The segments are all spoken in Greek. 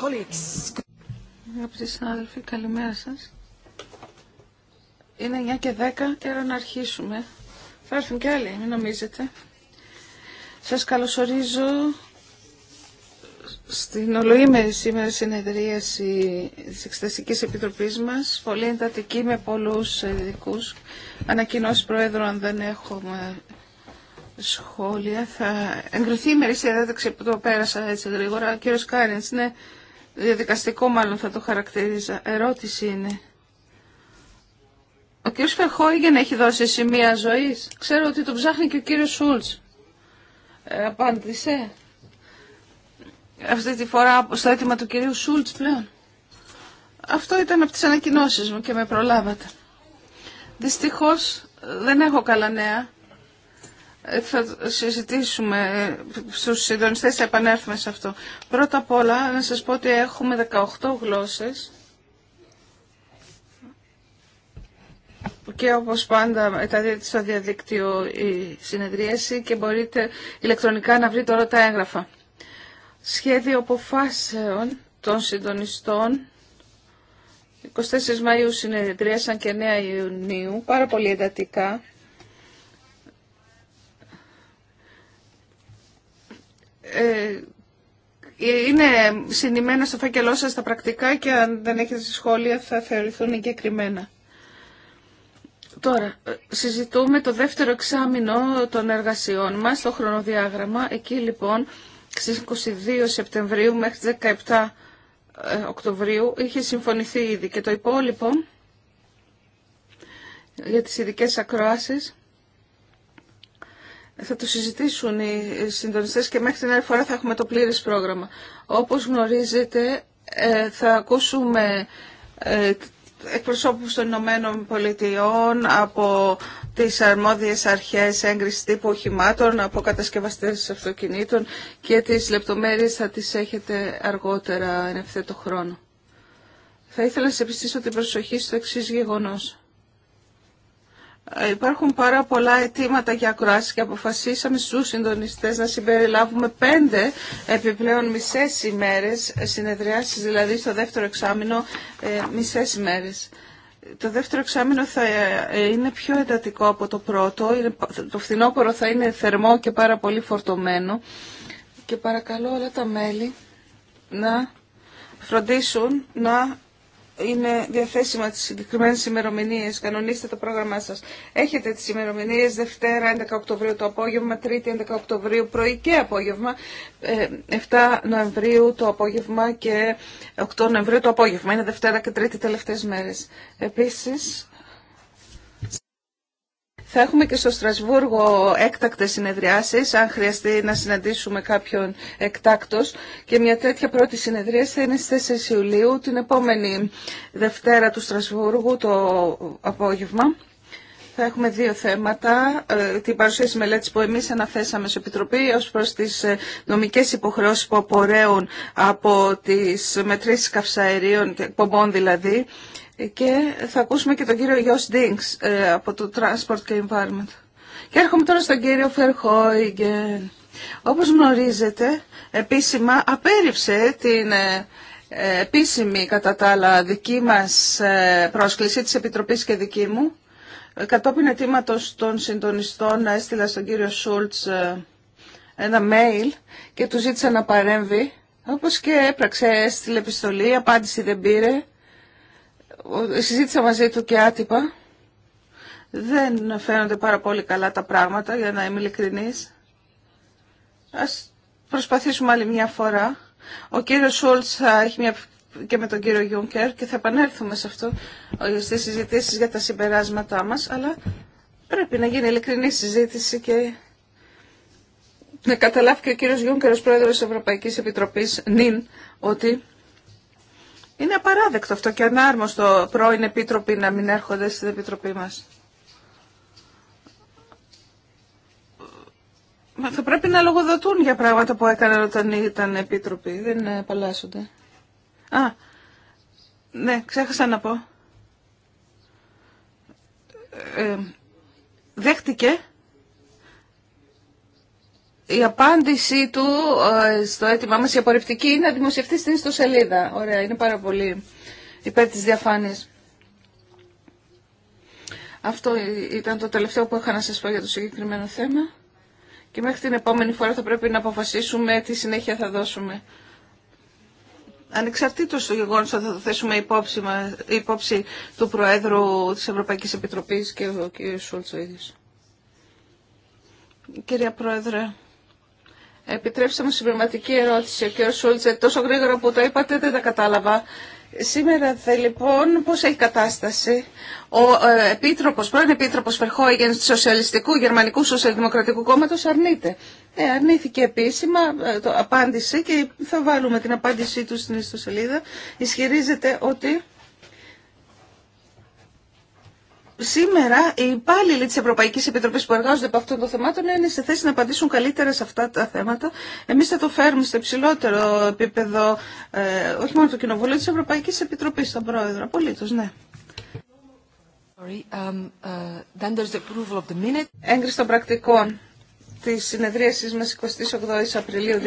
colleagues. Αγαπητοί συνάδελφοι, καλημέρα σας. Είναι 9 και 10, τώρα να αρχίσουμε. Θα έρθουν και άλλοι, μην νομίζετε. Σας καλωσορίζω στην ολοήμερη σήμερα συνεδρίαση τη Εξεταστικής Επιτροπής μας, πολύ εντατική με πολλούς ειδικού. Ανακοινώσει Προέδρου, αν δεν έχουμε σχόλια, θα εγκριθεί η μερίσια διάταξη που το πέρασα έτσι γρήγορα. Ο κύριος ναι, διαδικαστικό μάλλον θα το χαρακτηρίζα, ερώτηση είναι. Ο κύριος Φερχόγεν έχει δώσει σημεία ζωής. Ξέρω ότι τον ψάχνει και ο κύριος Σούλτς. Ε, απάντησε. Αυτή τη φορά στο αίτημα του κυρίου Σούλτς πλέον. Αυτό ήταν από τις ανακοινώσεις μου και με προλάβατε. Δυστυχώς δεν έχω καλά νέα. Ε, θα συζητήσουμε ε, στους συντονιστές, θα επανέλθουμε σε αυτό. Πρώτα απ' όλα να σας πω ότι έχουμε 18 γλώσσες και όπως πάντα τα στο διαδίκτυο η συνεδρίαση και μπορείτε ηλεκτρονικά να βρείτε όλα τα έγγραφα. Σχέδιο αποφάσεων των συντονιστών 24 Μαΐου συνεδρίασαν και 9 Ιουνίου, πάρα πολύ εντατικά. Ε, είναι συνημένα στο φάκελό σας τα πρακτικά και αν δεν έχετε σχόλια θα θεωρηθούν εγκεκριμένα. Τώρα, ε, συζητούμε το δεύτερο εξάμεινο των εργασιών μας, το χρονοδιάγραμμα. Εκεί λοιπόν, στις 22 Σεπτεμβρίου μέχρι 17 ε, Οκτωβρίου είχε συμφωνηθεί ήδη και το υπόλοιπο για τις ειδικές ακροάσεις θα το συζητήσουν οι συντονιστές και μέχρι την άλλη φορά θα έχουμε το πλήρες πρόγραμμα. Όπως γνωρίζετε ε, θα ακούσουμε ε, εκπροσώπους των Ηνωμένων Πολιτειών από τις αρμόδιες αρχές έγκρισης τύπου οχημάτων, από κατασκευαστές αυτοκινήτων και τις λεπτομέρειες θα τις έχετε αργότερα εν ευθέτω χρόνο. Θα ήθελα να σε επιστήσω την προσοχή στο εξή γεγονός. Ε, υπάρχουν πάρα πολλά αιτήματα για ακροάσεις και αποφασίσαμε στους συντονιστές να συμπεριλάβουμε πέντε επιπλέον μισές ημέρες συνεδριάσεις, δηλαδή στο δεύτερο εξάμεινο ε, μισές ημέρες. Το δεύτερο εξάμεινο θα ε, είναι πιο εντατικό από το πρώτο. Το φθινόπωρο θα είναι θερμό και πάρα πολύ φορτωμένο. Και παρακαλώ όλα τα μέλη να φροντίσουν να είναι διαθέσιμα τις συγκεκριμένες ημερομηνίες. Κανονίστε το πρόγραμμά σας. Έχετε τις ημερομηνίες Δευτέρα 11 Οκτωβρίου το απόγευμα, Τρίτη 11 Οκτωβρίου πρωί και απόγευμα, 7 ε, Νοεμβρίου το απόγευμα και 8 Νοεμβρίου το απόγευμα. Είναι Δευτέρα και Τρίτη τελευταίες μέρες. Επίσης, θα έχουμε και στο Στρασβούργο έκτακτες συνεδριάσεις, αν χρειαστεί να συναντήσουμε κάποιον εκτάκτος. Και μια τέτοια πρώτη συνεδρία θα είναι στις 4 Ιουλίου, την επόμενη Δευτέρα του Στρασβούργου το απόγευμα. Θα έχουμε δύο θέματα. Ε, την παρουσίαση μελέτη που εμείς αναθέσαμε σε Επιτροπή ω προς τις ε, νομικές υποχρεώσεις που απορρέουν από τις μετρήσεις καυσαερίων, εκπομπών δηλαδή, και θα ακούσουμε και τον κύριο Γιος Ντίνξ ε, από το Transport και Environment. Και έρχομαι τώρα στον κύριο Φερχόιγκεν. Όπως γνωρίζετε, επίσημα απέρριψε την ε, ε, επίσημη κατά τα άλλα δική μας πρόσκληση της Επιτροπής και δική μου. Κατόπιν αιτήματος των συντονιστών έστειλα στον κύριο Σούλτς ένα mail και του ζήτησα να παρέμβει. Όπως και έπραξε, έστειλε επιστολή, απάντηση δεν πήρε συζήτησα μαζί του και άτυπα. Δεν φαίνονται πάρα πολύ καλά τα πράγματα, για να είμαι ειλικρινής. Ας προσπαθήσουμε άλλη μια φορά. Ο κύριος Σόλτς θα έχει μια και με τον κύριο Γιούνκερ και θα επανέλθουμε σε αυτό ε, στις συζητήσεις για τα συμπεράσματά μας, αλλά πρέπει να γίνει ειλικρινή συζήτηση και να καταλάβει και ο κύριος Γιούνκερ ως πρόεδρος της Ευρωπαϊκής Επιτροπής νυν ότι είναι απαράδεκτο αυτό και ανάρμοστο πρώην επίτροποι να μην έρχονται στην επιτροπή μας. Μα θα πρέπει να λογοδοτούν για πράγματα που έκαναν όταν ήταν επίτροποι. Δεν επαλλάσσονται. Α, ναι, ξέχασα να πω. Ε, δέχτηκε η απάντησή του ε, στο αίτημά μας, η απορριπτική, είναι να δημοσιευτεί στην ιστοσελίδα. Ωραία, είναι πάρα πολύ υπέρ της διαφάνειας. Αυτό ήταν το τελευταίο που είχα να σας πω για το συγκεκριμένο θέμα. Και μέχρι την επόμενη φορά θα πρέπει να αποφασίσουμε τι συνέχεια θα δώσουμε. Ανεξαρτήτως του γεγονός θα το θέσουμε υπόψη, του Προέδρου της Ευρωπαϊκής Επιτροπής και ο κ. Σούλτς ο ίδιος. Κυρία Πρόεδρε, Επιτρέψτε μου συμπληρωματική ερώτηση. Ο κ. Σούλτσε, τόσο γρήγορα που το είπατε δεν τα κατάλαβα. Σήμερα λοιπόν πώς έχει κατάσταση. Ο ε, επίτροπο, πρώην επίτροπος Φερχόγεν του Σοσιαλιστικού Γερμανικού Σοσιαλδημοκρατικού κόμματο, αρνείται. Ε, αρνήθηκε επίσημα, ε, το απάντησε και θα βάλουμε την απάντησή του στην ιστοσελίδα. Ισχυρίζεται ότι σήμερα οι υπάλληλοι τη Ευρωπαϊκής Επιτροπής που εργάζονται από αυτών των θεμάτων είναι σε θέση να απαντήσουν καλύτερα σε αυτά τα θέματα. Εμείς θα το φέρουμε στο υψηλότερο επίπεδο, ε, όχι μόνο το Κοινοβούλιο, τη Ευρωπαϊκής Επιτροπής, τον Πρόεδρο. Απολύτω, ναι. Um, uh, Έγκριση των πρακτικών τη συνεδρίασης μα 28 Απριλίου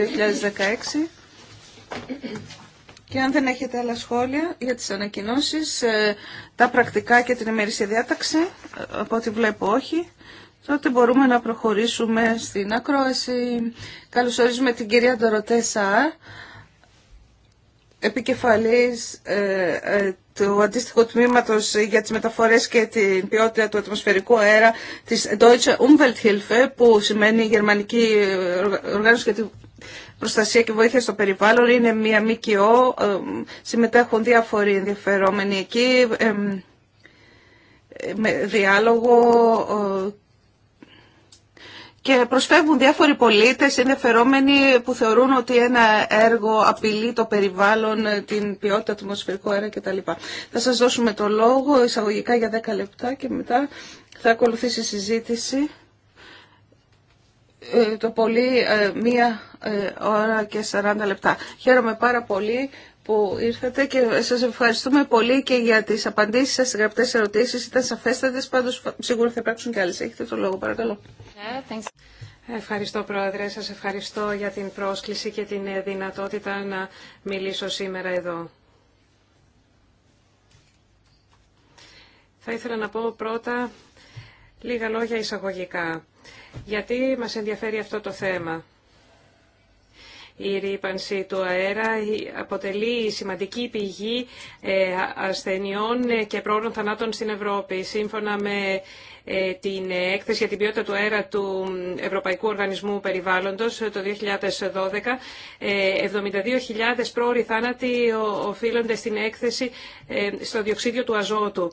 2016. Και αν δεν έχετε άλλα σχόλια για τις ανακοινώσεις, ε, τα πρακτικά και την ημερήσια διάταξη, ε, από ό,τι βλέπω όχι, τότε μπορούμε να προχωρήσουμε στην ακρόαση. Καλωσορίζουμε την κυρία Ντοροτέ Σάρ επικεφαλής ε, του αντίστοιχου τμήματος για τις μεταφορές και την ποιότητα του ατμοσφαιρικού αέρα της Deutsche Umwelthilfe, που σημαίνει η Γερμανική Οργάνωση για την προστασία και βοήθεια στο περιβάλλον. Είναι μία ΜΚΟ, ε, συμμετέχουν διάφοροι ενδιαφερόμενοι εκεί, με διάλογο ε, και προσφεύγουν διάφοροι πολίτες ενδιαφερόμενοι που θεωρούν ότι ένα έργο απειλεί το περιβάλλον, ε, την ποιότητα του ατμοσφαιρικού αέρα κτλ. Θα σας δώσουμε το λόγο εισαγωγικά για 10 λεπτά και μετά θα ακολουθήσει η συζήτηση. Ε, το πολύ ε, μία ε, ώρα και 40 λεπτά. Χαίρομαι πάρα πολύ που ήρθατε και σας ευχαριστούμε πολύ και για τις απαντήσεις σας στις γραπτές ερωτήσεις. Ήταν σαφέστατες, πάντως σίγουρα θα υπάρξουν κι. άλλες. Έχετε το λόγο, παρακαλώ. Yeah, Ευχαριστώ Πρόεδρε, σας ευχαριστώ για την πρόσκληση και την δυνατότητα να μιλήσω σήμερα εδώ. Θα ήθελα να πω πρώτα λίγα λόγια εισαγωγικά γιατί μας ενδιαφέρει αυτό το θέμα. Η ρήπανση του αέρα αποτελεί σημαντική πηγή ε, ασθενειών και πρόωρων θανάτων στην Ευρώπη. Σύμφωνα με ε, την έκθεση για την ποιότητα του αέρα του Ευρωπαϊκού Οργανισμού Περιβάλλοντος ε, το 2012, 72.000 πρόωροι θάνατοι οφείλονται στην έκθεση στο διοξίδιο του αζότου.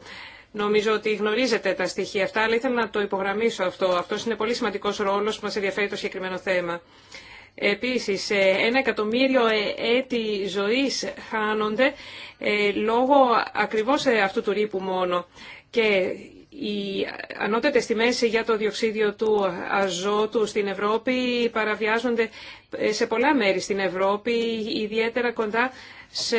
Νομίζω ότι γνωρίζετε τα στοιχεία αυτά, αλλά ήθελα να το υπογραμμίσω αυτό. Αυτό είναι πολύ σημαντικό ρόλο που μα ενδιαφέρει το συγκεκριμένο θέμα. Επίση, ε, ένα εκατομμύριο ε, έτη ζωή χάνονται ε, λόγω ακριβώ αυτού του ρήπου μόνο. Και οι ανώτετε τιμέ για το διοξίδιο του αζότου στην Ευρώπη παραβιάζονται σε πολλά μέρη στην Ευρώπη, ιδιαίτερα κοντά σε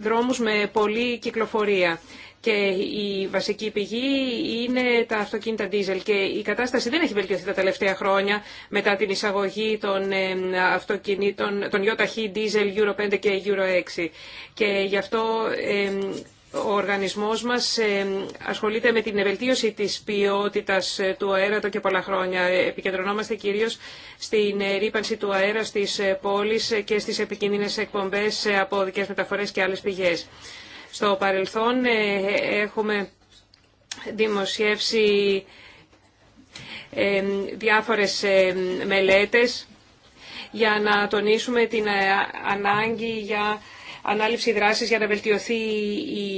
δρόμους με πολλή κυκλοφορία και η βασική πηγή είναι τα αυτοκίνητα δίζελ και η κατάσταση δεν έχει βελτιωθεί τα τελευταία χρόνια μετά την εισαγωγή των ε, αυτοκινήτων, των ΙΟΤΑΧΗ δίζελ Euro 5 και Euro 6 και γι' αυτό ε, ο οργανισμός μας ε, ασχολείται με την ευελτίωση της ποιότητας του αέρα εδώ και πολλά χρόνια. Επικεντρωνόμαστε κυρίως στην ρήπανση του αέρα στις πόλεις και στις επικίνδυνες εκπομπές από δικές μεταφορές και άλλες πηγές. Στο παρελθόν ε, έχουμε δημοσιεύσει ε, διάφορες ε, μελέτες για να τονίσουμε την ανάγκη για ανάληψη δράσης για να βελτιωθεί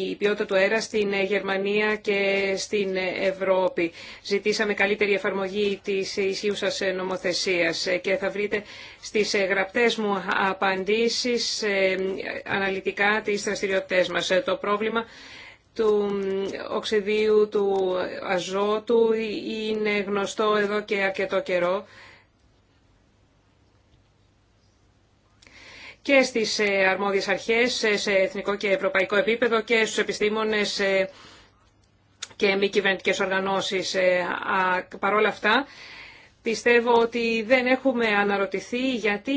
η ποιότητα του αέρα στην Γερμανία και στην Ευρώπη. Ζητήσαμε καλύτερη εφαρμογή της ισχύουσας νομοθεσίας και θα βρείτε στις γραπτές μου απαντήσεις ε, αναλυτικά τις δραστηριότητές μας. Ε, το πρόβλημα του οξυδίου του αζότου είναι γνωστό εδώ και αρκετό καιρό. και στις ε, αρμόδιες αρχές ε, σε εθνικό και ευρωπαϊκό επίπεδο και στους επιστήμονες ε, και μη κυβερνητικέ οργανώσεις. Παρόλα αυτά, Πιστεύω ότι δεν έχουμε αναρωτηθεί γιατί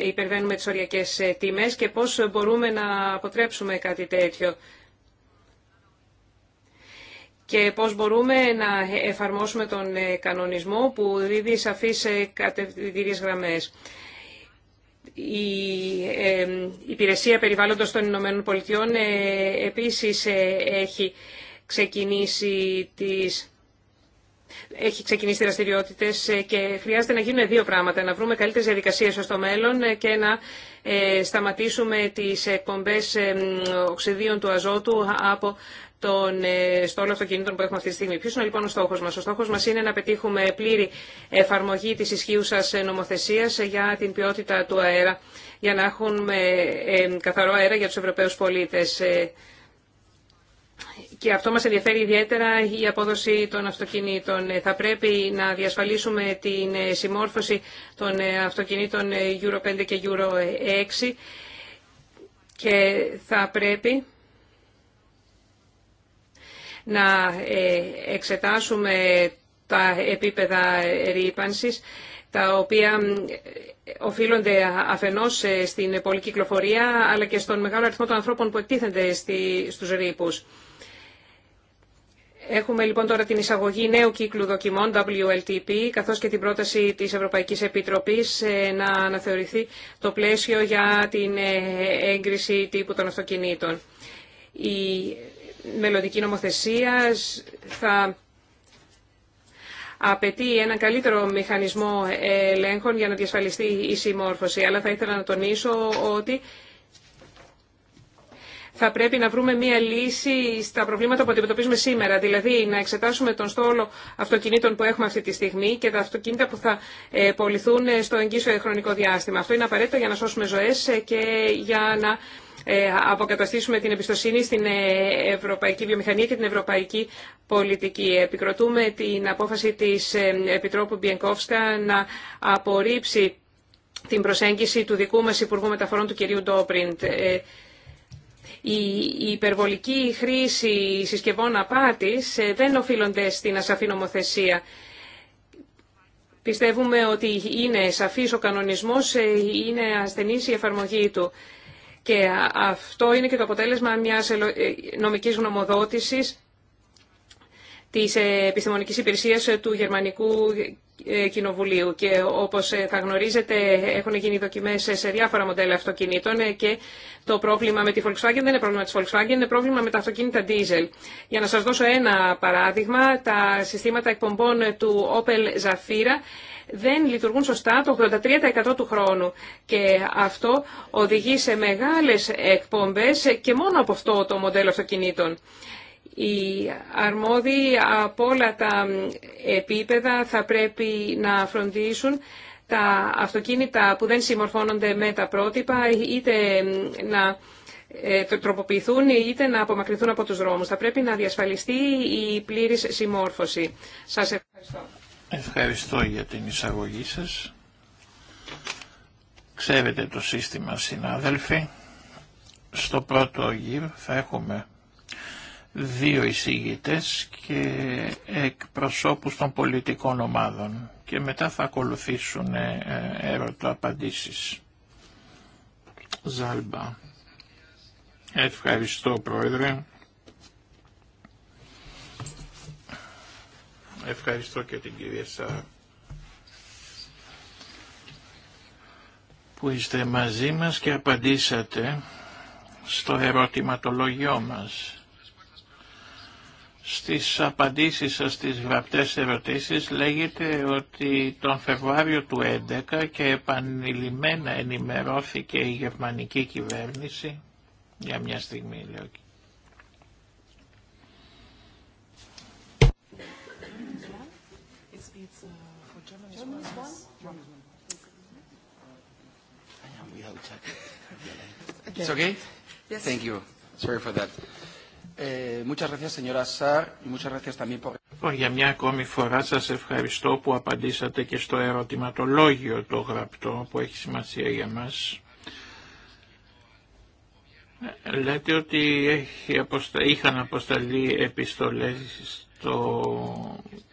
υπερβαίνουμε τις οριακές τιμές και πώς μπορούμε να αποτρέψουμε κάτι τέτοιο. Και πώς μπορούμε να εφαρμόσουμε τον κανονισμό που δίδει σαφείς κατευθυντήριες γραμμές. Η Υπηρεσία Περιβάλλοντος των Ηνωμένων Πολιτειών ε, επίσης ε, έχει ξεκινήσει τις έχει ξεκινήσει δραστηριότητε ε, και χρειάζεται να γίνουν δύο πράγματα. Να βρούμε καλύτερε διαδικασίε στο μέλλον και να σταματήσουμε τι εκπομπέ οξυδίων του αζότου από των ε, στόλων αυτοκινήτων που έχουμε αυτή τη στιγμή. Ποιο είναι λοιπόν ο στόχο μα. Ο στόχο μα είναι να πετύχουμε πλήρη εφαρμογή τη ισχύουσα ε, νομοθεσία ε, για την ποιότητα του αέρα, για να έχουμε καθαρό αέρα για του Ευρωπαίου πολίτε. Και αυτό μας ενδιαφέρει ιδιαίτερα η απόδοση των αυτοκινήτων. Θα πρέπει να διασφαλίσουμε την συμμόρφωση των αυτοκινήτων Euro 5 και Euro 6 και θα πρέπει να ε, εξετάσουμε τα επίπεδα ρήπανσης, τα οποία οφείλονται αφενός ε, στην πολυκυκλοφορία, αλλά και στον μεγάλο αριθμό των ανθρώπων που εκτίθενται στους ρήπους. Έχουμε λοιπόν τώρα την εισαγωγή νέου κύκλου δοκιμών WLTP, καθώς και την πρόταση της Ευρωπαϊκής Επιτροπής ε, να αναθεωρηθεί το πλαίσιο για την έγκριση τύπου των αυτοκινήτων. Η μελλοντική νομοθεσία θα απαιτεί έναν καλύτερο μηχανισμό ελέγχων για να διασφαλιστεί η συμμόρφωση. Αλλά θα ήθελα να τονίσω ότι θα πρέπει να βρούμε μία λύση στα προβλήματα που αντιμετωπίζουμε σήμερα. Δηλαδή να εξετάσουμε τον στόλο αυτοκινήτων που έχουμε αυτή τη στιγμή και τα αυτοκίνητα που θα ε, πολιθούν στο εγγύσιο χρονικό διάστημα. Αυτό είναι απαραίτητο για να σώσουμε ζωές ε, και για να ε, αποκαταστήσουμε την εμπιστοσύνη στην ε, ευρωπαϊκή βιομηχανία και την ευρωπαϊκή πολιτική. Επικροτούμε την απόφαση της ε, Επιτρόπου Μπιενκόφσκα να απορρίψει την προσέγγιση του δικού μας Υπουργού Μεταφορών του κυρίου Ντόπριντ. Η υπερβολική χρήση συσκευών απάτης δεν οφείλονται στην ασαφή νομοθεσία. Πιστεύουμε ότι είναι σαφής ο κανονισμός, είναι ασθενής η εφαρμογή του. Και αυτό είναι και το αποτέλεσμα μιας ε, νομικής γνωμοδότησης της ε, επιστημονικής υπηρεσίας ε, του Γερμανικού Κοινοβουλίου. Και όπως θα γνωρίζετε έχουν γίνει δοκιμές σε διάφορα μοντέλα αυτοκινήτων και το πρόβλημα με τη Volkswagen δεν είναι πρόβλημα της Volkswagen, είναι πρόβλημα με τα αυτοκίνητα diesel. Για να σας δώσω ένα παράδειγμα, τα συστήματα εκπομπών του Opel Zafira δεν λειτουργούν σωστά το 83% του χρόνου. Και αυτό οδηγεί σε μεγάλες εκπομπές και μόνο από αυτό το μοντέλο αυτοκινήτων. Οι αρμόδιοι από όλα τα επίπεδα θα πρέπει να φροντίσουν τα αυτοκίνητα που δεν συμμορφώνονται με τα πρότυπα είτε να ε, τροποποιηθούν είτε να απομακρυνθούν από τους δρόμους. Θα πρέπει να διασφαλιστεί η πλήρης συμμόρφωση. Σας ευχαριστώ. Ευχαριστώ για την εισαγωγή σας. Ξέρετε το σύστημα συνάδελφοι. Στο πρώτο γύρο θα έχουμε δύο εισηγητές και εκπροσώπους των πολιτικών ομάδων και μετά θα ακολουθήσουν έρωτα ε, απαντήσεις. Ζάλμπα. Ευχαριστώ Πρόεδρε. Ευχαριστώ και την κυρία Σάρα που είστε μαζί μας και απαντήσατε στο ερωτηματολογιό μας. Στις απαντήσεις σας στις γραπτές ερωτήσεις λέγεται ότι τον Φεβρουάριο του 2011 και επανειλημμένα ενημερώθηκε η γερμανική κυβέρνηση για μια στιγμή λέω It's okay? Yes. Thank you. για μια ακόμη φορά σας ευχαριστώ που απαντήσατε και στο ερωτηματολόγιο το γραπτό που έχει σημασία για μας. Λέτε ότι έχει αποστα... είχαν αποσταλεί επιστολές στο...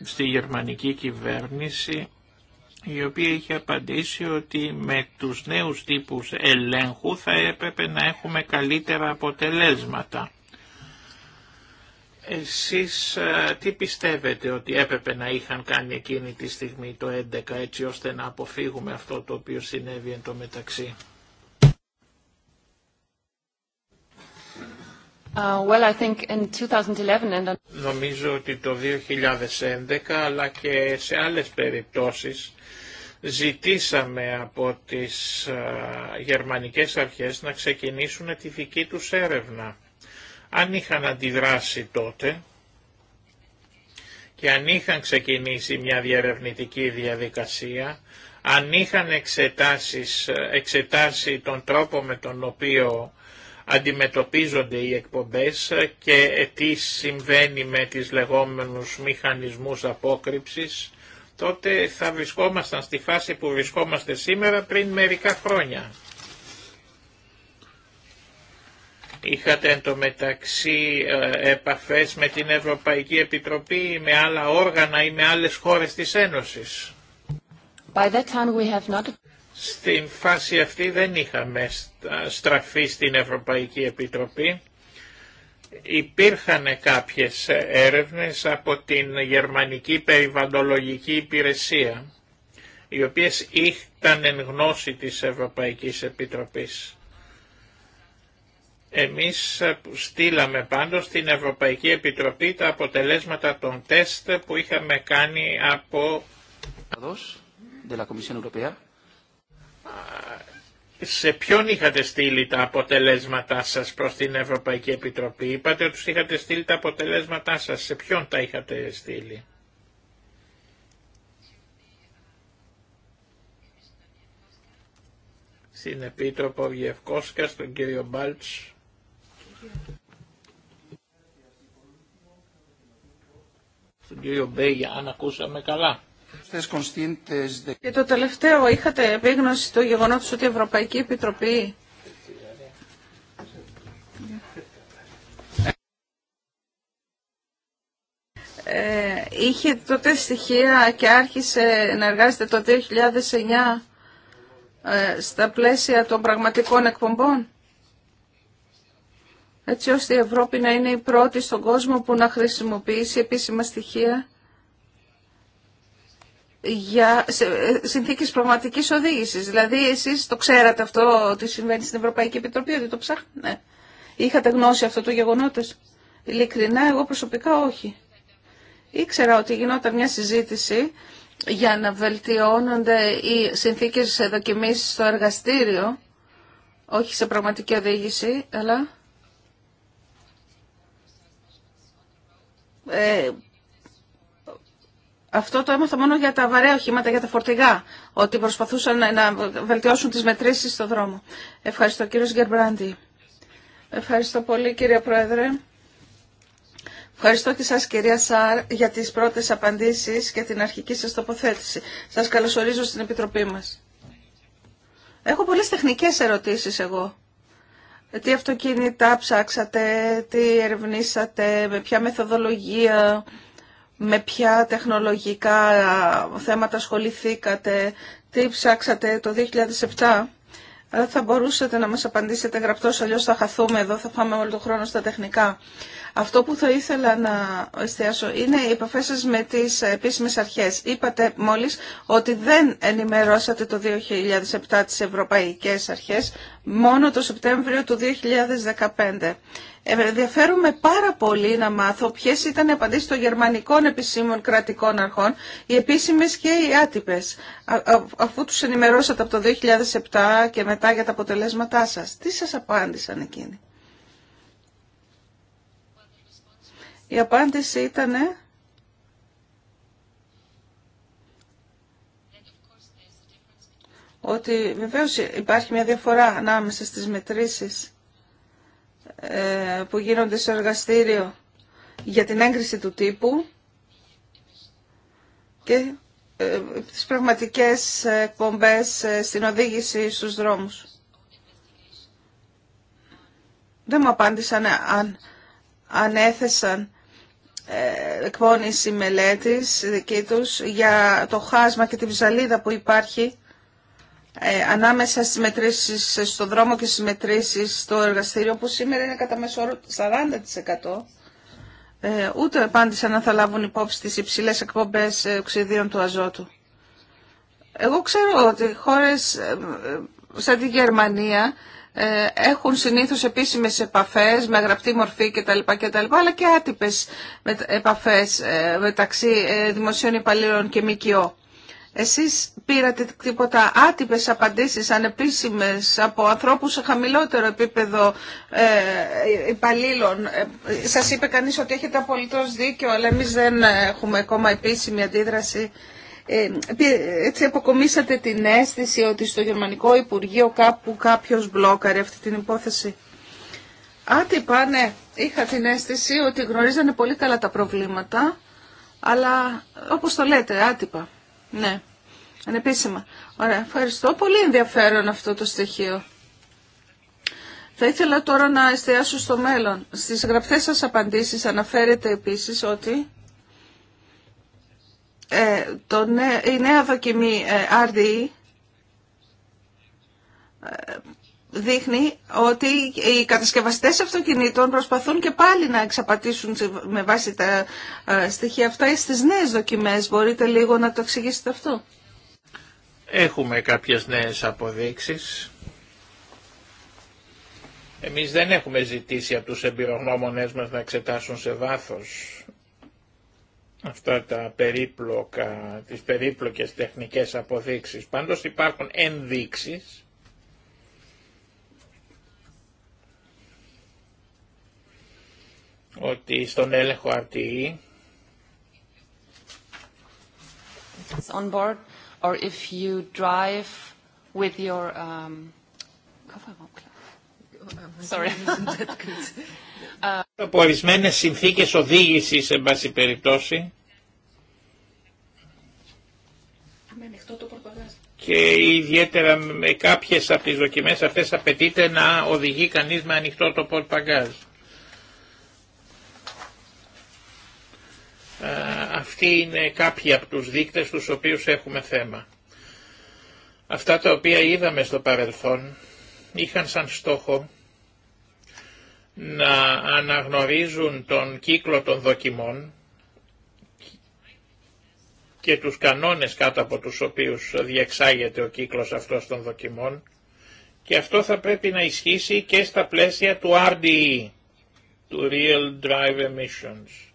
στη γερμανική κυβέρνηση η οποία είχε απαντήσει ότι με τους νέους τύπους ελέγχου θα έπρεπε να έχουμε καλύτερα αποτελέσματα. Εσείς ε, τι πιστεύετε ότι έπρεπε να είχαν κάνει εκείνη τη στιγμή το 11 έτσι ώστε να αποφύγουμε αυτό το οποίο συνέβη εν το μεταξύ. 2011 and... Νομίζω ότι το 2011 αλλά και σε άλλες περιπτώσεις ζητήσαμε από τις γερμανικές αρχές να ξεκινήσουν τη δική τους έρευνα. Αν είχαν αντιδράσει τότε και αν είχαν ξεκινήσει μια διερευνητική διαδικασία, αν είχαν εξετάσεις, εξετάσει τον τρόπο με τον οποίο αντιμετωπίζονται οι εκπομπές και τι συμβαίνει με τις λεγόμενους μηχανισμούς απόκρυψης, τότε θα βρισκόμασταν στη φάση που βρισκόμαστε σήμερα πριν μερικά χρόνια. Είχατε εντωμεταξύ ε, επαφές με την Ευρωπαϊκή Επιτροπή ή με άλλα όργανα ή με άλλες χώρες της Ένωσης. By that time we have not... Στην φάση αυτή δεν είχαμε στραφεί στην Ευρωπαϊκή Επιτροπή Υπήρχαν κάποιες έρευνες από την Γερμανική Περιβαντολογική Υπηρεσία, οι οποίες ήταν εν γνώση της Ευρωπαϊκής Επιτροπής. Εμείς στείλαμε πάντως στην Ευρωπαϊκή Επιτροπή τα αποτελέσματα των τεστ που είχαμε κάνει από σε ποιον είχατε στείλει τα αποτελέσματά σας προς την Ευρωπαϊκή Επιτροπή. Είπατε ότι τους είχατε στείλει τα αποτελέσματά σας. Σε ποιον τα είχατε στείλει. Στην Επίτροπο Βιευκόσκα, στον κύριο Μπάλτς. Στον κύριο Μπέγια, αν ακούσαμε καλά. Και το τελευταίο, είχατε επίγνωση του γεγονότος ότι η Ευρωπαϊκή Επιτροπή ε, είχε τότε στοιχεία και άρχισε να εργάζεται το 2009 ε, στα πλαίσια των πραγματικών εκπομπών έτσι ώστε η Ευρώπη να είναι η πρώτη στον κόσμο που να χρησιμοποιήσει επίσημα στοιχεία για ε, συνθήκες πραγματικής οδήγησης. Δηλαδή εσείς το ξέρατε αυτό ότι συμβαίνει στην Ευρωπαϊκή Επιτροπή, ότι το ψάχνετε. Ναι. Είχατε γνώση αυτό του γεγονότος. Ειλικρινά εγώ προσωπικά όχι. Ήξερα ότι γινόταν μια συζήτηση για να βελτιώνονται οι συνθήκες δοκιμή στο εργαστήριο, όχι σε πραγματική οδήγηση, αλλά ε, αυτό το έμαθα μόνο για τα βαρέα οχήματα, για τα φορτηγά, ότι προσπαθούσαν να βελτιώσουν τις μετρήσεις στο δρόμο. Ευχαριστώ κύριο Γκερμπράντι. Ευχαριστώ πολύ κύριε Πρόεδρε. Ευχαριστώ και σας κυρία Σάρ για τις πρώτες απαντήσεις και την αρχική σας τοποθέτηση. Σας καλωσορίζω στην Επιτροπή μας. Έχω πολλές τεχνικές ερωτήσεις εγώ. Τι αυτοκίνητα ψάξατε, τι ερευνήσατε, με ποια μεθοδολογία, με ποια τεχνολογικά θέματα ασχοληθήκατε, τι ψάξατε το 2007. Αλλά ε, θα μπορούσατε να μας απαντήσετε γραπτώς, αλλιώς θα χαθούμε εδώ, θα πάμε όλο τον χρόνο στα τεχνικά. Αυτό που θα ήθελα να εστιάσω είναι οι επαφές σας με τις επίσημες αρχές. Είπατε μόλις ότι δεν ενημερώσατε το 2007 τις ευρωπαϊκές αρχές, μόνο το Σεπτέμβριο του 2015. Ενδιαφέρομαι πάρα πολύ να μάθω ποιες ήταν οι απαντήσεις των γερμανικών επισήμων κρατικών αρχών, οι επίσημες και οι άτυπες, αφού τους ενημερώσατε από το 2007 και μετά για τα αποτελέσματά σας. Τι σας απάντησαν εκείνοι. Η απάντηση ήταν ότι βεβαίως υπάρχει μια διαφορά ανάμεσα στις μετρήσεις ε, που γίνονται στο εργαστήριο για την έγκριση του τύπου και ε, τις πραγματικές εκπομπές ε, στην οδήγηση στους δρόμους. Δεν μου απάντησαν αν έθεσαν ε, εκπόνηση μελέτης δική τους για το χάσμα και τη ψαλίδα που υπάρχει ε, ανάμεσα στις μετρήσεις στο δρόμο και στις μετρήσεις στο εργαστήριο που σήμερα είναι κατά μέσο όρο 40%. Ε, ούτε απάντησαν να θα λάβουν υπόψη τις υψηλές εκπομπές ε, οξυδίων του αζότου. Εγώ ξέρω ότι χώρες σαν τη Γερμανία ε, έχουν συνήθως επίσημες επαφές με γραπτή μορφή κτλ. κτλ αλλά και άτυπες επαφές ε, μεταξύ ε, δημοσίων υπαλλήλων και ΜΚΟ. Εσείς πήρατε τίποτα άτυπες απαντήσεις, ανεπίσημες, από ανθρώπους σε χαμηλότερο επίπεδο υπαλλήλων. Σας είπε κανείς ότι έχετε απολύτως δίκιο, αλλά εμείς δεν έχουμε ακόμα επίσημη αντίδραση. Ε, έτσι αποκομίσατε την αίσθηση ότι στο Γερμανικό Υπουργείο κάπου κάποιος μπλόκαρε αυτή την υπόθεση. Άτυπα, ναι, είχα την αίσθηση ότι γνωρίζανε πολύ καλά τα προβλήματα, αλλά όπως το λέτε, άτυπα, ναι, ανεπίσημα. Ωραία, ευχαριστώ. Πολύ ενδιαφέρον αυτό το στοιχείο. Θα ήθελα τώρα να εστιάσω στο μέλλον. Στις γραπτές σας απαντήσεις αναφέρεται επίσης ότι ε, το, η νέα δοκιμή ε, RDE ε, δείχνει ότι οι κατασκευαστές αυτοκινήτων προσπαθούν και πάλι να εξαπατήσουν με βάση τα στοιχεία αυτά στις νέες δοκιμές. Μπορείτε λίγο να το εξηγήσετε αυτό. Έχουμε κάποιες νέες αποδείξεις. Εμείς δεν έχουμε ζητήσει από τους εμπειρογνώμονές μας να εξετάσουν σε βάθος αυτά τα περίπλοκα, τις περίπλοκες τεχνικές αποδείξεις. Πάντως υπάρχουν ενδείξεις ότι στον έλεγχο RTE on board or if you drive with your um, Sorry. Από ε, ορισμένε συνθήκες οδήγησης, σε πάση περιπτώσει, και ιδιαίτερα με κάποιες από τις δοκιμές αυτές απαιτείται να οδηγεί κανείς με ανοιχτό το παγκάζ. Ε, αυτοί είναι κάποιοι από τους δείκτες τους οποίους έχουμε θέμα. Αυτά τα οποία είδαμε στο παρελθόν είχαν σαν στόχο να αναγνωρίζουν τον κύκλο των δοκιμών και τους κανόνες κάτω από τους οποίους διεξάγεται ο κύκλος αυτός των δοκιμών και αυτό θα πρέπει να ισχύσει και στα πλαίσια του RDE, του Real Drive Emissions,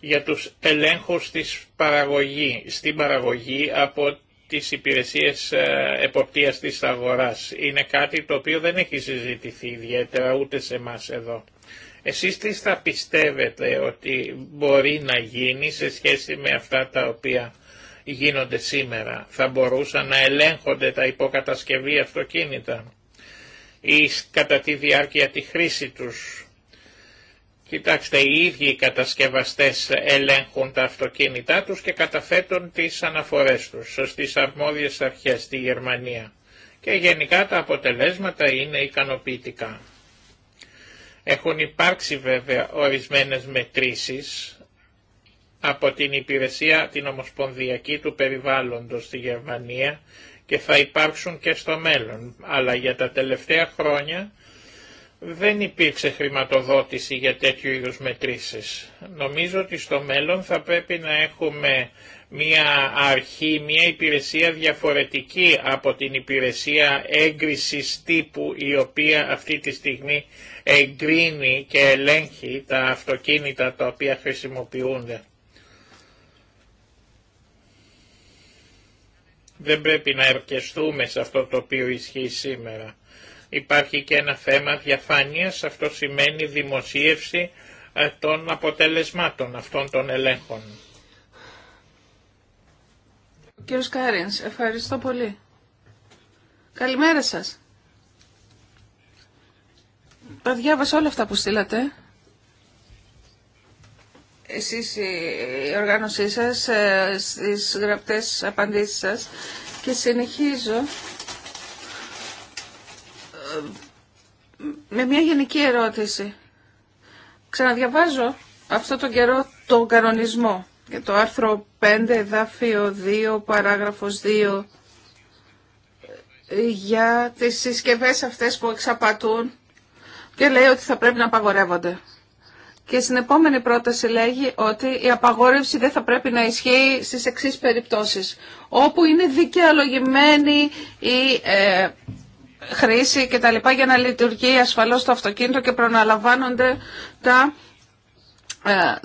για τους ελέγχους της παραγωγή, στην παραγωγή από τις υπηρεσίες ε, εποπτείας της αγοράς. Είναι κάτι το οποίο δεν έχει συζητηθεί ιδιαίτερα ούτε σε εμά εδώ. Εσείς τι θα πιστεύετε ότι μπορεί να γίνει σε σχέση με αυτά τα οποία γίνονται σήμερα. Θα μπορούσαν να ελέγχονται τα υποκατασκευή αυτοκίνητα ή κατά τη διάρκεια τη χρήση τους Κοιτάξτε, οι ίδιοι οι κατασκευαστές ελέγχουν τα αυτοκίνητά τους και καταθέτουν τις αναφορές τους στις αρμόδιες αρχές στη Γερμανία. Και γενικά τα αποτελέσματα είναι ικανοποιητικά. Έχουν υπάρξει βέβαια ορισμένες μετρήσεις από την υπηρεσία την Ομοσπονδιακή του Περιβάλλοντος στη Γερμανία και θα υπάρξουν και στο μέλλον. Αλλά για τα τελευταία χρόνια δεν υπήρξε χρηματοδότηση για τέτοιου είδους μετρήσεις. Νομίζω ότι στο μέλλον θα πρέπει να έχουμε μια αρχή, μια υπηρεσία διαφορετική από την υπηρεσία έγκρισης τύπου η οποία αυτή τη στιγμή εγκρίνει και ελέγχει τα αυτοκίνητα τα οποία χρησιμοποιούνται. Δεν πρέπει να ερκεστούμε σε αυτό το οποίο ισχύει σήμερα. Υπάρχει και ένα θέμα διαφάνειας, αυτό σημαίνει δημοσίευση ε, των αποτελεσμάτων αυτών των ελέγχων. Κύριος Κάρινς, ευχαριστώ πολύ. Καλημέρα σας. Τα διάβασα όλα αυτά που στείλατε. Εσείς η οργάνωσή σας, ε, στις γραπτές απαντήσεις σας και συνεχίζω με μια γενική ερώτηση. Ξαναδιαβάζω αυτό τον καιρό τον κανονισμό για το άρθρο 5 εδάφιο 2 παράγραφος 2 ε, για τις συσκευές αυτές που εξαπατούν και λέει ότι θα πρέπει να απαγορεύονται. Και στην επόμενη πρόταση λέγει ότι η απαγόρευση δεν θα πρέπει να ισχύει στις εξής περιπτώσεις. Όπου είναι δικαιολογημένη η ε, χρήση και τα λοιπά για να λειτουργεί ασφαλώς το αυτοκίνητο και προναλαμβάνονται τα ε,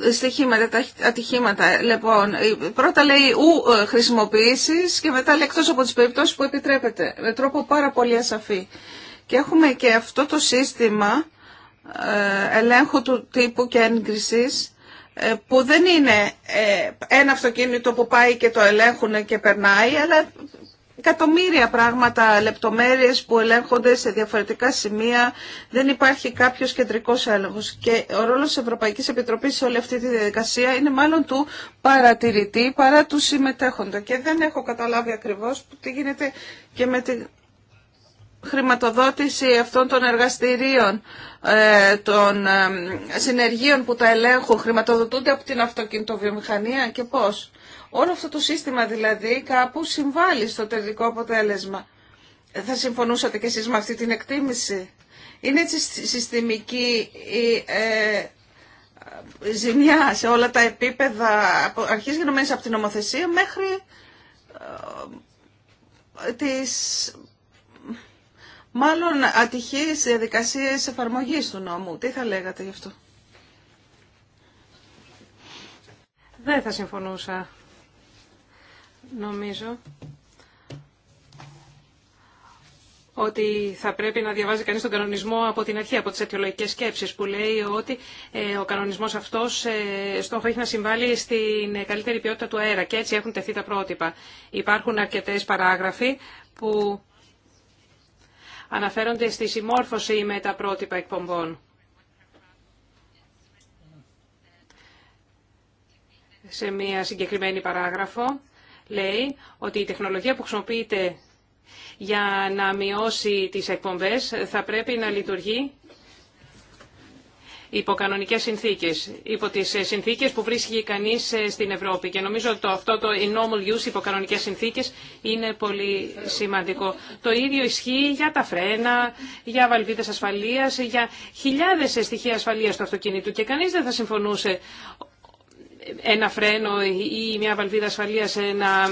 ατυχήματα. Λοιπόν, πρώτα λέει ου ε, χρησιμοποιήσεις και μετά λέει εκτός από τις περιπτώσεις που επιτρέπεται με τρόπο πάρα πολύ ασαφή. Και έχουμε και αυτό το σύστημα ε, ελέγχου του τύπου και έγκρισης που δεν είναι ένα αυτοκίνητο που πάει και το ελέγχουν και περνάει, αλλά εκατομμύρια πράγματα, λεπτομέρειες που ελέγχονται σε διαφορετικά σημεία. Δεν υπάρχει κάποιος κεντρικός έλεγχος. Και ο ρόλος της Ευρωπαϊκής Επιτροπής σε όλη αυτή τη διαδικασία είναι μάλλον του παρατηρητή παρά του συμμετέχοντα. Και δεν έχω καταλάβει ακριβώς τι γίνεται και με τη χρηματοδότηση αυτών των εργαστηρίων, ε, των ε, συνεργείων που τα ελέγχουν, χρηματοδοτούνται από την αυτοκινητοβιομηχανία και πώς. Όλο αυτό το σύστημα δηλαδή κάπου συμβάλλει στο τελικό αποτέλεσμα. Θα συμφωνούσατε κι εσείς με αυτή την εκτίμηση. Είναι έτσι συστημική η ε, ζημιά σε όλα τα επίπεδα, αρχής γενομένης από την νομοθεσία μέχρι ε, τις μάλλον ατυχείς διαδικασίες εφαρμογής του νόμου. Τι θα λέγατε γι' αυτό. Δεν θα συμφωνούσα Νομίζω ότι θα πρέπει να διαβάζει κανείς τον κανονισμό από την αρχή, από τις αιτιολογικές σκέψεις που λέει ότι ε, ο κανονισμός αυτός ε, στόχο έχει να συμβάλλει στην καλύτερη ποιότητα του αέρα και έτσι έχουν τεθεί τα πρότυπα. Υπάρχουν αρκετές παράγραφοι που αναφέρονται στη συμμόρφωση με τα πρότυπα εκπομπών. Σε μία συγκεκριμένη παράγραφο λέει ότι η τεχνολογία που χρησιμοποιείται για να μειώσει τις εκπομπές θα πρέπει να λειτουργεί υπό κανονικές συνθήκες, υπό τις συνθήκες που βρίσκει κανείς στην Ευρώπη. Και νομίζω ότι αυτό το in normal use υπό κανονικές συνθήκες είναι πολύ σημαντικό. Το ίδιο ισχύει για τα φρένα, για βαλβίδες ασφαλείας, για χιλιάδες στοιχεία ασφαλείας του αυτοκίνητου και κανείς δεν θα συμφωνούσε ένα φρένο ή μια βαλβίδα ασφαλείας ε, να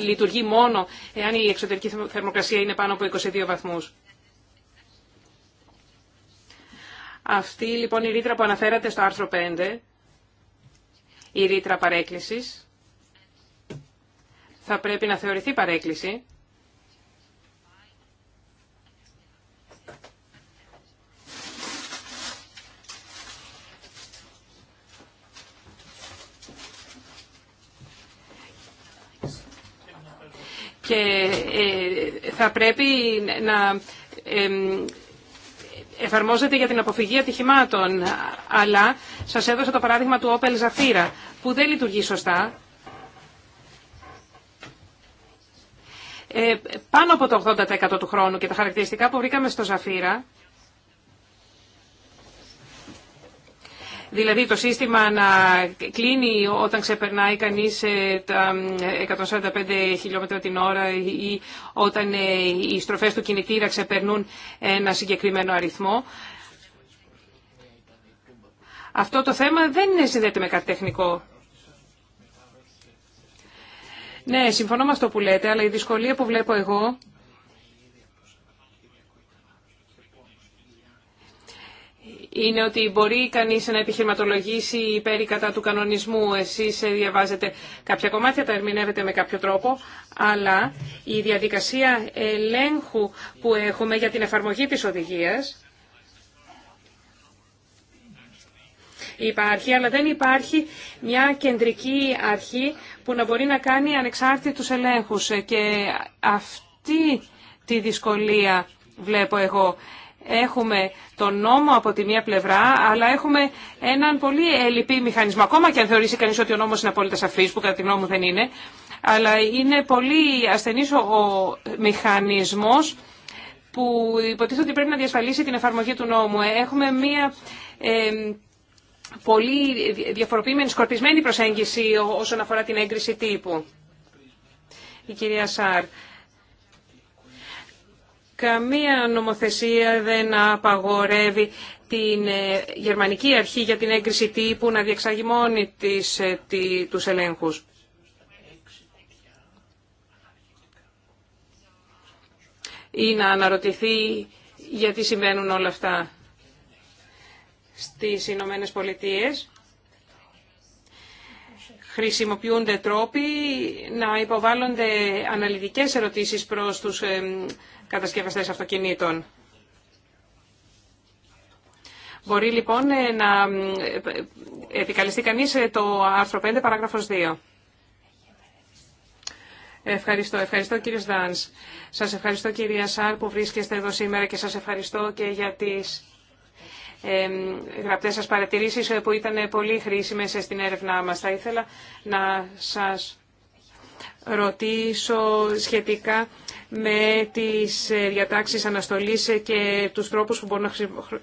λειτουργεί μόνο εάν η εξωτερική θερμοκρασία είναι πάνω από 22 βαθμούς. Αυτή λοιπόν η ρήτρα που αναφέρατε στο άρθρο 5, η ρήτρα παρέκκλησης, θα πρέπει να θεωρηθεί παρέκκληση και ε, θα πρέπει να εφαρμόζεται για την αποφυγή ατυχημάτων. Αλλά σας έδωσα το παράδειγμα του Opel Zafira που δεν λειτουργεί σωστά. Ε, πάνω από το 80% του χρόνου και τα χαρακτηριστικά που βρήκαμε στο Zafira δηλαδή το σύστημα να κλείνει όταν ξεπερνάει κανείς ε, τα 145 χιλιόμετρα την ώρα ή όταν ε, οι στροφές του κινητήρα ξεπερνούν ένα συγκεκριμένο αριθμό. Αυτό το θέμα δεν συνδέεται με κάτι τεχνικό. Ναι, συμφωνώ με αυτό που λέτε, αλλά η δυσκολία που βλέπω εγώ είναι ότι μπορεί κανείς να επιχειρηματολογήσει υπέρ ή κατά του κανονισμού. Εσείς ε, διαβάζετε κάποια κομμάτια, τα ερμηνεύετε με κάποιο τρόπο, αλλά διαδικασία ελέγχου που έχουμε για την εφαρμογή τη οδηγία υπάρχει, αλλά δεν υπάρχει μια κεντρική αρχή που να μπορεί να κάνει ανεξάρτητους ελέγχους. Και αυτή τη δυσκολία βλέπω εγώ. Έχουμε τον νόμο από τη μία πλευρά, αλλά έχουμε έναν πολύ ελλειπή μηχανισμό. Ακόμα και αν θεωρήσει κανείς ότι ο νόμος είναι απόλυτα σαφής, που κατά τη γνώμη μου δεν είναι, αλλά είναι πολύ ασθενής ο μηχανισμός που υποτίθεται ότι πρέπει να διασφαλίσει την εφαρμογή του νόμου. Ε, έχουμε μία ε, πολύ διαφοροποιημένη, σκορπισμένη προσέγγιση όσον αφορά την έγκριση τύπου. Η κυρία Σάρ. Καμία νομοθεσία δεν απαγορεύει την ε, γερμανική αρχή για την έγκριση τύπου να διεξάγει μόνη της, ε, τους ελέγχους. Ή να αναρωτηθεί γιατί συμβαίνουν όλα αυτά στις Ηνωμένε Πολιτείες χρησιμοποιούνται τρόποι να υποβάλλονται αναλυτικές ερωτήσεις προς τους ε, κατασκευαστές αυτοκινήτων. Μπορεί λοιπόν ε, να ε, επικαλεστεί κανείς το άρθρο 5 παράγραφος 2. Ευχαριστώ. Ευχαριστώ κύριε Σδάνς. Σας ευχαριστώ κυρία Σάρ που βρίσκεστε εδώ σήμερα και σας ευχαριστώ και για τις γραπτές σας παρατηρήσεις ε, που ήταν πολύ χρήσιμες στην έρευνά μας. Θα ήθελα να σας ρωτήσω σχετικά με τις ε, διατάξεις αναστολής ε, και τους τρόπους που μπορούν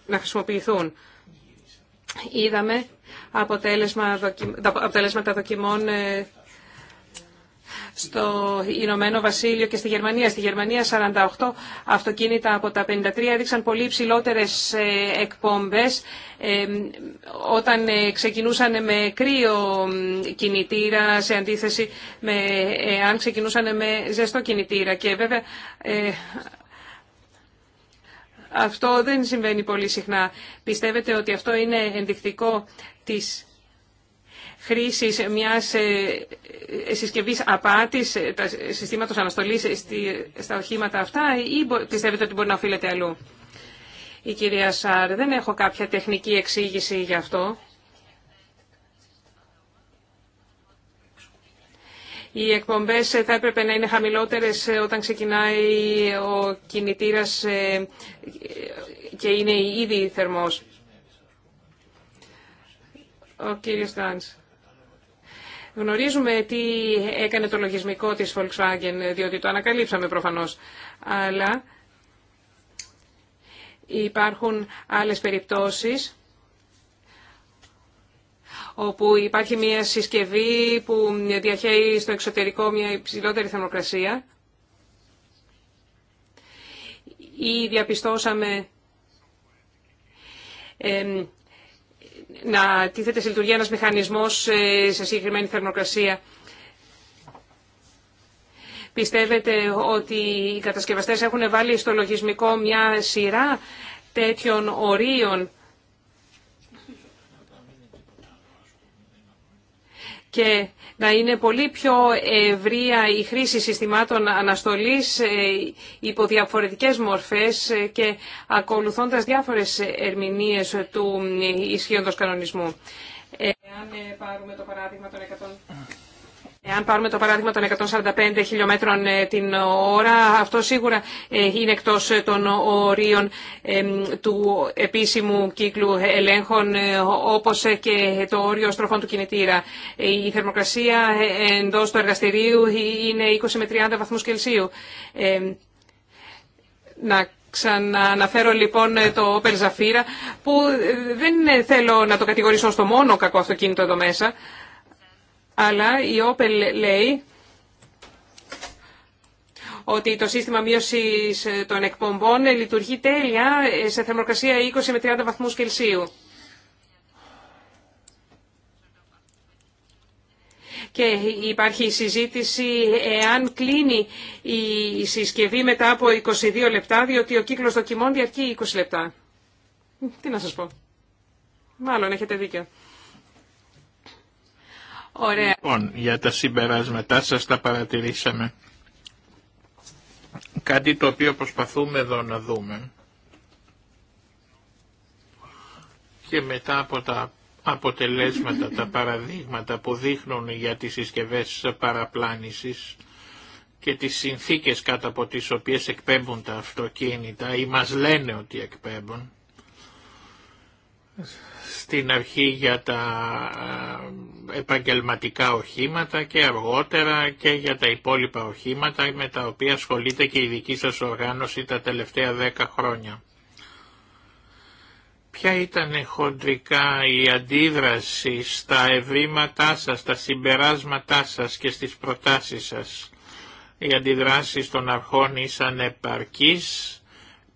να χρησιμοποιηθούν. Είδαμε αποτέλεσμα, τα αποτελέσματα δοκιμών στο Ηνωμένο Βασίλειο και στη Γερμανία. Στη Γερμανία 48 αυτοκίνητα από τα 53 έδειξαν πολύ υψηλότερε ε, εκπομπές ε, όταν ε, ξεκινούσαν με κρύο κινητήρα σε αντίθεση με αν ξεκινούσαν με ζεστό κινητήρα. Και βέβαια αυτό δεν συμβαίνει πολύ συχνά. Πιστεύετε ότι αυτό είναι ενδεικτικό της χρήσης μιας ε, ε, συσκευή απάτης, ε, συστήματος αναστολής στα οχήματα αυτά ή πιστεύετε ότι μπορεί να οφείλεται αλλού. Η κυρία Σάρ, δεν έχω κάποια τεχνική εξήγηση γι' αυτό. Οι εκπομπές θα έπρεπε να είναι χαμηλότερες όταν ξεκινάει ο κινητήρας και είναι ήδη θερμός. Ο κύριος Τάνς. Γνωρίζουμε τι έκανε το λογισμικό της Volkswagen, διότι το ανακαλύψαμε προφανώς. Αλλά υπάρχουν άλλες περιπτώσεις όπου υπάρχει μια συσκευή που διαχέει στο εξωτερικό μια υψηλότερη θερμοκρασία. Ή διαπιστώσαμε να τίθεται σε λειτουργία ένας μηχανισμός ε, σε συγκεκριμένη θερμοκρασία. Πιστεύετε ότι οι κατασκευαστές έχουν βάλει στο λογισμικό μια σειρά τέτοιων ορίων και να είναι πολύ πιο ευρεία η χρήση συστημάτων αναστολής ε, υπό διαφορετικές μορφές ε, και ακολουθώντας διάφορες ερμηνείες του ε, ισχύοντος κανονισμού. Αν πάρουμε το παράδειγμα των 100... Αν πάρουμε το παράδειγμα των 145 χιλιόμετρων ε, την ώρα, αυτό σίγουρα ε, είναι εκτός ε, των ορίων του επίσημου κύκλου ελέγχων, όπως και το όριο στροφών του κινητήρα. Η θερμοκρασία εντός του εργαστηρίου είναι 20 με 30 βαθμούς Κελσίου. Να Ξανααναφέρω λοιπόν το Opel Zafira που δεν θέλω να το κατηγορήσω στο μόνο κακό αυτοκίνητο εδώ μέσα αλλά η Opel λέει ότι το σύστημα μείωση των εκπομπών λειτουργεί τέλεια σε θερμοκρασία 20 με 30 βαθμούς Κελσίου. Και υπάρχει συζήτηση εάν κλείνει η συσκευή μετά από 22 λεπτά, διότι ο κύκλος δοκιμών διαρκεί 20 λεπτά. Τι να σας πω. Μάλλον έχετε δίκιο. Ωραία. Λοιπόν, για τα συμπεράσματά σας τα παρατηρήσαμε. Κάτι το οποίο προσπαθούμε εδώ να δούμε. Και μετά από τα αποτελέσματα, τα παραδείγματα που δείχνουν για τις συσκευές παραπλάνησης και τις συνθήκες κάτω από τις οποίες εκπέμπουν τα αυτοκίνητα ή μας λένε ότι εκπέμπουν, στην αρχή για τα ε, επαγγελματικά οχήματα και αργότερα και για τα υπόλοιπα οχήματα με τα οποία ασχολείται και η δική σας οργάνωση τα τελευταία δέκα χρόνια. Ποια ήταν χοντρικά η αντίδραση στα ευρήματά σας, στα συμπεράσματά σας και στις προτάσεις σας. Οι αντιδράσεις των αρχών ήσαν επαρκείς,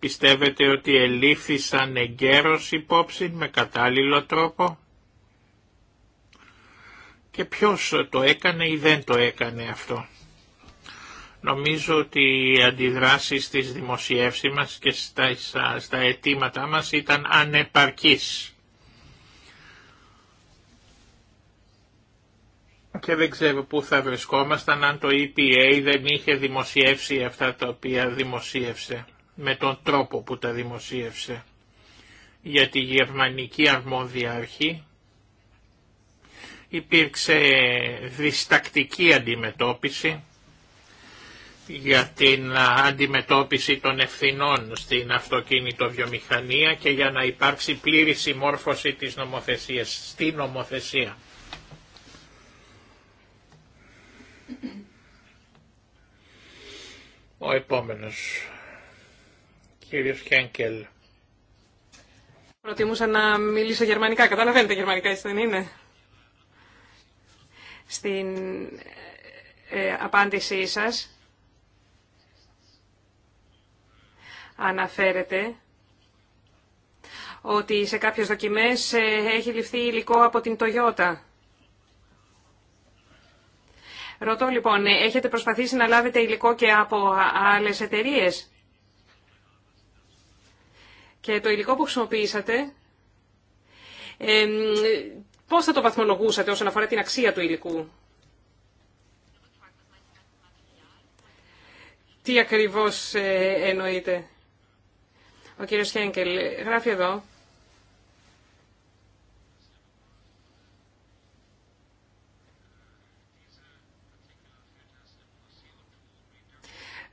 Πιστεύετε ότι ελήφθησαν εγκαίρως υπόψη με κατάλληλο τρόπο και ποιος το έκανε ή δεν το έκανε αυτό. Νομίζω ότι οι αντιδράσεις της δημοσιεύση μας και στα, στα αιτήματά μας ήταν ανεπαρκείς. Και δεν ξέρω πού θα βρισκόμασταν αν το EPA δεν είχε δημοσιεύσει αυτά τα οποία δημοσίευσε με τον τρόπο που τα δημοσίευσε. για τη γερμανική αρμόδια αρχή υπήρξε διστακτική αντιμετώπιση για την αντιμετώπιση των ευθυνών στην αυτοκίνητο βιομηχανία και για να υπάρξει πλήρη συμμόρφωση της νομοθεσίας στη νομοθεσία. Ο επόμενος κύριος Χένκελ. Προτιμούσα να μιλήσω γερμανικά. Καταλαβαίνετε γερμανικά, έτσι δεν είναι. Στην ε, απάντησή σας αναφέρετε ότι σε κάποιες δοκιμές ε, έχει ληφθεί υλικό από την Toyota. Ρωτώ λοιπόν, έχετε προσπαθήσει να λάβετε υλικό και από άλλες εταιρείες και το υλικό που χρησιμοποιήσατε, ε, πώς θα το βαθμολογούσατε όσον αφορά την αξία του υλικού. Τι ακριβώς ε, εννοείται. Ο κύριος Χένκελ γράφει εδώ.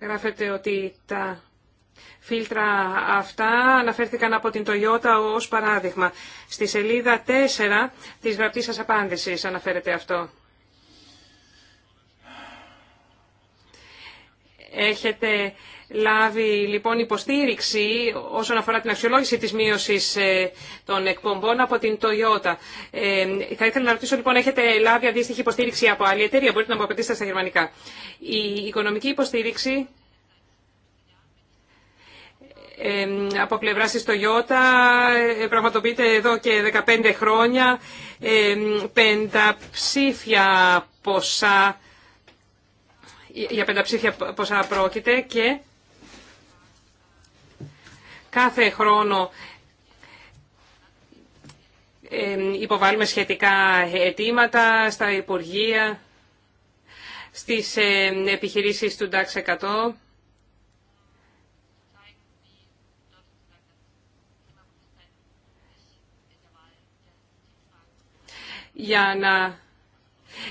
Γράφεται ότι τα φίλτρα αυτά αναφέρθηκαν από την Toyota ως παράδειγμα. Στη σελίδα 4 της γραπτής σας απάντησης αναφέρεται αυτό. Έχετε λάβει λοιπόν υποστήριξη όσον αφορά την αξιολόγηση της μείωσης ε, των εκπομπών από την Toyota. Ε, θα ήθελα να ρωτήσω λοιπόν, έχετε λάβει αντίστοιχη υποστήριξη από άλλη εταιρεία, μπορείτε να μου απαιτήσετε στα γερμανικά. Η οικονομική υποστήριξη από πλευρά της Toyota ε, πραγματοποιείται εδώ και 15 χρόνια πενταψήφια ποσά για πενταψήφια ποσά πρόκειται και κάθε χρόνο υποβάλλουμε σχετικά αιτήματα στα Υπουργεία, στις επιχειρήσεις του DAX 100. για να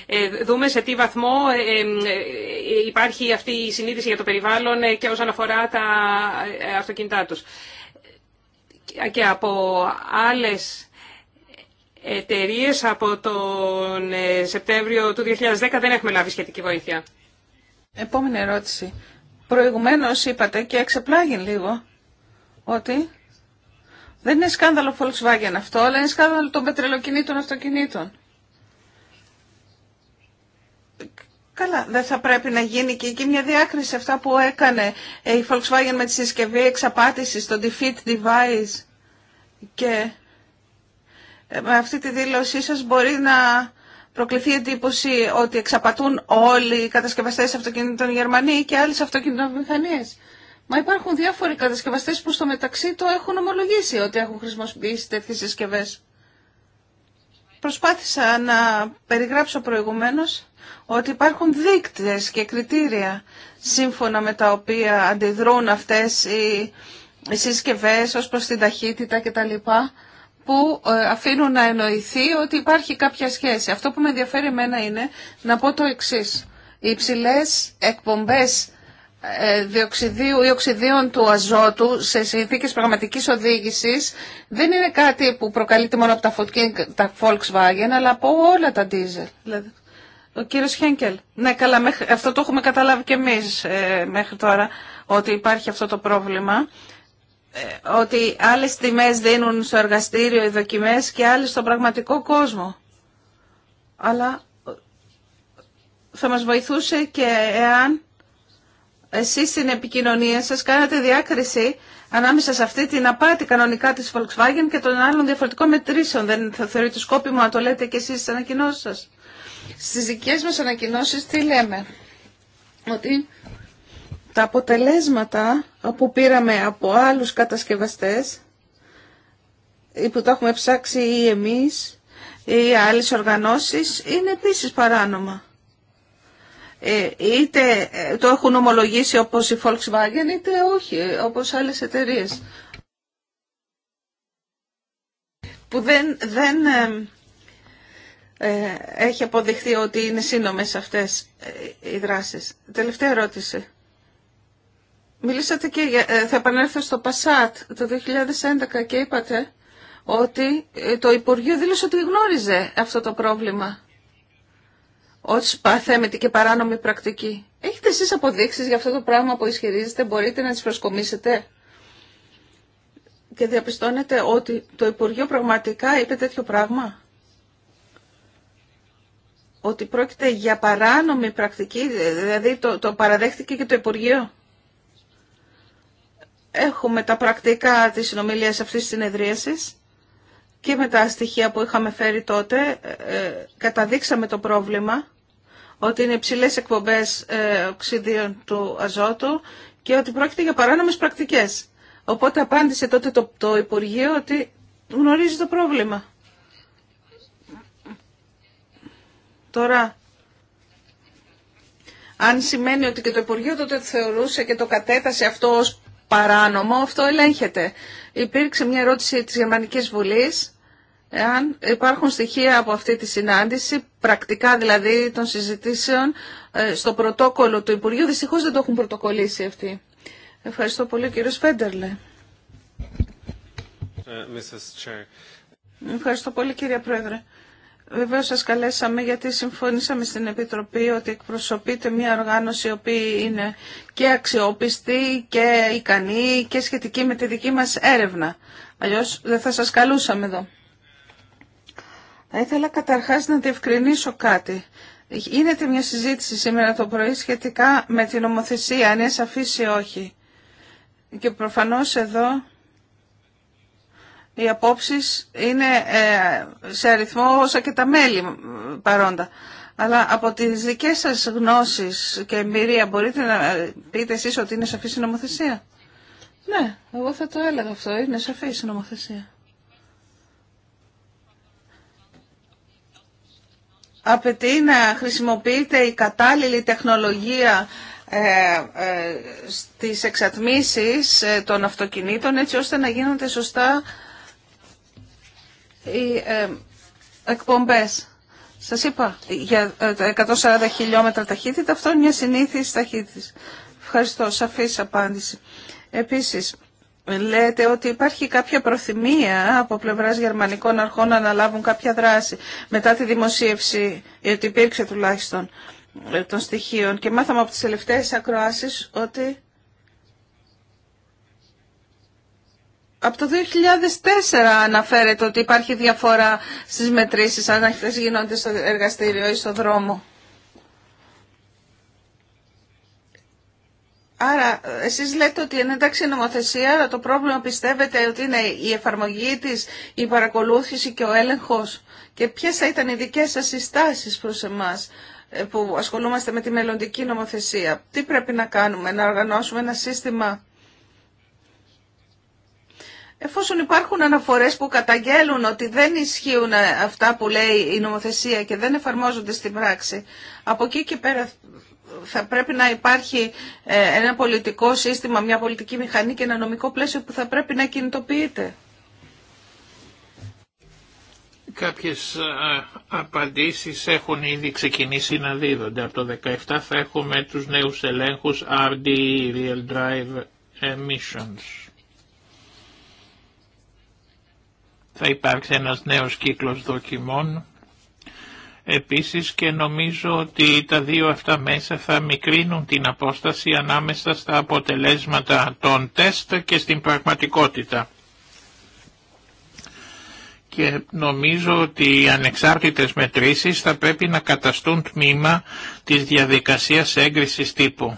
ε, δούμε σε τι βαθμό ε, ε, υπάρχει αυτή η συνείδηση για το περιβάλλον και όσον αφορά τα αυτοκίνητά τους. Και από άλλες εταιρείε από τον Σεπτέμβριο του 2010 δεν έχουμε λάβει σχετική βοήθεια. Επόμενη ερώτηση. Προηγουμένως είπατε και εξεπλάγει λίγο ότι δεν είναι σκάνδαλο Volkswagen αυτό, αλλά είναι σκάνδαλο των πετρελοκινήτων αυτοκινήτων. Καλά, δεν θα πρέπει να γίνει και εκεί μια διάκριση αυτά που έκανε η Volkswagen με τη συσκευή εξαπάτησης, το defeat device και ε, με αυτή τη δήλωσή σας μπορεί να προκληθεί εντύπωση ότι εξαπατούν όλοι οι κατασκευαστές αυτοκινήτων Γερμανοί και άλλες αυτοκινητομηχανίες. Μα υπάρχουν διάφοροι κατασκευαστέ που στο μεταξύ το έχουν ομολογήσει ότι έχουν χρησιμοποιήσει τέτοιε συσκευέ. Προσπάθησα να περιγράψω προηγουμένω ότι υπάρχουν δείκτες και κριτήρια σύμφωνα με τα οποία αντιδρούν αυτές οι συσκευέ ω προ την ταχύτητα κτλ που ε, αφήνουν να εννοηθεί ότι υπάρχει κάποια σχέση. Αυτό που με ενδιαφέρει εμένα είναι να πω το εξή. Οι υψηλέ εκπομπές ε, διοξιδίου ή οξυδίων του αζότου σε συνθήκες πραγματικής οδήγησης δεν είναι κάτι που προκαλείται μόνο από τα, Volkswagen αλλά από όλα τα diesel. Δηλαδή, ο κύριος Χένκελ. Ναι, καλά, αυτό το έχουμε καταλάβει και εμείς ε, μέχρι τώρα ότι υπάρχει αυτό το πρόβλημα ε, ότι άλλες τιμές δίνουν στο εργαστήριο οι δοκιμές και άλλες στον πραγματικό κόσμο. Αλλά θα μας βοηθούσε και εάν εσείς στην επικοινωνία σας κάνατε διάκριση ανάμεσα σε αυτή την απάτη κανονικά της Volkswagen και των άλλων διαφορετικών μετρήσεων. Δεν θα θεωρείτε σκόπιμο να το λέτε και εσείς στις ανακοινώσεις σας. Στις δικές μας ανακοινώσεις τι λέμε. Ότι τα αποτελέσματα που πήραμε από άλλους κατασκευαστές ή που τα έχουμε ψάξει ή εμείς ή άλλες οργανώσεις είναι επίσης παράνομα. Ε, είτε ε, το έχουν ομολογήσει όπως η Volkswagen είτε όχι, όπως άλλες εταιρείες που δεν, δεν ε, έχει αποδειχθεί ότι είναι σύνομες αυτές οι δράσεις. Τελευταία ερώτηση. Μιλήσατε και θα επανέλθω στο Πασάτ το 2011 και είπατε ότι το Υπουργείο δήλωσε ότι γνώριζε αυτό το πρόβλημα ότι σπαθέμετη και παράνομη πρακτική. Έχετε εσείς αποδείξεις για αυτό το πράγμα που ισχυρίζετε, μπορείτε να τις προσκομίσετε. Και διαπιστώνετε ότι το Υπουργείο πραγματικά είπε τέτοιο πράγμα. Ότι πρόκειται για παράνομη πρακτική, δηλαδή το, το παραδέχτηκε και το Υπουργείο. Έχουμε τα πρακτικά της συνομιλίας αυτής της συνεδρίασης και με τα στοιχεία που είχαμε φέρει τότε, ε, ε, καταδείξαμε το πρόβλημα ότι είναι υψηλές εκπομπές ε, οξυδίων του αζότου και ότι πρόκειται για παράνομες πρακτικές. Οπότε απάντησε τότε το, Υπουργείο ότι γνωρίζει το πρόβλημα. Τώρα, αν σημαίνει ότι και το Υπουργείο τότε θεωρούσε και το κατέτασε αυτό ως παράνομο, αυτό ελέγχεται. Υπήρξε μια ερώτηση της Γερμανικής Βουλής εάν υπάρχουν στοιχεία από αυτή τη συνάντηση, πρακτικά δηλαδή των συζητήσεων, ε, στο πρωτόκολλο του Υπουργείου. Δυστυχώς δεν το έχουν πρωτοκολλήσει αυτοί. Ευχαριστώ πολύ κύριο Φέντερλε. Ε, Ευχαριστώ πολύ κύριε Πρόεδρε. Βεβαίως σας καλέσαμε γιατί συμφωνήσαμε στην Επιτροπή ότι εκπροσωπείται μια οργάνωση η οποία είναι και αξιόπιστη και ικανή και σχετική με τη δική μας έρευνα. Αλλιώς δεν θα σας καλούσαμε εδώ. Θα ήθελα καταρχάς να διευκρινίσω κάτι. Γίνεται μια συζήτηση σήμερα το πρωί σχετικά με την νομοθεσία, αν είναι σαφής ή όχι. Και προφανώς εδώ οι απόψεις είναι ε, σε αριθμό όσα και τα μέλη παρόντα. Αλλά από τις δικές σας γνώσεις και εμπειρία μπορείτε να πείτε εσείς ότι είναι σαφή η νομοθεσία. Ναι, εγώ θα το έλεγα αυτό, είναι σαφή η νομοθεσία. απαιτεί να χρησιμοποιείται η κατάλληλη τεχνολογία ε, ε, στις εξατμίσεις ε, των αυτοκινήτων έτσι ώστε να γίνονται σωστά οι εκπομπές. Σας είπα, για 140 χιλιόμετρα ταχύτητα, αυτό είναι μια συνήθιση ταχύτητα. Ευχαριστώ, σαφής απάντηση. Επίσης, λέτε ότι υπάρχει κάποια προθυμία από πλευράς γερμανικών αρχών να αναλάβουν κάποια δράση μετά τη δημοσίευση, ότι υπήρξε τουλάχιστον ε, των στοιχείων και μάθαμε από τις τελευταίες ακροάσεις ότι από το 2004 αναφέρεται ότι υπάρχει διαφορά στις μετρήσεις αν αυτές γίνονται στο εργαστήριο ή στο δρόμο. Άρα, εσείς λέτε ότι είναι εντάξει η νομοθεσία, αλλά το πρόβλημα πιστεύετε ότι είναι η εφαρμογή της, η παρακολούθηση και ο έλεγχος. Και ποιε θα ήταν οι δικές σας συστάσεις προς εμάς ε, που ασχολούμαστε με τη μελλοντική νομοθεσία. Τι πρέπει να κάνουμε, να οργανώσουμε ένα σύστημα Εφόσον υπάρχουν αναφορές που καταγγέλουν ότι δεν ισχύουν ε, αυτά που λέει η νομοθεσία και δεν εφαρμόζονται στην πράξη, από εκεί και πέρα θα πρέπει να υπάρχει ε, ένα πολιτικό σύστημα, μια πολιτική μηχανή και ένα νομικό πλαίσιο που θα πρέπει να κινητοποιείται. Κάποιες ε, απαντήσεις έχουν ήδη ξεκινήσει να δίδονται. Από το 2017 θα έχουμε τους νέους ελέγχους RDE, Real Drive Emissions. Θα υπάρξει ένας νέος κύκλος δοκιμών επίσης και νομίζω ότι τα δύο αυτά μέσα θα μικρύνουν την απόσταση ανάμεσα στα αποτελέσματα των τεστ και στην πραγματικότητα. Και νομίζω ότι οι ανεξάρτητες μετρήσεις θα πρέπει να καταστούν τμήμα της διαδικασίας έγκρισης τύπου.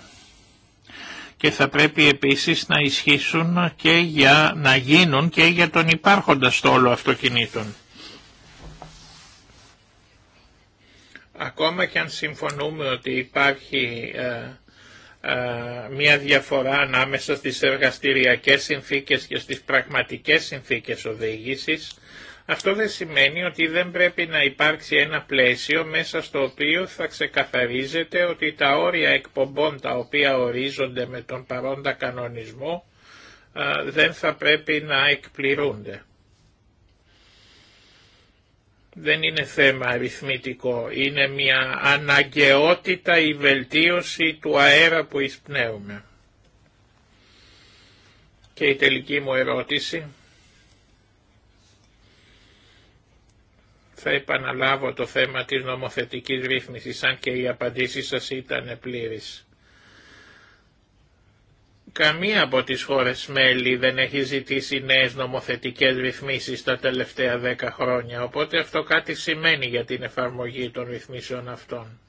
Και θα πρέπει επίσης να ισχύσουν και για, να γίνουν και για τον υπάρχοντα στόλο αυτοκινήτων. Ακόμα και αν συμφωνούμε ότι υπάρχει ε, ε, μια διαφορά ανάμεσα στις εργαστηριακές συνθήκες και στις πραγματικές συνθήκες οδήγησης, αυτό δεν σημαίνει ότι δεν πρέπει να υπάρξει ένα πλαίσιο μέσα στο οποίο θα ξεκαθαρίζεται ότι τα όρια εκπομπών τα οποία ορίζονται με τον παρόντα κανονισμό ε, δεν θα πρέπει να εκπληρούνται δεν είναι θέμα αριθμητικό, είναι μια αναγκαιότητα η βελτίωση του αέρα που εισπνέουμε. Και η τελική μου ερώτηση. Θα επαναλάβω το θέμα της νομοθετικής ρύθμισης, αν και οι απαντήσεις σας ήταν πλήρης. Καμία από τις χώρες μέλη δεν έχει ζητήσει νέες νομοθετικές ρυθμίσεις τα τελευταία δέκα χρόνια, οπότε αυτό κάτι σημαίνει για την εφαρμογή των ρυθμίσεων αυτών.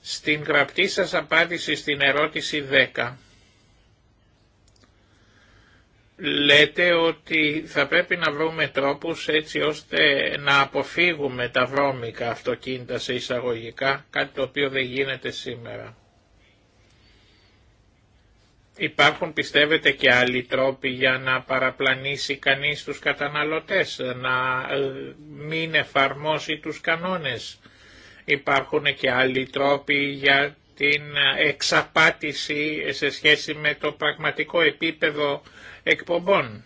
Στην γραπτή σας απάντηση στην ερώτηση 10, λέτε ότι θα πρέπει να βρούμε τρόπους έτσι ώστε να αποφύγουμε τα βρώμικα αυτοκίνητα σε εισαγωγικά, κάτι το οποίο δεν γίνεται σήμερα. Υπάρχουν πιστεύετε και άλλοι τρόποι για να παραπλανήσει κανείς τους καταναλωτές, να ε, μην εφαρμόσει τους κανόνες. Υπάρχουν και άλλοι τρόποι για την ε, εξαπάτηση σε σχέση με το πραγματικό επίπεδο εκπομπών.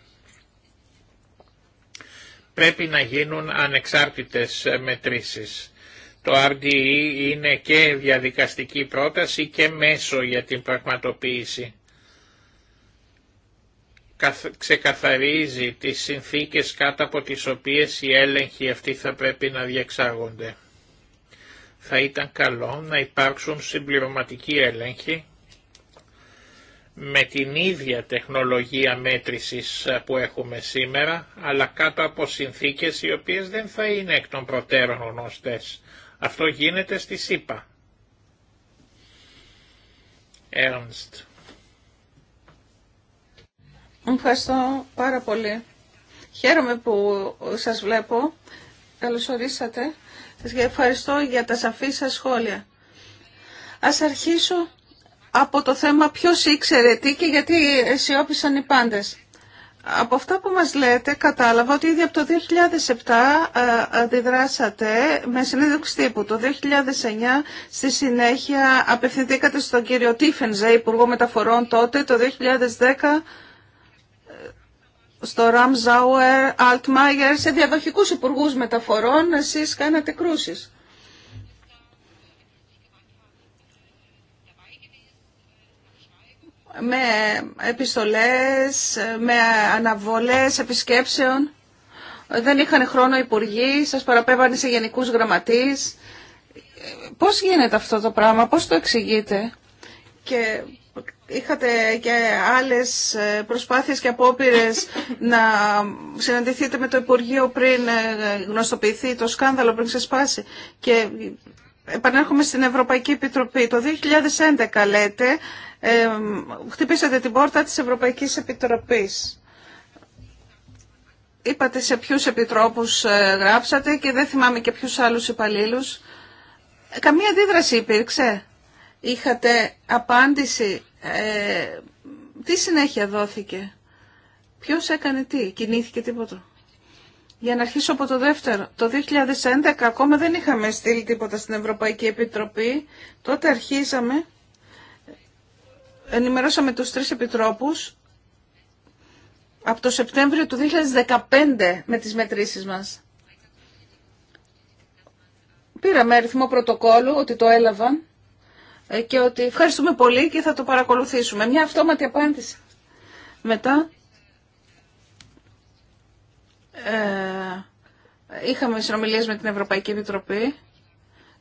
Πρέπει να γίνουν ανεξάρτητες ε, μετρήσεις. Το RDE είναι και διαδικαστική πρόταση και μέσο για την πραγματοποίηση ξεκαθαρίζει τις συνθήκες κάτω από τις οποίες οι έλεγχοι αυτοί θα πρέπει να διεξάγονται. Θα ήταν καλό να υπάρξουν συμπληρωματικοί έλεγχοι με την ίδια τεχνολογία μέτρησης που έχουμε σήμερα, αλλά κάτω από συνθήκες οι οποίες δεν θα είναι εκ των προτέρων γνωστές. Αυτό γίνεται στη ΣΥΠΑ. Ernst. Ευχαριστώ πάρα πολύ. Χαίρομαι που σας βλέπω. Καλώς ορίσατε. Ευχαριστώ για τα σαφή σας σχόλια. Ας αρχίσω από το θέμα ποιος ήξερε τι και γιατί αισιόπισαν οι πάντες. Από αυτά που μας λέτε κατάλαβα ότι ήδη από το 2007 ε, αντιδράσατε με συνέντευξη τύπου. Το 2009 στη συνέχεια απευθυνθήκατε στον κύριο Τίφενζε, Υπουργό Μεταφορών τότε, το 2010 στο Ραμζάουερ, Αλτμάγερ, σε διαδοχικούς υπουργούς μεταφορών, εσείς κάνατε κρούσεις. με επιστολές, με αναβολές επισκέψεων. Δεν είχαν χρόνο υπουργοί, σας παραπέμπανε σε γενικούς γραμματείς. Πώς γίνεται αυτό το πράγμα, πώς το εξηγείτε και Είχατε και άλλες ε, προσπάθειες και απόπειρες να συναντηθείτε με το Υπουργείο πριν ε, γνωστοποιηθεί το σκάνδαλο, πριν ξεσπάσει. Και επανέρχομαι στην Ευρωπαϊκή Επιτροπή. Το 2011 λέτε, χτυπήσατε την πόρτα της Ευρωπαϊκής Επιτροπής. Είπατε σε ποιους επιτρόπους ε, γράψατε και δεν θυμάμαι και ποιους άλλους υπαλλήλους. Καμία αντίδραση υπήρξε. Είχατε απάντηση ε, τι συνέχεια δόθηκε. Ποιος έκανε τι. Κινήθηκε τίποτα. Για να αρχίσω από το δεύτερο. Το 2011 ακόμα δεν είχαμε στείλει τίποτα στην Ευρωπαϊκή Επιτροπή. Τότε αρχίσαμε. Ενημερώσαμε τους τρεις επιτρόπους από το Σεπτέμβριο του 2015 με τις μετρήσεις μας. Πήραμε αριθμό πρωτοκόλλου ότι το έλαβαν ε, και ότι ευχαριστούμε πολύ και θα το παρακολουθήσουμε. Μια αυτόματη απάντηση. Μετά ε, είχαμε συνομιλίες με την Ευρωπαϊκή Επιτροπή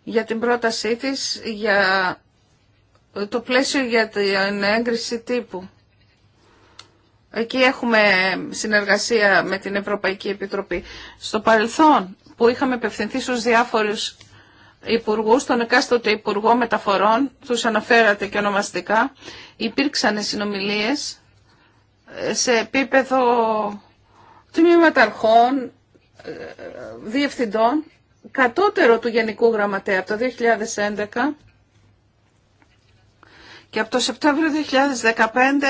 για την πρότασή της για το πλαίσιο για την έγκριση τύπου. Εκεί έχουμε συνεργασία με την Ευρωπαϊκή Επιτροπή. Στο παρελθόν που είχαμε επευθυνθεί στους διάφορους υπουργού, τον εκάστοτε υπουργό μεταφορών, του αναφέρατε και ονομαστικά, υπήρξαν συνομιλίε ε, σε επίπεδο τμήματα αρχών, ε, διευθυντών, κατώτερο του Γενικού Γραμματέα από το 2011 και από το Σεπτέμβριο 2015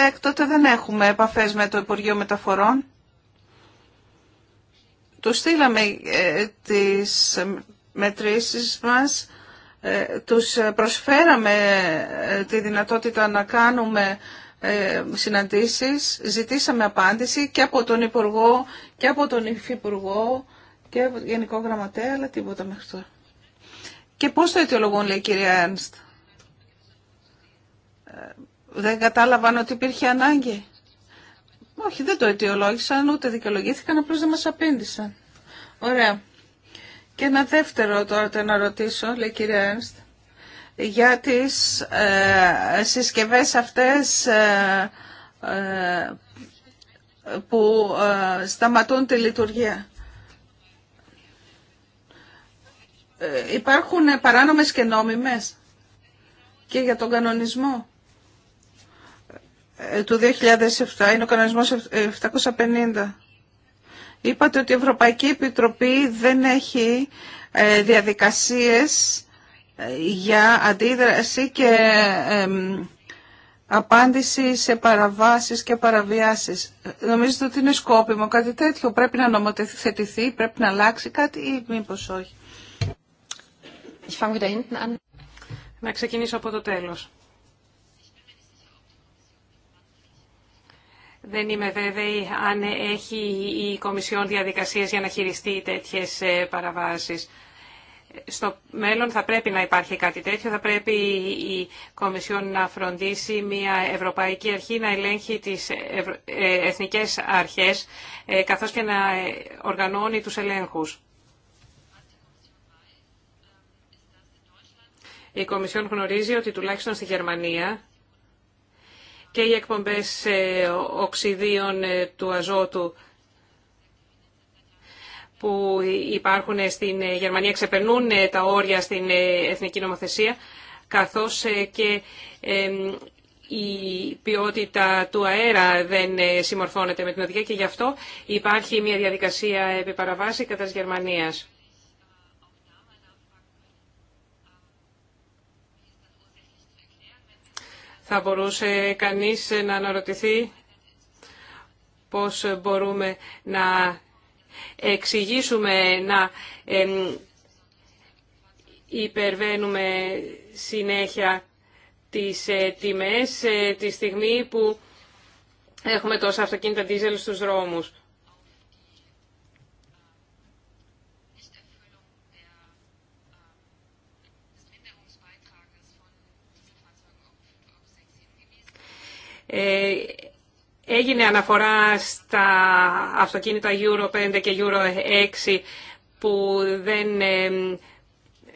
εκ τότε δεν έχουμε επαφές με το Υπουργείο Μεταφορών. Του στείλαμε ε, τις μετρήσεις μας ε, τους ε, προσφέραμε ε, τη δυνατότητα να κάνουμε συναντήσεις, ζητήσαμε απάντηση και από τον Υπουργό και από τον Υφυπουργό και από τον Γενικό Γραμματέα, αλλά τίποτα μέχρι τώρα. Και πώς το αιτιολογούν, λέει η κυρία Έρνστ. Δεν κατάλαβαν ότι υπήρχε ανάγκη. Όχι, δεν το αιτιολόγησαν, ούτε δικαιολογήθηκαν, απλώς δεν μας απήντησαν. Ωραία. Και ένα δεύτερο τώρα να ρωτήσω, λέει κυρία Ένστ, για τις ε, συσκευές αυτές ε, ε, που ε, σταματούν τη λειτουργία. Υπάρχουν παράνομες και νόμιμες και για τον κανονισμό του 2007, είναι ο κανονισμός 750. Είπατε ότι η Ευρωπαϊκή Επιτροπή δεν έχει ε, διαδικασίες ε, για αντίδραση και απάντηση σε παραβάσεις και παραβιάσεις. Νομίζετε ότι είναι σκόπιμο κάτι τέτοιο, πρέπει να νομοθετηθεί, πρέπει να αλλάξει κάτι ή μήπως όχι. Να ξεκινήσω από το τέλος. Δεν είμαι βέβαιη αν έχει η Κομισιόν διαδικασίες για να χειριστεί τέτοιες ε, παραβάσεις. Στο μέλλον θα πρέπει να υπάρχει κάτι τέτοιο, θα πρέπει η Κομισιόν να φροντίσει μια Ευρωπαϊκή Αρχή να ελέγχει τις ε, εθνικές αρχές ε, καθώς και να οργανώνει τους ελέγχους. Η Κομισιόν γνωρίζει ότι τουλάχιστον στη Γερμανία και οι εκπομπές ε, οξυδίων ε, του αζότου που υπάρχουν στην ε, Γερμανία ξεπερνούν τα όρια στην εθνική νομοθεσία, καθώς και η ποιότητα του αέρα δεν συμμορφώνεται με την οδηγία και γι' αυτό υπάρχει μια διαδικασία επιπαραβάση κατά της Γερμανίας. Θα μπορούσε κανείς να αναρωτηθεί πώς μπορούμε να εξηγήσουμε, να υπερβαίνουμε συνέχεια τις ε, τιμές ε, τη στιγμή που έχουμε τόσα αυτοκίνητα δίζελ στους δρόμους. Ε, έγινε αναφορά στα αυτοκίνητα Euro 5 και Euro 6 που δεν ε,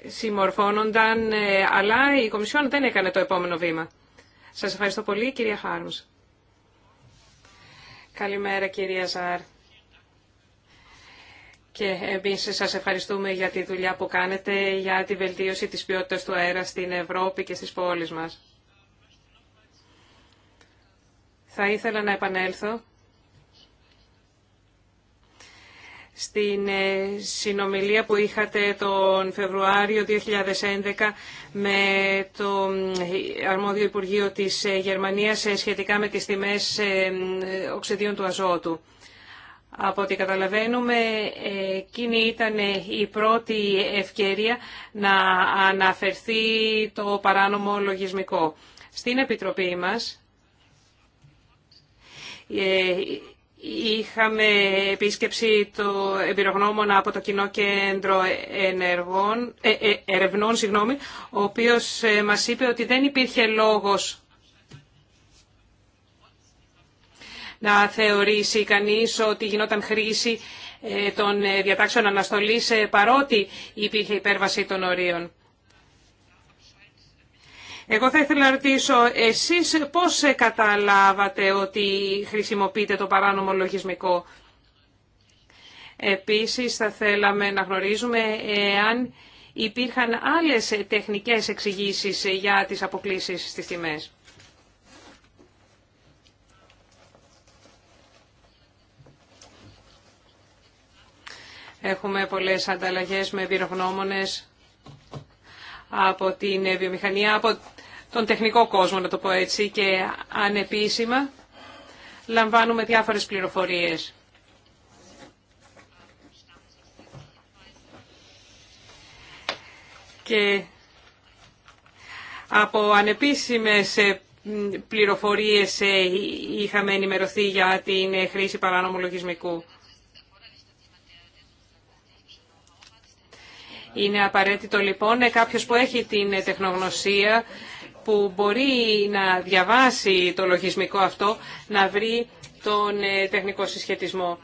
συμμορφώνονταν, ε, αλλά η Κομισιόν δεν έκανε το επόμενο βήμα. Σας ευχαριστώ πολύ, κυρία Χάρμς. Καλημέρα, κυρία Ζάρ. Και εμείς σας ευχαριστούμε για τη δουλειά που κάνετε για τη βελτίωση της ποιότητας του αέρα στην Ευρώπη και στις πόλεις μας. Θα ήθελα να επανέλθω στην ε, συνομιλία που είχατε τον Φεβρουάριο 2011 με το ε, αρμόδιο Υπουργείο της ε, Γερμανίας σχετικά με τις τιμές οξυδίων του αζότου. Από ό,τι καταλαβαίνουμε, εκείνη ήταν η πρώτη ευκαιρία να αναφερθεί το παράνομο λογισμικό. Στην Επιτροπή μας, ε, είχαμε επίσκεψη του εμπειρογνώμονα από το Κοινό Κέντρο Ενεργών, ε, ε Ερευνών, συγγνώμη, ο οποίος ε, μας είπε ότι δεν υπήρχε λόγος να θεωρήσει κανείς ότι γινόταν χρήση των διατάξεων αναστολής παρότι υπήρχε υπέρβαση των ορίων. Εγώ θα ήθελα να ρωτήσω, εσείς πώς καταλάβατε ότι χρησιμοποιείτε το παράνομο λογισμικό. Επίσης θα θέλαμε να γνωρίζουμε εάν υπήρχαν άλλες τεχνικές εξηγήσεις για τις αποκλήσεις στις τιμές. Έχουμε πολλές ανταλλαγές με βιρογνώμονες από την βιομηχανία, από τον τεχνικό κόσμο, να το πω έτσι, και ανεπίσημα λαμβάνουμε διάφορες πληροφορίες. Και από ανεπίσημες ε, πληροφορίες ε, είχαμε ενημερωθεί για την ε, χρήση παράνομου λογισμικού. Είναι απαραίτητο λοιπόν κάποιος που έχει την τεχνογνωσία που μπορεί να διαβάσει το λογισμικό αυτό να βρει τον ε, τεχνικό συσχετισμό.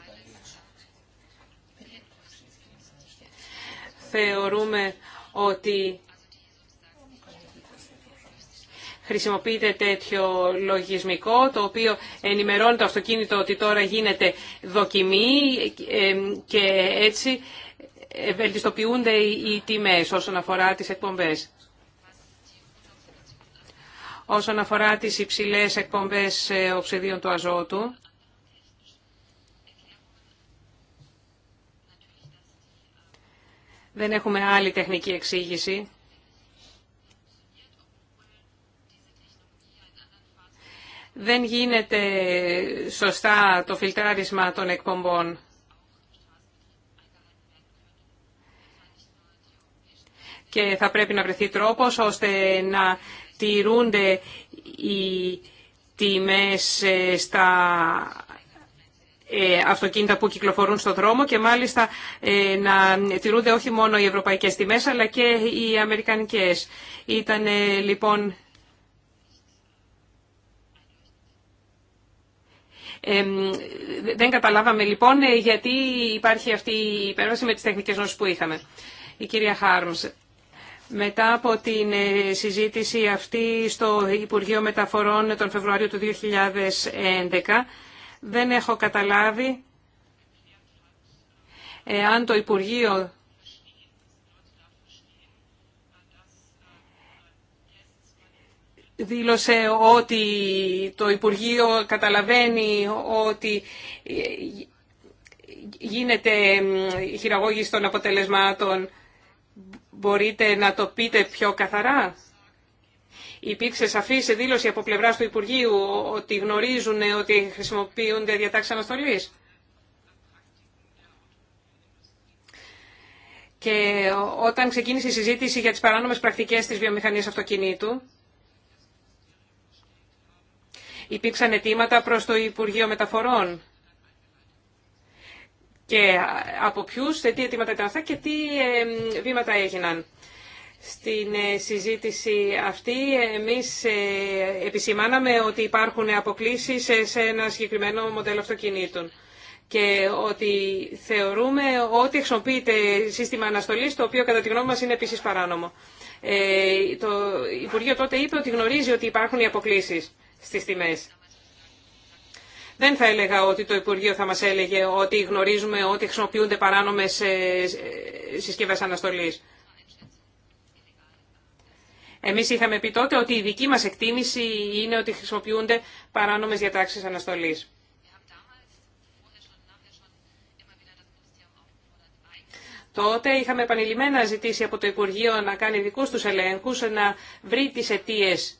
Θεωρούμε ότι χρησιμοποιείται τέτοιο λογισμικό το οποίο ενημερώνει το αυτοκίνητο ότι τώρα γίνεται δοκιμή ε, και έτσι βελτιστοποιούνται οι τιμές όσον αφορά τις εκπομπές όσον αφορά τις υψηλές εκπομπές ε, οξυδίων του αζότου. Δεν έχουμε άλλη τεχνική εξήγηση. Δεν γίνεται σωστά το φιλτράρισμα των εκπομπών. Και θα πρέπει να βρεθεί τρόπος ώστε να τηρούνται οι τιμές ε, στα ε, αυτοκίνητα που κυκλοφορούν στο δρόμο και μάλιστα ε, να τηρούνται όχι μόνο οι ευρωπαϊκές τιμές αλλά και οι αμερικανικές. Ήταν λοιπόν δεν καταλάβαμε λοιπόν γιατί υπάρχει αυτή η υπέρβαση με τις τεχνικές γνώσεις που είχαμε. Η κυρία Χάρμς, μετά από την ε, συζήτηση αυτή στο Υπουργείο Μεταφορών τον Φεβρουάριο του 2011, δεν έχω καταλάβει ε, αν το Υπουργείο δήλωσε ότι το Υπουργείο καταλαβαίνει ότι ε, γίνεται χειραγώγηση των αποτελεσμάτων Μπορείτε να το πείτε πιο καθαρά. Υπήρξε σαφή σε δήλωση από πλευρά του Υπουργείου ότι γνωρίζουν ότι χρησιμοποιούνται διατάξει αναστολή. Και όταν ξεκίνησε η συζήτηση για τις παράνομες πρακτικές της βιομηχανίας αυτοκινήτου, υπήρξαν αιτήματα προς το Υπουργείο Μεταφορών και από ποιους, τι αιτήματα ήταν αυτά και τι βήματα έγιναν. Στην ε, συζήτηση αυτή εμείς ε, επισημάναμε ότι υπάρχουν αποκλήσεις ε, σε ένα συγκεκριμένο μοντέλο αυτοκινήτων και ότι θεωρούμε ότι χρησιμοποιείται σύστημα αναστολής το οποίο κατά τη γνώμη μας είναι επίσης παράνομο. το Υπουργείο τότε είπε ότι γνωρίζει ότι υπάρχουν οι αποκλήσεις στις τιμές. Δεν θα έλεγα ότι το Υπουργείο θα μας έλεγε ότι γνωρίζουμε ότι χρησιμοποιούνται παράνομες ε, συσκευές αναστολής. Εμείς είχαμε πει τότε ότι η δική μας εκτίμηση είναι ότι χρησιμοποιούνται παράνομες διατάξεις αναστολής. Τότε είχαμε επανειλημμένα ζητήσει από το Υπουργείο να κάνει δικούς τους ελέγχους, να βρει τις αιτίες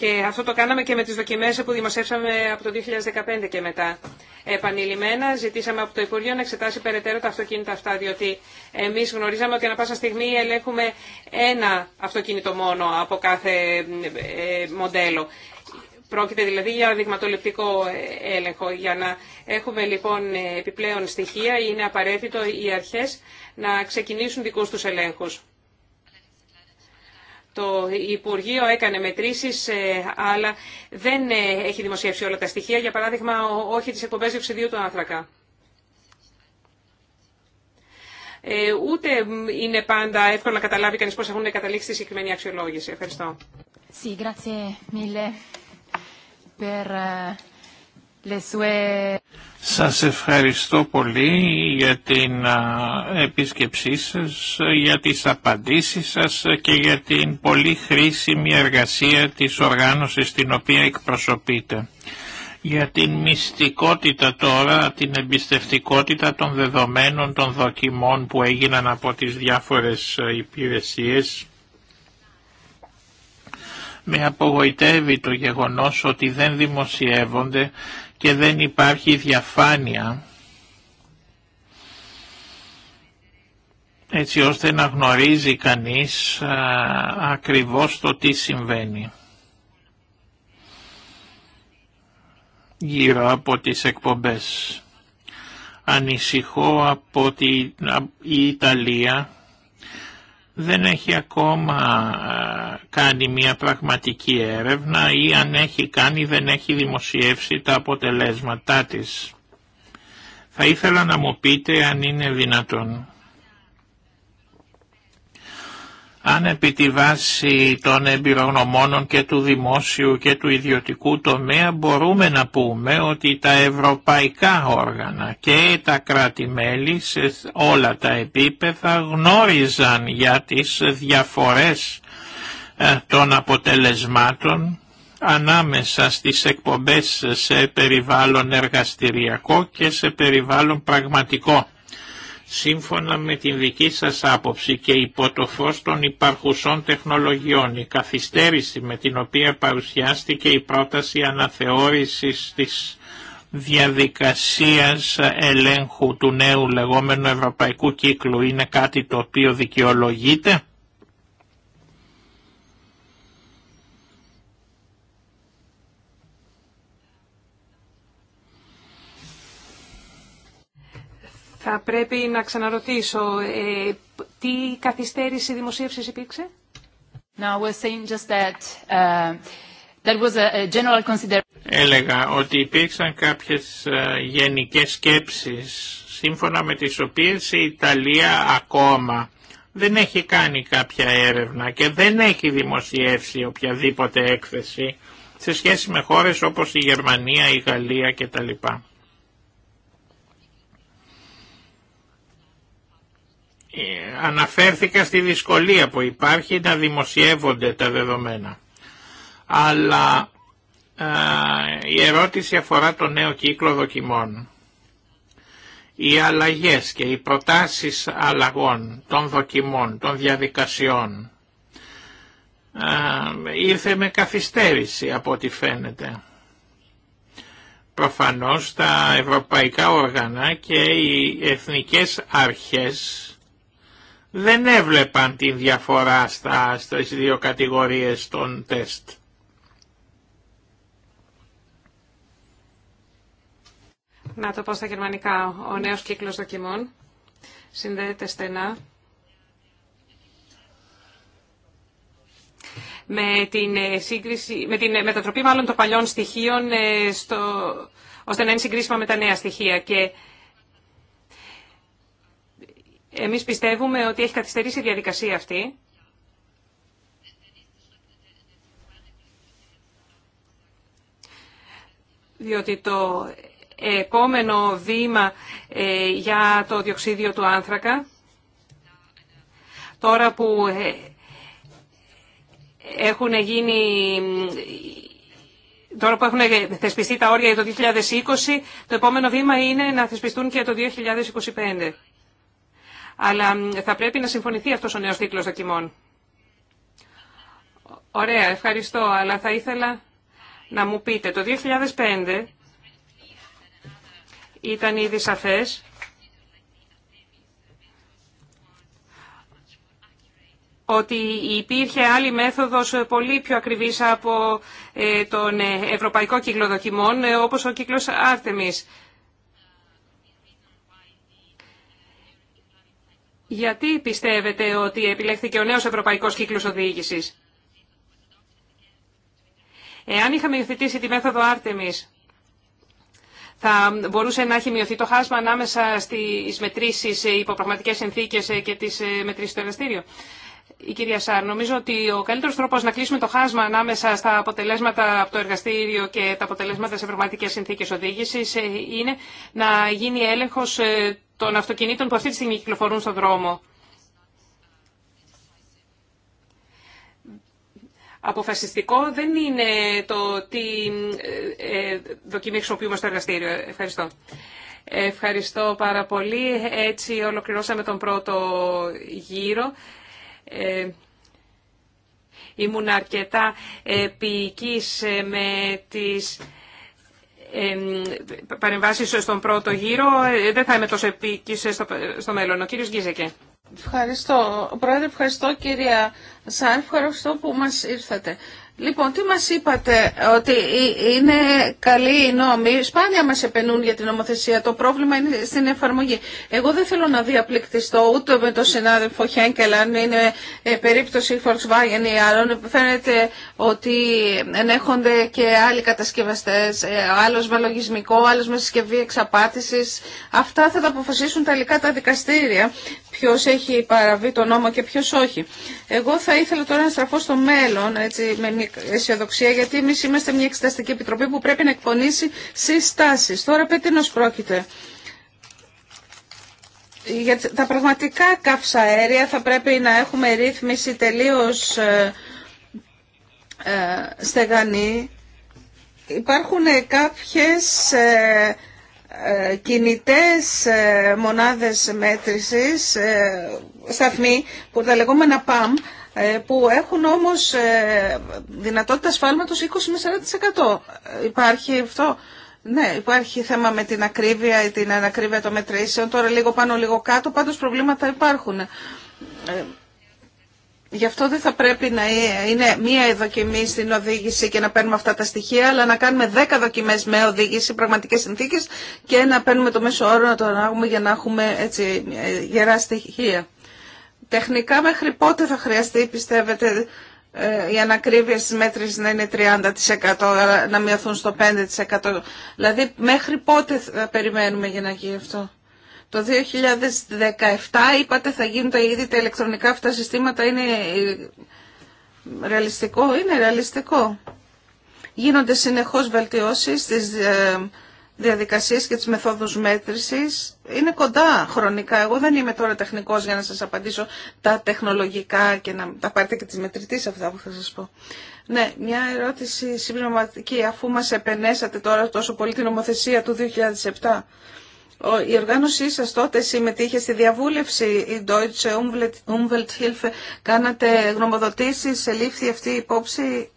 Και αυτό το κάναμε και με τις δοκιμές που δημοσιεύσαμε από το 2015 και μετά. Επανειλημμένα ζητήσαμε από το Υπουργείο να εξετάσει περαιτέρω τα αυτοκίνητα αυτά, διότι εμείς γνωρίζαμε ότι ανα πάσα στιγμή ελέγχουμε ένα αυτοκίνητο μόνο από κάθε ε, μοντέλο. Πρόκειται δηλαδή για δειγματοληπτικό ε, έλεγχο. Για να έχουμε λοιπόν επιπλέον στοιχεία είναι απαραίτητο οι αρχές να ξεκινήσουν δικούς τους ελέγχους. Το Υπουργείο έκανε μετρήσεις, ε, αλλά δεν ε, έχει δημοσιεύσει όλα τα στοιχεία. Για παράδειγμα, όχι τις εκπομπές διοξιδίου του άνθρακα. Ε, ούτε είναι πάντα εύκολο να καταλάβει κανείς πώς έχουν καταλήξει τη συγκεκριμένη αξιολόγηση. Ευχαριστώ. Sì, grazie mille per σας ευχαριστώ πολύ για την επίσκεψή σας, για τις απαντήσεις σας και για την πολύ χρήσιμη εργασία της οργάνωσης την οποία εκπροσωπείτε. Για την μυστικότητα τώρα, την εμπιστευτικότητα των δεδομένων των δοκιμών που έγιναν από τις διάφορες υπηρεσίες με απογοητεύει το γεγονός ότι δεν δημοσιεύονται και δεν υπάρχει διαφάνεια έτσι ώστε να γνωρίζει κανείς α, ακριβώς το τι συμβαίνει. γύρω από τις εκπομπές. Ανησυχώ από την Ιταλία δεν έχει ακόμα ε, κάνει μια πραγματική έρευνα ή αν έχει κάνει δεν έχει δημοσιεύσει τα αποτελέσματά της. Θα ήθελα να μου πείτε αν είναι δυνατόν. αν επί τη βάση των εμπειρογνωμόνων και του δημόσιου και του ιδιωτικού τομέα μπορούμε να πούμε ότι τα ευρωπαϊκά όργανα και τα κράτη-μέλη σε όλα τα επίπεδα γνώριζαν για τις διαφορές ε, των αποτελεσμάτων ανάμεσα στις εκπομπές σε περιβάλλον εργαστηριακό και σε περιβάλλον πραγματικό. Σύμφωνα με την δική σας άποψη και υπό το φως των υπαρχουσών τεχνολογιών, η καθυστέρηση με την οποία παρουσιάστηκε η πρόταση αναθεώρησης της διαδικασίας ελέγχου του νέου λεγόμενου ευρωπαϊκού κύκλου είναι κάτι το οποίο δικαιολογείται. Θα πρέπει να ξαναρωτήσω, ε, τι καθυστέρηση δημοσίευσης υπήρξε? Now Έλεγα ότι υπήρξαν κάποιες ε, γενικές σκέψεις σύμφωνα με τις οποίες η Ιταλία ακόμα δεν έχει κάνει κάποια έρευνα και δεν έχει δημοσιεύσει οποιαδήποτε έκθεση σε σχέση με χώρες όπως η Γερμανία, η Γαλλία κτλ. Ε, αναφέρθηκα στη δυσκολία που υπάρχει να δημοσιεύονται τα δεδομένα. Αλλά ε, η ερώτηση αφορά το νέο κύκλο δοκιμών. Οι αλλαγές και οι προτάσεις αλλαγών των δοκιμών, των διαδικασιών ε, ήρθε με καθυστέρηση από ό,τι φαίνεται. Προφανώς τα ευρωπαϊκά όργανα και οι εθνικές αρχές δεν έβλεπαν τη διαφορά στα, στις δύο κατηγορίες των τεστ. Να το πω στα γερμανικά. Ο νέος κύκλος δοκιμών συνδέεται στενά με την, ε, σύγκριση, με την ε, μετατροπή μάλλον των παλιών στοιχείων ε, στο, ώστε να είναι συγκρίσιμα με τα νέα στοιχεία. Και εμείς πιστεύουμε ότι έχει καθυστερήσει η διαδικασία αυτή. Διότι το επόμενο βήμα ε, για το διοξίδιο του άνθρακα, τώρα που ε, έχουν γίνει Τώρα που έχουν θεσπιστεί τα όρια για το 2020, το επόμενο βήμα είναι να θεσπιστούν και το 2025 αλλά θα πρέπει να συμφωνηθεί αυτός ο νέος κύκλος δοκιμών. Ωραία, ευχαριστώ, αλλά θα ήθελα να μου πείτε, το 2005 ήταν ήδη σαφές ότι υπήρχε άλλη μέθοδος πολύ πιο ακριβής από ε, τον ε, Ευρωπαϊκό Κύκλο Δοκιμών, ε, όπως ο κύκλος Άρτεμις. Γιατί πιστεύετε ότι επιλέχθηκε ο νέος ευρωπαϊκός κύκλος οδήγησης. Εάν είχαμε υιοθετήσει τη μέθοδο Άρτεμις, θα μπορούσε να έχει μειωθεί το χάσμα ανάμεσα στις μετρήσεις ε, υπό πραγματικές συνθήκες ε, και τις ε, μετρήσεις στο εργαστήριο. Η κυρία Σάρ, νομίζω ότι ο καλύτερος τρόπος να κλείσουμε το χάσμα ανάμεσα στα αποτελέσματα από το εργαστήριο και τα αποτελέσματα σε πραγματικές συνθήκες οδήγησης είναι να γίνει έλεγχος των αυτοκινήτων που αυτή τη στιγμή κυκλοφορούν στον δρόμο. Αποφασιστικό δεν είναι το τι ε, ε, δοκιμή χρησιμοποιούμε στο εργαστήριο. Ευχαριστώ. Ευχαριστώ πάρα πολύ. Έτσι ολοκληρώσαμε τον πρώτο γύρο. Ε, ήμουν αρκετά επίκης με τις παρεμβάσει στον πρώτο γύρο. Ε, δεν θα είμαι τόσο επίκη στο μέλλον. Ο κύριος Γκίζεκε. Ευχαριστώ. Πρόεδρε, ευχαριστώ κυρία Σάρφ, ευχαριστώ που μα ήρθατε. Λοιπόν, τι μας είπατε, ότι είναι καλοί οι νόμοι, σπάνια μας επενούν για την νομοθεσία, το πρόβλημα είναι στην εφαρμογή. Εγώ δεν θέλω να διαπληκτιστώ ούτε με τον συνάδελφο Χένκελ, αν είναι ε, περίπτωση Volkswagen ή άλλων, φαίνεται ότι ενέχονται και άλλοι κατασκευαστές, ε, άλλος με λογισμικό, άλλος με συσκευή εξαπάτησης. Αυτά θα τα αποφασίσουν τελικά τα δικαστήρια, ποιος έχει παραβεί το νόμο και ποιος όχι. Εγώ θα ήθελα τώρα να στραφώ στο μέλλον, έτσι, με αισιοδοξία γιατί εμεί είμαστε μια εξεταστική επιτροπή που πρέπει να εκπονήσει συστάσει. Τώρα πέτοινος πρόκειται. Για τα πραγματικά καύσα αέρια θα πρέπει να έχουμε ρύθμιση τελείως ε, ε, στεγανή. Υπάρχουν κάποιες ε, ε κινητές μονάδες μέτρησης, σταθμοί, που τα λεγόμενα πάμ. Ε, που έχουν όμως ε, δυνατότητα σφάλματος 20 με 40%. Ε, υπάρχει αυτό. Ναι, υπάρχει θέμα με την ακρίβεια ή την ανακρίβεια των μετρήσεων. Τώρα λίγο πάνω, λίγο κάτω, πάντως προβλήματα υπάρχουν. Γι' αυτό δεν θα πρέπει να είναι μία δοκιμή στην οδήγηση και να παίρνουμε αυτά τα στοιχεία, αλλά να κάνουμε δέκα δοκιμέ με οδήγηση, πραγματικέ συνθήκες, και να παίρνουμε το μέσο όρο να το ανάγουμε για να έχουμε έτσι, γερά στοιχεία. Τεχνικά μέχρι πότε θα χρειαστεί, πιστεύετε, η ε, ανακρίβεια στις μέτρες να είναι 30%, να μειωθούν στο 5%. Δηλαδή μέχρι πότε θα περιμένουμε για να γίνει αυτό. Το 2017 είπατε θα γίνουν τα ήδη τα ηλεκτρονικά αυτά συστήματα. Είναι ε, ρεαλιστικό. Είναι ρεαλιστικό. Γίνονται συνεχώς βελτιώσεις στις ε, διαδικασίες και τις μεθόδους μέτρησης είναι κοντά χρονικά. Εγώ δεν είμαι τώρα τεχνικός για να σας απαντήσω τα τεχνολογικά και να τα πάρετε και τις μετρητής αυτά που θα σας πω. Ναι, μια ερώτηση συμπληρωματική αφού μας επενέσατε τώρα τόσο πολύ την νομοθεσία του 2007. Η οργάνωσή σας τότε συμμετείχε στη διαβούλευση η Deutsche Umwelthilfe. Κάνατε γνωμοδοτήσεις, ελήφθη αυτή η υπόψη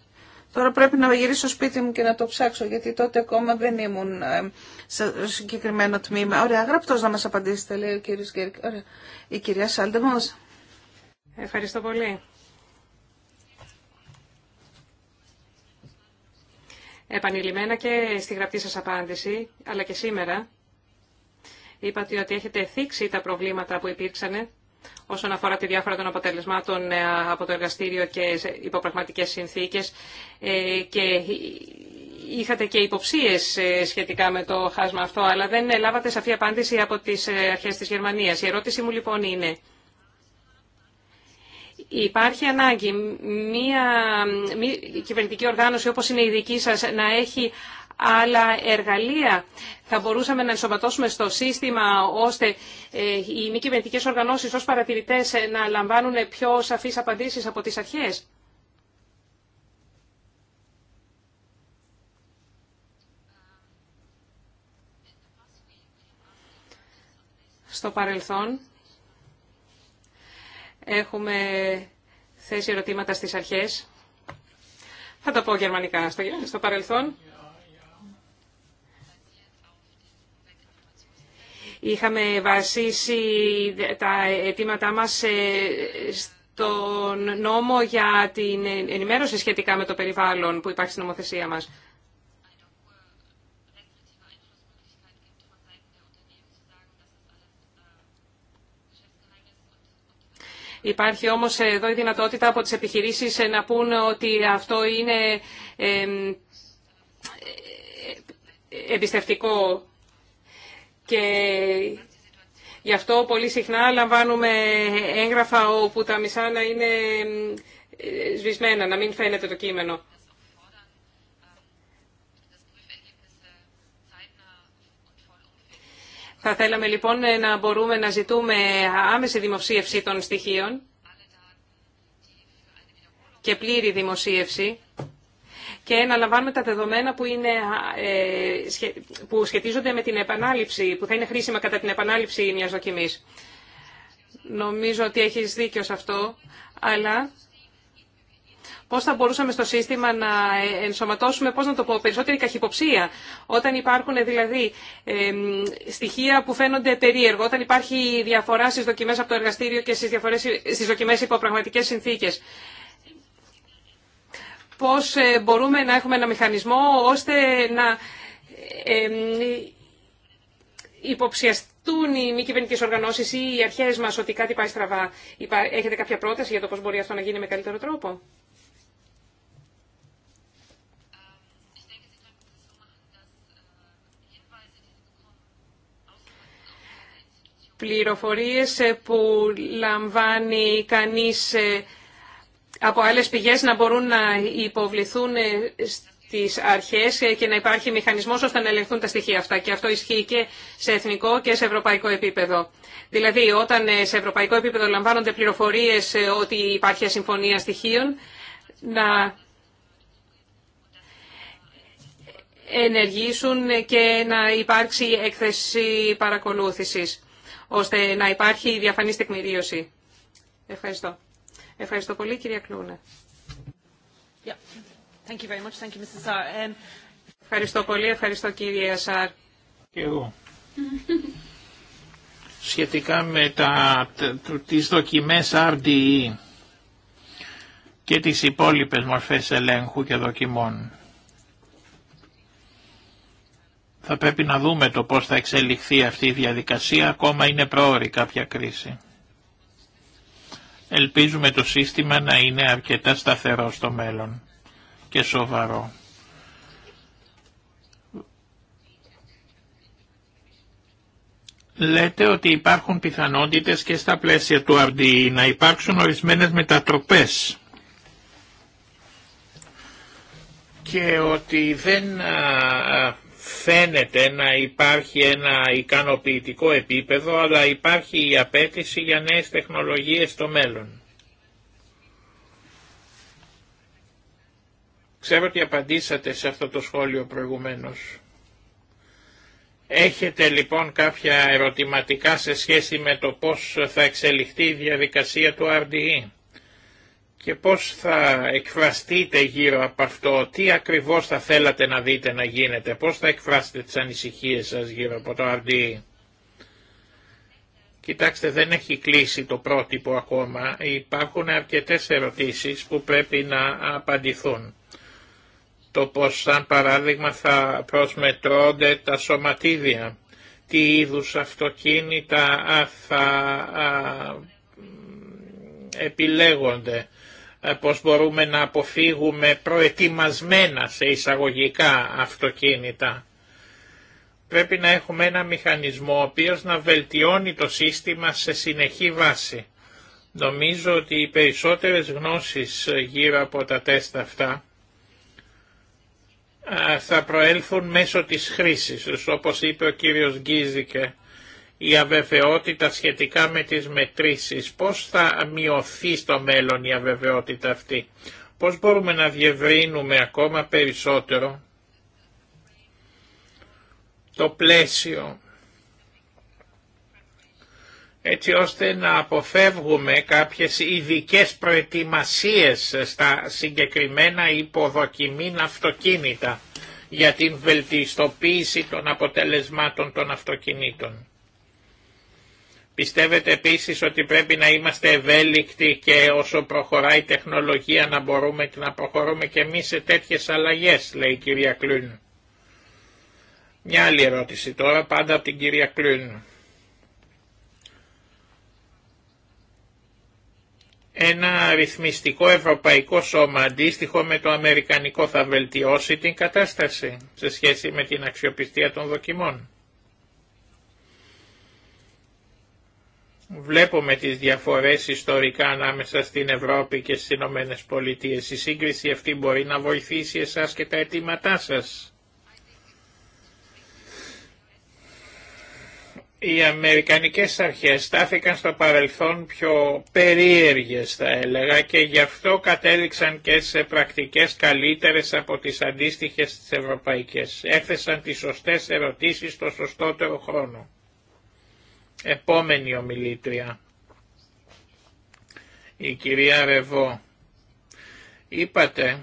Τώρα πρέπει να γυρίσω σπίτι μου και να το ψάξω, γιατί τότε ακόμα δεν ήμουν ε, σε συγκεκριμένο τμήμα. Ωραία, γραπτό να μας απαντήσετε, λέει ο κύριο Γκέρκ. Ωραία. Η κυρία Σάλτεμο. Ευχαριστώ πολύ. Επανειλημμένα και στη γραπτή σας απάντηση, αλλά και σήμερα, είπατε ότι έχετε θίξει τα προβλήματα που υπήρξανε όσον αφορά τη διάφορα των αποτελεσμάτων ε, από το εργαστήριο και υποπραγματικές συνθήκες ε, και είχατε και υποψίες ε, σχετικά με το χάσμα αυτό, αλλά δεν λάβατε σαφή απάντηση από τις αρχές της Γερμανίας. Η ερώτηση μου λοιπόν είναι, Υπάρχει ανάγκη μια κυβερνητική οργάνωση όπως είναι η δική σας να έχει άλλα εργαλεία θα μπορούσαμε να ενσωματώσουμε στο σύστημα ώστε ε, οι μη κυβερνητικέ οργανώσει ω παρατηρητέ ε, να λαμβάνουν πιο σαφεί απαντήσει από τι αρχέ. Στο παρελθόν έχουμε θέσει ερωτήματα στις αρχές. Θα τα πω γερμανικά. Στο, παρελθόν Είχαμε βασίσει τα αιτήματά μας ε, στον νόμο για την ενημέρωση σχετικά με το περιβάλλον που υπάρχει στην νομοθεσία μας. Υπάρχει όμως εδώ η δυνατότητα από τις επιχειρήσεις ε, να πούν ότι αυτό είναι ε, εμπιστευτικό και γι' αυτό πολύ συχνά λαμβάνουμε έγγραφα όπου τα μισά να είναι ε, σβησμένα, να μην φαίνεται το κείμενο. Θα θέλαμε λοιπόν να μπορούμε να ζητούμε άμεση δημοσίευση των στοιχείων και πλήρη δημοσίευση και να λαμβάνουμε τα δεδομένα που, είναι, ε, που σχετίζονται με την επανάληψη, που θα είναι χρήσιμα κατά την επανάληψη μια δοκιμή. Νομίζω ότι έχεις δίκιο σε αυτό, αλλά πώς θα μπορούσαμε στο σύστημα να ενσωματώσουμε, πώ να το πω, περισσότερη καχυποψία. Όταν υπάρχουν δηλαδή ε, στοιχεία που φαίνονται περίεργο, όταν υπάρχει διαφορά στι δοκιμέ από το εργαστήριο και στι δοκιμέ υπό πραγματικές συνθήκες πώς ε, μπορούμε να έχουμε ένα μηχανισμό ώστε να ε, ε, υποψιαστούν οι μη κυβερνητικέ οργανώσεις ή οι αρχές μας ότι κάτι πάει στραβά. Έχετε κάποια πρόταση για το πώς μπορεί αυτό να γίνει με καλύτερο τρόπο. πληροφορίες που λαμβάνει κανείς από άλλες πηγές να μπορούν να υποβληθούν ε, στις αρχές και να υπάρχει μηχανισμός ώστε να ελεγχθούν τα στοιχεία αυτά. Και αυτό ισχύει και σε εθνικό και σε ευρωπαϊκό επίπεδο. Δηλαδή, όταν ε, σε ευρωπαϊκό επίπεδο λαμβάνονται πληροφορίες ε, ότι υπάρχει ασυμφωνία στοιχείων, να ενεργήσουν και να υπάρξει έκθεση παρακολούθησης, ώστε να υπάρχει διαφανής τεκμηρίωση. Ευχαριστώ. Ευχαριστώ πολύ, κυρία κλουνέ. Um, ευχαριστώ πολύ, ευχαριστώ κύριε Σάρ. Και εγώ. Σχετικά με τα, τις δοκιμές RDE και τις υπόλοιπες μορφές ελέγχου και δοκιμών. Θα πρέπει να δούμε το πώς θα εξελιχθεί αυτή η διαδικασία, ακόμα είναι πρόωρη κάποια κρίση. Ελπίζουμε το σύστημα να είναι αρκετά σταθερό στο μέλλον και σοβαρό. Λέτε ότι υπάρχουν πιθανότητες και στα πλαίσια του RDE να υπάρξουν ορισμένες μετατροπές και ότι δεν φαίνεται να υπάρχει ένα ικανοποιητικό επίπεδο, αλλά υπάρχει η απέτηση για νέες τεχνολογίες στο μέλλον. Ξέρω ότι απαντήσατε σε αυτό το σχόλιο προηγουμένως. Έχετε λοιπόν κάποια ερωτηματικά σε σχέση με το πώς θα εξελιχθεί η διαδικασία του RDE και πώς θα εκφραστείτε γύρω από αυτό, τι ακριβώς θα θέλατε να δείτε να γίνεται, πώς θα εκφράσετε τις ανησυχίες σας γύρω από το RDE. Κοιτάξτε, δεν έχει κλείσει το πρότυπο ακόμα. Υπάρχουν αρκετές ερωτήσεις που πρέπει να απαντηθούν. Το πώς, σαν παράδειγμα, θα προσμετρώνται τα σωματίδια. Τι είδους αυτοκίνητα θα επιλέγονται. Ε, πώς μπορούμε να αποφύγουμε προετοιμασμένα σε εισαγωγικά αυτοκίνητα. Πρέπει να έχουμε ένα μηχανισμό ο οποίος να βελτιώνει το σύστημα σε συνεχή βάση. Νομίζω ότι οι περισσότερες γνώσεις γύρω από τα τεστ αυτά ε, θα προέλθουν μέσω της χρήσης, όπως είπε ο κύριος Γκίζικε η αβεβαιότητα σχετικά με τις μετρήσεις. Πώς θα μειωθεί στο μέλλον η αβεβαιότητα αυτή. Πώς μπορούμε να διευρύνουμε ακόμα περισσότερο το πλαίσιο έτσι ώστε να αποφεύγουμε κάποιες ειδικέ προετοιμασίες στα συγκεκριμένα υποδοκιμήν αυτοκίνητα για την βελτιστοποίηση των αποτελεσμάτων των αυτοκινήτων. Πιστεύετε επίσης ότι πρέπει να είμαστε ευέλικτοι και όσο προχωράει η τεχνολογία να μπορούμε να προχωρούμε και εμείς σε τέτοιες αλλαγές, λέει η κυρία Κλούν. Μια άλλη ερώτηση τώρα, πάντα από την κυρία Κλούν. Ένα ρυθμιστικό ευρωπαϊκό σώμα αντίστοιχο με το αμερικανικό θα βελτιώσει την κατάσταση σε σχέση με την αξιοπιστία των δοκιμών. Βλέπουμε τις διαφορές ιστορικά ανάμεσα στην Ευρώπη και στις Ηνωμένε Πολιτείε. Η σύγκριση αυτή μπορεί να βοηθήσει εσάς και τα αιτήματά σας. Οι Αμερικανικές αρχές στάθηκαν στο παρελθόν πιο περίεργες θα έλεγα και γι' αυτό κατέληξαν και σε πρακτικές καλύτερες από τις αντίστοιχες της ευρωπαϊκές. Έθεσαν τις σωστές ερωτήσεις στο σωστότερο χρόνο. Επόμενη ομιλήτρια. Η κυρία Ρεβό. Είπατε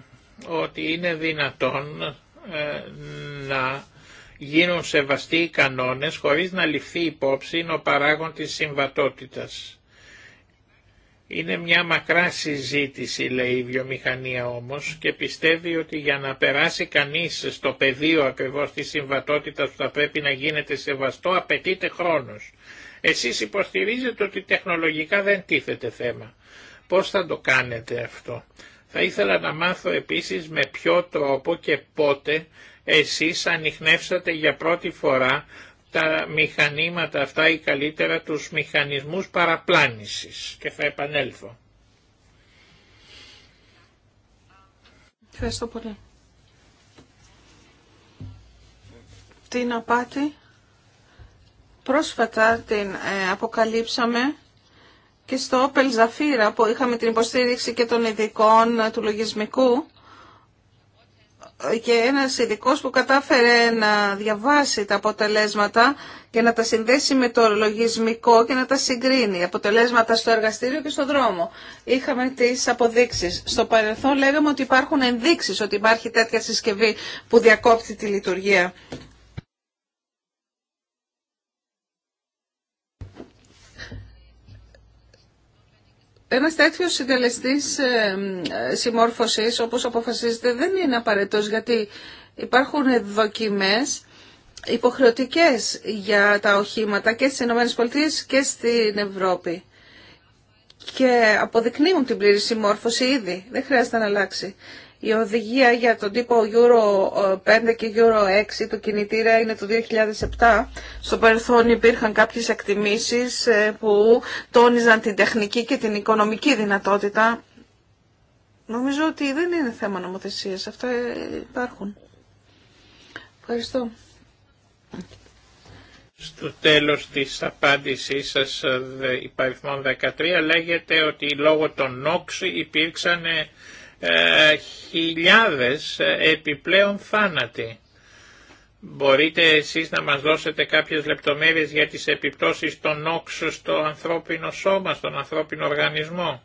ότι είναι δυνατόν ε, να γίνουν σεβαστοί οι κανόνες χωρίς να ληφθεί υπόψη ο παράγων της συμβατότητας. Είναι μια μακρά συζήτηση λέει η βιομηχανία όμως και πιστεύει ότι για να περάσει κανείς στο πεδίο ακριβώς της συμβατότητας που θα πρέπει να γίνεται σεβαστό απαιτείται χρόνος. Εσείς υποστηρίζετε ότι τεχνολογικά δεν τίθεται θέμα. Πώς θα το κάνετε αυτό. Θα ήθελα να μάθω επίσης με ποιο τρόπο και πότε εσείς ανοιχνεύσατε για πρώτη φορά τα μηχανήματα αυτά ή καλύτερα τους μηχανισμούς παραπλάνησης και θα επανέλθω. Ευχαριστώ πολύ. Την απάτη Πρόσφατα την ε, αποκαλύψαμε και στο Opel Zafira που είχαμε την υποστήριξη και των ειδικών ε, του λογισμικού ε, και ένας ειδικό που κατάφερε να διαβάσει τα αποτελέσματα και να τα συνδέσει με το λογισμικό και να τα συγκρίνει. Αποτελέσματα στο εργαστήριο και στο δρόμο. Είχαμε τις αποδείξεις. Στο παρελθόν λέγαμε ότι υπάρχουν ενδείξεις ότι υπάρχει τέτοια συσκευή που διακόπτει τη λειτουργία ένας τέτοιος συντελεστής ε, ε, συμμόρφωσης όπως αποφασίζεται δεν είναι απαραίτητος γιατί υπάρχουν δοκιμές υποχρεωτικές για τα οχήματα και στις ΗΠΑ και στην Ευρώπη και αποδεικνύουν την πλήρη συμμόρφωση ήδη. Δεν χρειάζεται να αλλάξει. Η οδηγία για τον τύπο Euro 5 ε, και Euro 6 του κινητήρα είναι το 2007. Στο παρελθόν υπήρχαν κάποιες εκτιμήσεις ε, που τόνιζαν την τεχνική και την οικονομική δυνατότητα. Νομίζω ότι δεν είναι θέμα νομοθεσίας. Αυτά ε, υπάρχουν. Ευχαριστώ. Στο τέλος της απάντησής σας υπαριθμών 13 λέγεται ότι λόγω των νόξ υπήρξαν ε, χιλιάδες ε, επιπλέον θάνατοι. Μπορείτε εσείς να μας δώσετε κάποιες λεπτομέρειες για τις επιπτώσεις των νόξου στο ανθρώπινο σώμα, στον ανθρώπινο οργανισμό.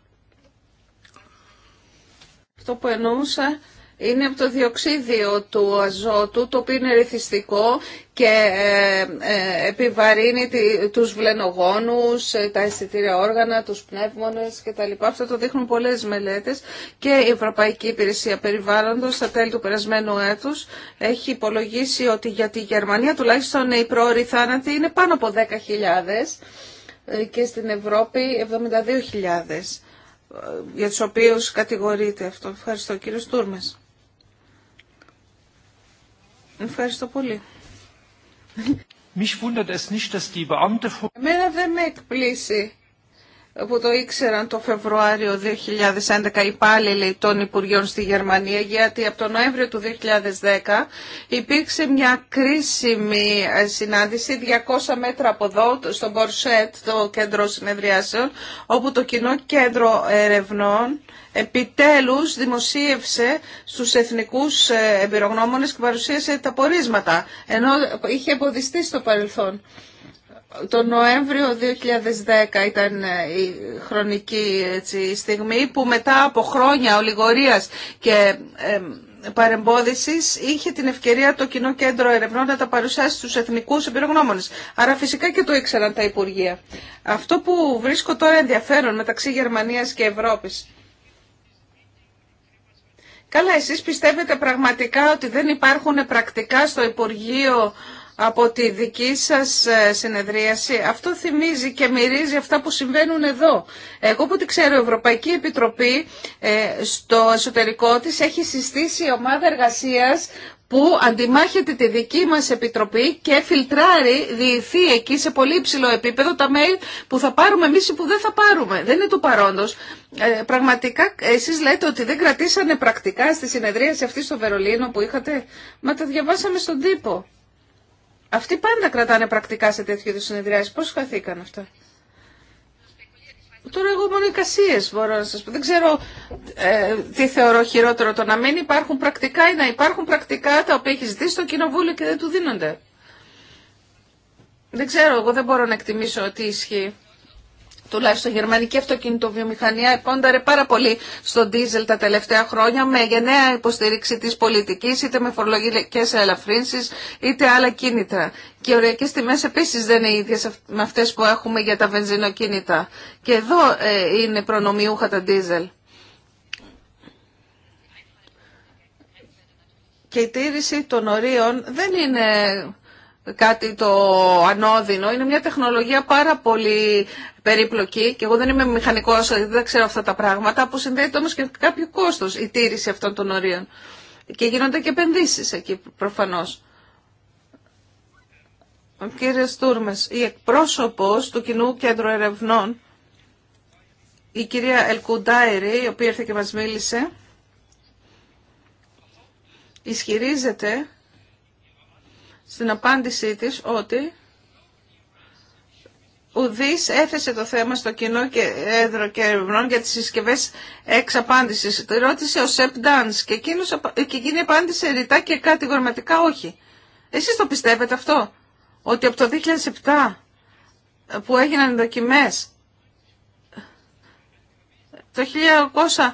Αυτό που εννοούσα είναι από το διοξίδιο του αζότου, το οποίο είναι ρυθιστικό και ε, ε, επιβαρύνει τους βλενογόνους, ε, τα αισθητήρια όργανα, τους πνεύμονες κτλ. Αυτό το δείχνουν πολλές μελέτες και η Ευρωπαϊκή Υπηρεσία Περιβάλλοντος στα τέλη του περασμένου έτους έχει υπολογίσει ότι για τη Γερμανία τουλάχιστον οι πρόοροι θάνατοι είναι πάνω από 10.000 και στην Ευρώπη 72.000 για τους οποίους κατηγορείται αυτό. Ευχαριστώ κύριο Στούρμες. Ευχαριστώ πολύ. Εμένα δεν με εκπλήσει που το ήξεραν το Φεβρουάριο 2011 υπάλληλοι των Υπουργείων στη Γερμανία, γιατί από τον Νοέμβριο του 2010 υπήρξε μια κρίσιμη ε, συνάντηση 200 μέτρα από εδώ, στο Μπορσέτ, το κέντρο συνεδριάσεων, όπου το κοινό κέντρο ερευνών επιτέλους δημοσίευσε στους εθνικούς ε, εμπειρογνώμονες και παρουσίασε τα πορίσματα, ενώ είχε εμποδιστεί στο παρελθόν το Νοέμβριο 2010 ήταν ε, η χρονική έτσι, στιγμή που μετά από χρόνια ολιγορίας και ε, είχε την ευκαιρία το Κοινό Κέντρο Ερευνών να τα παρουσιάσει στους εθνικούς εμπειρογνώμονες. Άρα φυσικά και το ήξεραν τα Υπουργεία. Αυτό που βρίσκω τώρα ενδιαφέρον μεταξύ Γερμανίας και Ευρώπης. Καλά, εσείς πιστεύετε πραγματικά ότι δεν υπάρχουν πρακτικά στο Υπουργείο από τη δική σας ε, συνεδρίαση, αυτό θυμίζει και μυρίζει αυτά που συμβαίνουν εδώ. Εγώ που τη ξέρω, η Ευρωπαϊκή Επιτροπή ε, στο εσωτερικό της έχει συστήσει ομάδα εργασίας που αντιμάχεται τη δική μας επιτροπή και φιλτράρει, διηθεί εκεί σε πολύ υψηλό επίπεδο τα mail που θα πάρουμε εμείς ή που δεν θα πάρουμε. Δεν είναι το παρόντος. Ε, πραγματικά εσείς λέτε ότι δεν κρατήσανε πρακτικά στη συνεδρίαση αυτή στο Βερολίνο που είχατε, μα τα διαβάσαμε στον τύπο. Αυτοί πάντα κρατάνε πρακτικά σε τέτοιου είδου συνεδριάσει. Πώ χαθήκαν αυτά. Τώρα εγώ μόνο εικασίε μπορώ να σα πω. Δεν ξέρω ε, τι θεωρώ χειρότερο το να μην υπάρχουν πρακτικά ή να υπάρχουν πρακτικά τα οποία έχει δει στο κοινοβούλιο και δεν του δίνονται. Δεν ξέρω, εγώ δεν μπορώ να εκτιμήσω τι ισχύει τουλάχιστον η γερμανική αυτοκινητοβιομηχανία επόνταρε πάρα πολύ στον διζέλ τα τελευταία χρόνια με γενναία υποστήριξη της πολιτικής, είτε με φορολογικές ελαφρύνσεις, είτε άλλα κίνητρα. Και οι οριακές τιμές επίσης δεν είναι ίδιες με αυτές που έχουμε για τα βενζινοκίνητα. Και εδώ ε, είναι προνομιούχα τα ντίζελ. Και η τήρηση των ορίων δεν είναι κάτι το ανώδυνο. Είναι μια τεχνολογία πάρα πολύ περίπλοκη και εγώ δεν είμαι μηχανικός, δηλαδή δεν ξέρω αυτά τα πράγματα, που συνδέεται όμω και κάποιο κόστο η τήρηση αυτών των ορίων. Και γίνονται και επενδύσει εκεί προφανώ. Ο κύριο Τούρμες, η εκπρόσωπο του Κοινού Κέντρου Ερευνών, η κυρία Ελκουντάιρη, η οποία ήρθε και μα μίλησε, ισχυρίζεται στην απάντησή της ότι ουδής έθεσε το θέμα στο κοινό και έδρο και ερευνών για τις συσκευές Το Ρώτησε ο Σεπ Ντάνς και, και εκείνη απάντησε ρητά και κατηγορηματικά όχι. Εσείς το πιστεύετε αυτό, ότι από το 2007 που έγιναν οι δοκιμές, το 1900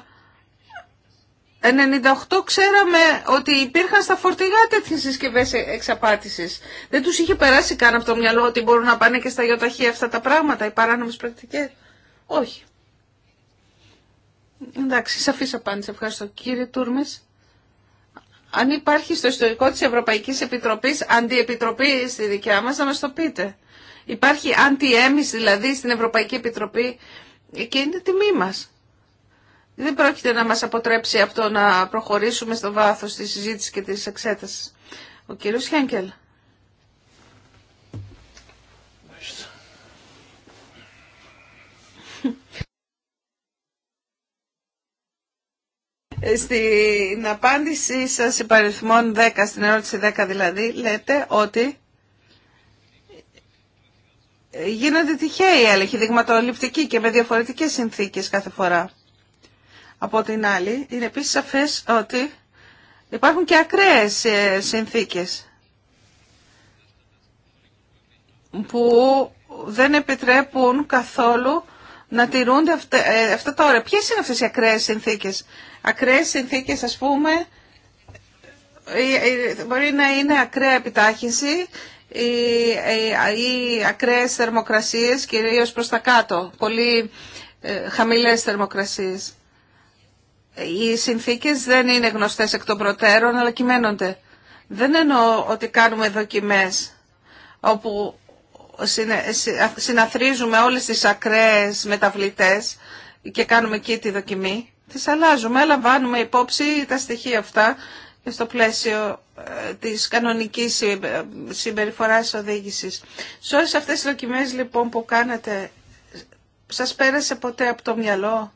98 ξέραμε ότι υπήρχαν στα φορτηγά τέτοιε συσκευέ ε, εξαπάτηση. Δεν του είχε περάσει καν από το μυαλό ότι μπορούν να πάνε και στα γεωταχεία αυτά τα πράγματα, οι παράνομε πρακτικέ. Όχι. Εντάξει, σαφή απάντηση. Ευχαριστώ κύριε Τούρμε. Αν υπάρχει στο ιστορικό τη Ευρωπαϊκή Επιτροπή αντιεπιτροπή στη δικιά μα, να μα το πείτε. Υπάρχει αντιέμιση δηλαδή στην Ευρωπαϊκή Επιτροπή και είναι τιμή μας δεν πρόκειται να μας αποτρέψει αυτό να προχωρήσουμε στο βάθος της συζήτησης και της εξέτασης. Ο κύριος Χένκελ. Στην απάντησή σας υπαριθμών 10, στην ερώτηση 10 δηλαδή, λέτε ότι γίνονται τυχαίοι έλεγχοι δειγματοληπτικοί και με διαφορετικές συνθήκες κάθε φορά. Από την άλλη, είναι επίσης σαφές ότι υπάρχουν και ακραίες ε, συνθήκες που δεν επιτρέπουν καθόλου να τηρούνται ε, αυτά τα όρια. Ποιες είναι αυτές οι ακραίες συνθήκες. Ακραίες συνθήκες, ας πούμε, μπορεί να είναι ακραία επιτάχυνση ή ακραίες θερμοκρασίες, κυρίως προς τα κάτω, πολύ ε, χαμηλές θερμοκρασίες οι συνθήκες δεν είναι γνωστές εκ των προτέρων, αλλά κυμαίνονται. Δεν εννοώ ότι κάνουμε δοκιμές όπου συναθρίζουμε όλες τις ακραίες μεταβλητές και κάνουμε εκεί τη δοκιμή. Τις αλλάζουμε, λαμβάνουμε υπόψη τα στοιχεία αυτά στο πλαίσιο ε, της κανονικής συμπεριφοράς οδήγησης. Σε όλες αυτές τις δοκιμές λοιπόν που κάνατε, σα πέρασε ποτέ από το μυαλό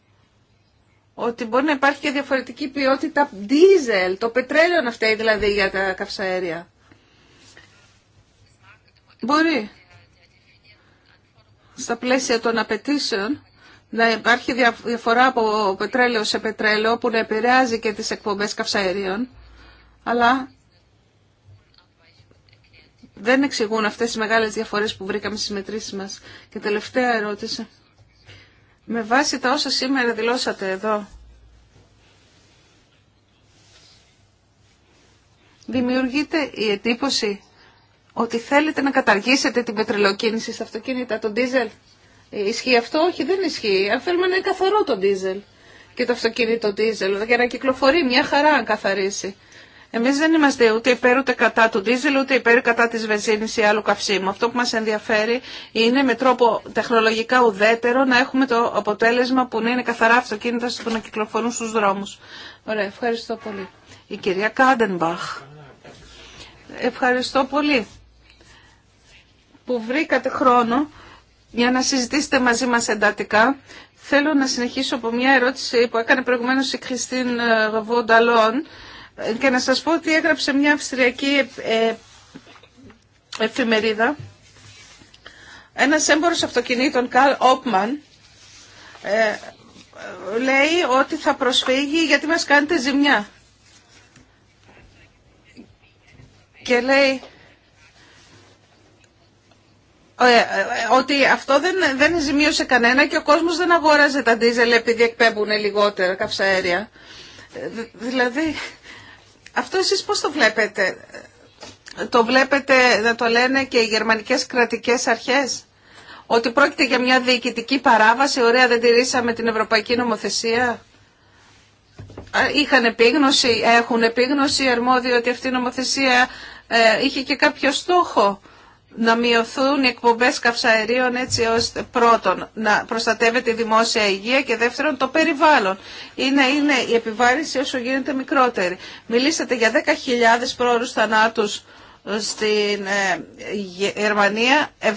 ότι μπορεί να υπάρχει και διαφορετική ποιότητα δίζελ, το πετρέλαιο να φταίει δηλαδή για τα καυσαέρια. Μπορεί στα πλαίσια των απαιτήσεων να υπάρχει διαφορά από πετρέλαιο σε πετρέλαιο που να επηρεάζει και τις εκπομπές καυσαερίων, αλλά δεν εξηγούν αυτές οι μεγάλες διαφορές που βρήκαμε στις μετρήσεις μας. Και τελευταία ερώτηση. Με βάση τα όσα σήμερα δηλώσατε εδώ, δημιουργείται η εντύπωση ότι θέλετε να καταργήσετε την πετρελοκίνηση στα αυτοκίνητα, τον ντίζελ ε, Ισχύει αυτό, όχι δεν ισχύει. Αν θέλουμε να είναι καθαρό το ντίζελ και το αυτοκίνητο ντίζελ, για να κυκλοφορεί μια χαρά αν καθαρίσει. Εμείς δεν είμαστε ούτε υπέρ ούτε κατά του δίζελ, ούτε υπέρ κατά της βενζίνης ή άλλου καυσίμου. Αυτό που μας ενδιαφέρει είναι με τρόπο τεχνολογικά ουδέτερο να έχουμε το αποτέλεσμα που να είναι καθαρά αυτοκίνητα που να κυκλοφορούν στους δρόμους. Ωραία, ευχαριστώ πολύ. Η κυρία Κάντενμπαχ. Ευχαριστώ πολύ που βρήκατε χρόνο για να συζητήσετε μαζί μας εντατικά. Θέλω να συνεχίσω από μια ερώτηση που έκανε προηγουμένως η Κριστίν Ρεβονταλόν και να σας πω ότι έγραψε μια αυστριακή ε, εφημερίδα. Ένας έμπορος αυτοκινήτων, Καρλ Όπμαν, ε, λέει ότι θα προσφύγει γιατί μας κάνετε ζημιά. Και λέει ε, ότι αυτό δεν, δεν ζημίωσε κανένα και ο κόσμος δεν αγόραζε τα ντίζελ επειδή εκπέμπουν λιγότερα καυσαέρια. Δηλαδή, αυτό εσείς πώς το βλέπετε. Το βλέπετε να το λένε και οι γερμανικές κρατικές αρχές. Ότι πρόκειται για μια διοικητική παράβαση. Ωραία δεν τηρήσαμε την ευρωπαϊκή νομοθεσία. Είχαν επίγνωση, έχουν επίγνωση αρμόδιο ότι αυτή η νομοθεσία ε, είχε και κάποιο στόχο να μειωθούν οι εκπομπές καυσαερίων έτσι ώστε πρώτον να προστατεύεται η δημόσια υγεία και δεύτερον το περιβάλλον ή να είναι η ειναι όσο γίνεται μικρότερη. Μιλήσατε για 10.000 πρόωρους θανάτους στην ε, Γερμανία, 72.000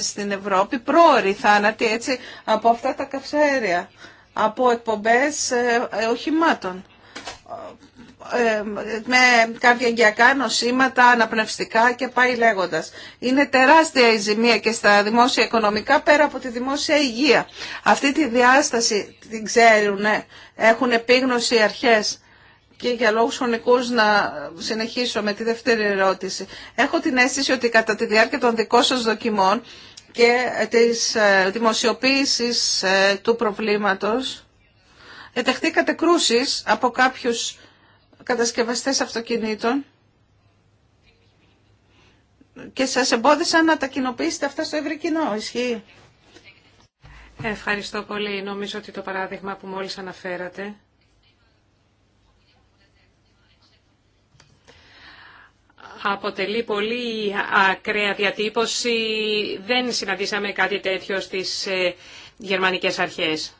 στην Ευρώπη, πρόωροι θάνατοι έτσι από αυτά τα καυσαέρια, από εκπομπές ε, ε, οχημάτων. Ε, με κάποια εγγυακά νοσήματα, αναπνευστικά και πάει λέγοντας. Είναι τεράστια η ζημία και στα δημόσια οικονομικά πέρα από τη δημόσια υγεία. Αυτή τη διάσταση την ξέρουν, έχουν επίγνωση οι αρχές και για λόγους χρονικούς να συνεχίσω με τη δεύτερη ερώτηση. Έχω την αίσθηση ότι κατά τη διάρκεια των δικών σας δοκιμών και της ε, δημοσιοποίησης ε, του προβλήματος Ετεχθήκατε κρούσεις από κάποιους κατασκευαστές αυτοκινήτων και σας εμπόδισαν να τα κοινοποιήσετε αυτά στο ευρύ κοινό. Ισχύει. Ευχαριστώ πολύ. Νομίζω ότι το παράδειγμα που μόλις αναφέρατε αποτελεί πολύ ακραία διατύπωση. Δεν συναντήσαμε κάτι τέτοιο στις ε, γερμανικές αρχές.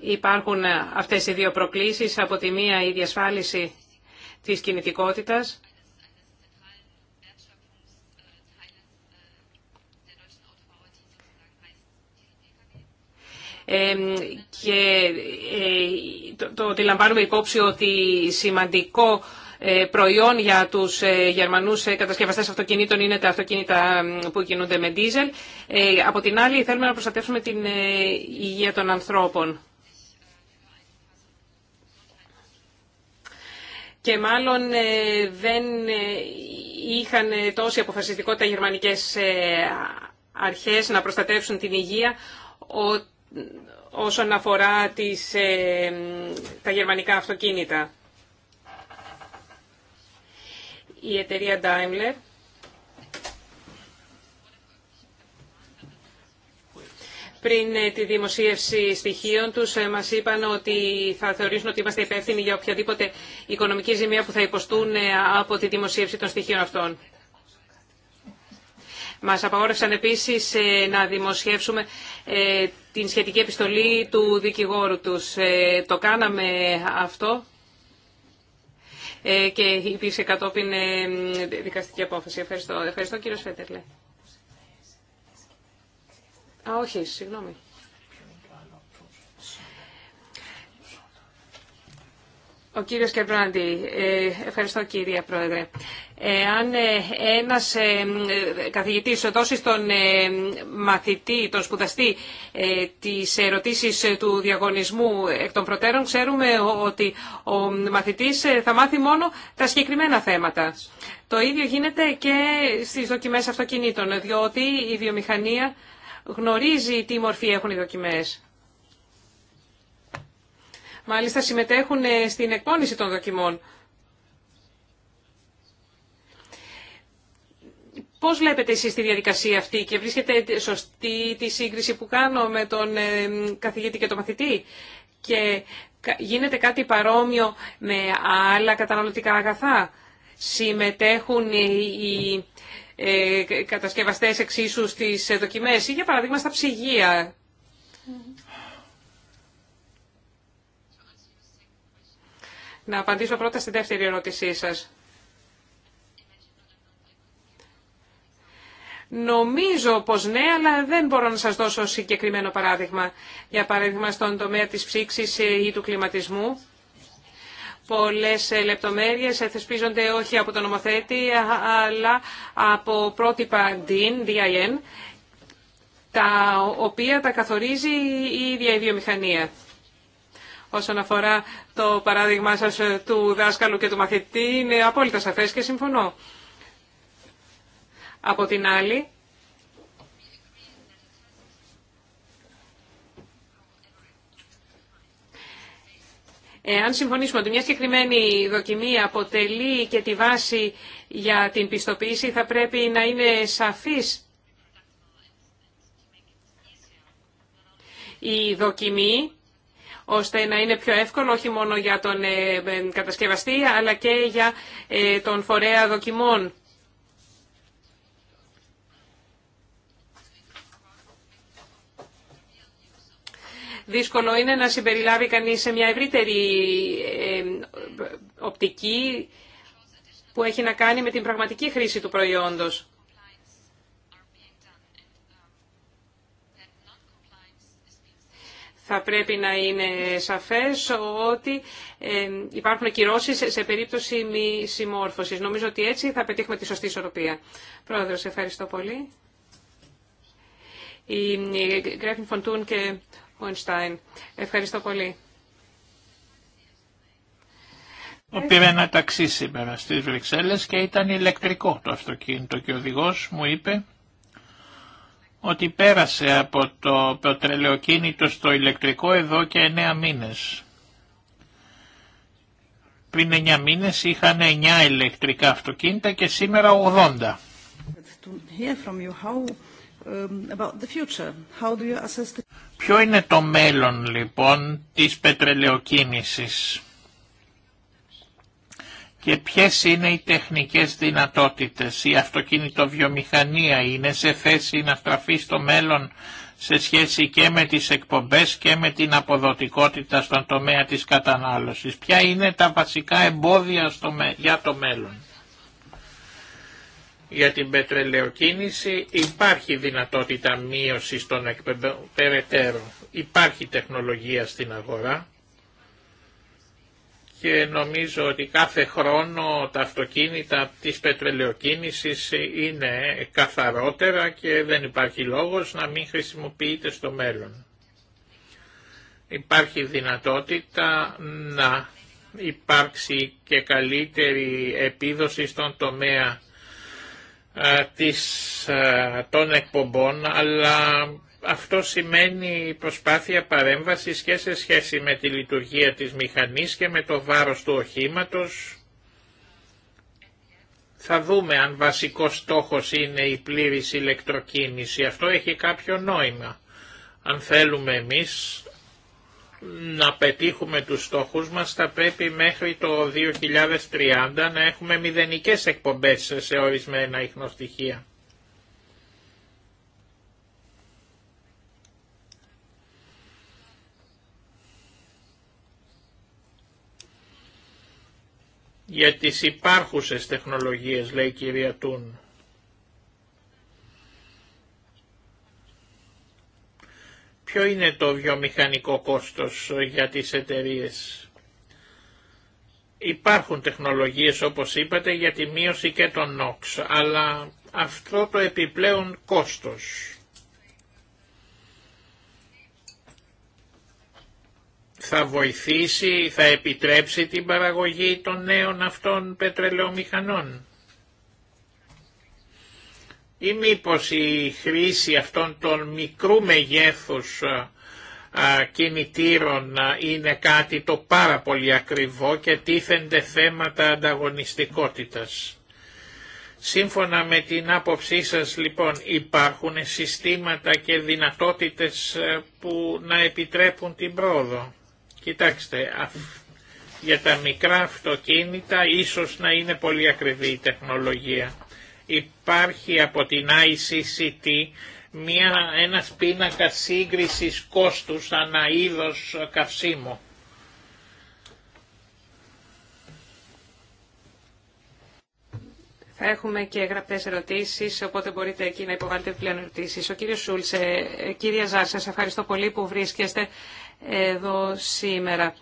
Υπάρχουν αυτές οι δύο προκλήσεις, από τη μία η διασφάλιση της κινητικότητας, και ε, το ότι λαμβάνουμε υπόψη ότι σημαντικό ε, προϊόν για τους ε, Γερμανούς κατασκευαστές αυτοκινήτων είναι τα αυτοκίνητα που κινούνται με ντίζελ. Από την άλλη θέλουμε να προστατεύσουμε την υγεία των ανθρώπων. και μάλλον ε, δεν ε, είχαν τόση αποφασιστικότητα οι γερμανικές ε, αρχές να προστατεύσουν την υγεία όσον αφορά τις, τα γερμανικά αυτοκίνητα. Η εταιρεία Daimler πριν ε, τη δημοσίευση στοιχείων τους ε, μας είπαν ότι θα θεωρήσουν ότι είμαστε υπεύθυνοι για οποιαδήποτε οικονομική ζημία που θα υποστούν ε, από τη δημοσίευση των στοιχείων αυτών. Μας απαγόρευσαν επίσης να δημοσιεύσουμε την σχετική επιστολή του δικηγόρου τους. Το κάναμε αυτό και υπήρξε κατόπιν δικαστική απόφαση. Ευχαριστώ, Ευχαριστώ κύριο Σφέτερλε. Α, όχι, συγγνώμη. Ο κύριος Κερμπράντη. Ε, ευχαριστώ κύριε Πρόεδρε. Ε, αν ε, ένας καθηγητής δώσει στον μαθητή, τον σπουδαστή, τις ερωτήσεις του διαγωνισμού εκ των προτέρων, ξέρουμε ότι ο μαθητής θα μάθει μόνο τα συγκεκριμένα θέματα. Το ίδιο γίνεται και στις δοκιμές αυτοκινήτων, διότι η βιομηχανία γνωρίζει τι μορφή έχουν οι δοκιμές. Μάλιστα συμμετέχουν ε, στην εκπόνηση των δοκιμών. Πώς βλέπετε εσείς τη διαδικασία αυτή και βρίσκεται σωστή τη σύγκριση που κάνω με τον ε, καθηγητή και τον μαθητή και γίνεται κάτι παρόμοιο με άλλα καταναλωτικά αγαθά. Συμμετέχουν οι ε, κατασκευαστές εξίσου στις ε, δοκιμές ή για παράδειγμα στα ψυγεία. Να απαντήσω πρώτα στη δεύτερη ερώτησή σας. Νομίζω πως ναι, αλλά δεν μπορώ να σας δώσω συγκεκριμένο παράδειγμα. Για παράδειγμα στον τομέα της ψήξης ε, ή του κλιματισμού. Πολλές ε, λεπτομέρειες ε, θεσπίζονται όχι από τον νομοθέτη, αλλά από πρότυπα DIN, DIN τα οποία τα καθορίζει η ίδια η βιομηχανία. Όσον αφορά το παράδειγμα σας ε, του δάσκαλου και του μαθητή, είναι απόλυτα σαφές και συμφωνώ. Από την άλλη, Εάν συμφωνήσουμε ότι μια συγκεκριμένη δοκιμή αποτελεί και τη βάση για την πιστοποίηση, θα πρέπει να είναι σαφής η δοκιμή, ώστε να είναι πιο εύκολο όχι μόνο για τον ε, κατασκευαστή, αλλά και για ε, τον φορέα δοκιμών. δύσκολο είναι να συμπεριλάβει κανείς σε μια ευρύτερη ε, οπτική που έχει να κάνει με την πραγματική χρήση του προϊόντος. Θα πρέπει να είναι σαφές ότι ε, υπάρχουν κυρώσεις σε περίπτωση μη συμμόρφωσης. Νομίζω ότι έτσι θα πετύχουμε τη σωστή ισορροπία. Πρόεδρος, ευχαριστώ πολύ. Η ε, Γκρέφιν Φοντούν και Ευχαριστώ πολύ. Πήρε ένα ταξί σήμερα στις Βρυξέλλες και ήταν ηλεκτρικό το αυτοκίνητο και ο οδηγός μου είπε ότι πέρασε από το πετρελαιοκίνητο στο ηλεκτρικό εδώ και 9 μήνες. Πριν 9 μήνες είχαν 9 ηλεκτρικά αυτοκίνητα και σήμερα 80. Um, Ποιο είναι το μέλλον λοιπόν της πετρελαιοκίνησης και ποιες είναι οι τεχνικές δυνατότητες. Η αυτοκινητοβιομηχανία είναι σε θέση να στραφεί στο μέλλον σε σχέση και με τις εκπομπές και με την αποδοτικότητα στον τομέα της κατανάλωσης. Ποια είναι τα βασικά εμπόδια στο, για το μέλλον για την πετρελαιοκίνηση υπάρχει δυνατότητα μείωσης των περαιτέρων. Υπάρχει τεχνολογία στην αγορά και νομίζω ότι κάθε χρόνο τα αυτοκίνητα της πετρελαιοκίνησης είναι καθαρότερα και δεν υπάρχει λόγος να μην χρησιμοποιείται στο μέλλον. Υπάρχει δυνατότητα να υπάρξει και καλύτερη επίδοση στον τομέα ε, της, ε, των εκπομπών, αλλά αυτό σημαίνει προσπάθεια παρέμβασης και σε σχέση με τη λειτουργία της μηχανής και με το βάρος του οχήματος. Θα δούμε αν βασικός στόχος είναι η πλήρης ηλεκτροκίνηση. Αυτό έχει κάποιο νόημα. Αν θέλουμε εμείς να πετύχουμε τους στόχους μας θα πρέπει μέχρι το 2030 να έχουμε μηδενικές εκπομπές σε ορισμένα ίχνοστοιχεία. Για τις υπάρχουσες τεχνολογίες λέει η κυρία Τούν. Ποιο είναι το βιομηχανικό κόστος ε, για τις εταιρείες. Υπάρχουν τεχνολογίες όπως είπατε για τη μείωση και των NOx, αλλά αυτό το επιπλέον κόστος. Θα βοηθήσει, θα επιτρέψει την παραγωγή των νέων αυτών πετρελαιομηχανών ή μήπως η χρήση αυτών των μικρού μεγέθους ε, ε, κινητήρων ε, είναι κάτι το πάρα πολύ ακριβό και τίθενται θέματα ανταγωνιστικότητας. Σύμφωνα με την άποψή σας λοιπόν υπάρχουν συστήματα και δυνατότητες που να επιτρέπουν την πρόοδο. Κοιτάξτε, για τα μικρά αυτοκίνητα ίσως να είναι πολύ ακριβή η τεχνολογία υπάρχει από την ICCT μια, ένας πίνακας σύγκρισης κόστους ανά είδος καυσίμου. Θα έχουμε και γραπτέ ερωτήσει, οπότε μπορείτε εκεί να υποβάλλετε πλέον ερωτήσει. Ο κύριο Σούλσε, ε, κύριε Ζάρ, σα ευχαριστώ πολύ που βρίσκεστε εδώ σήμερα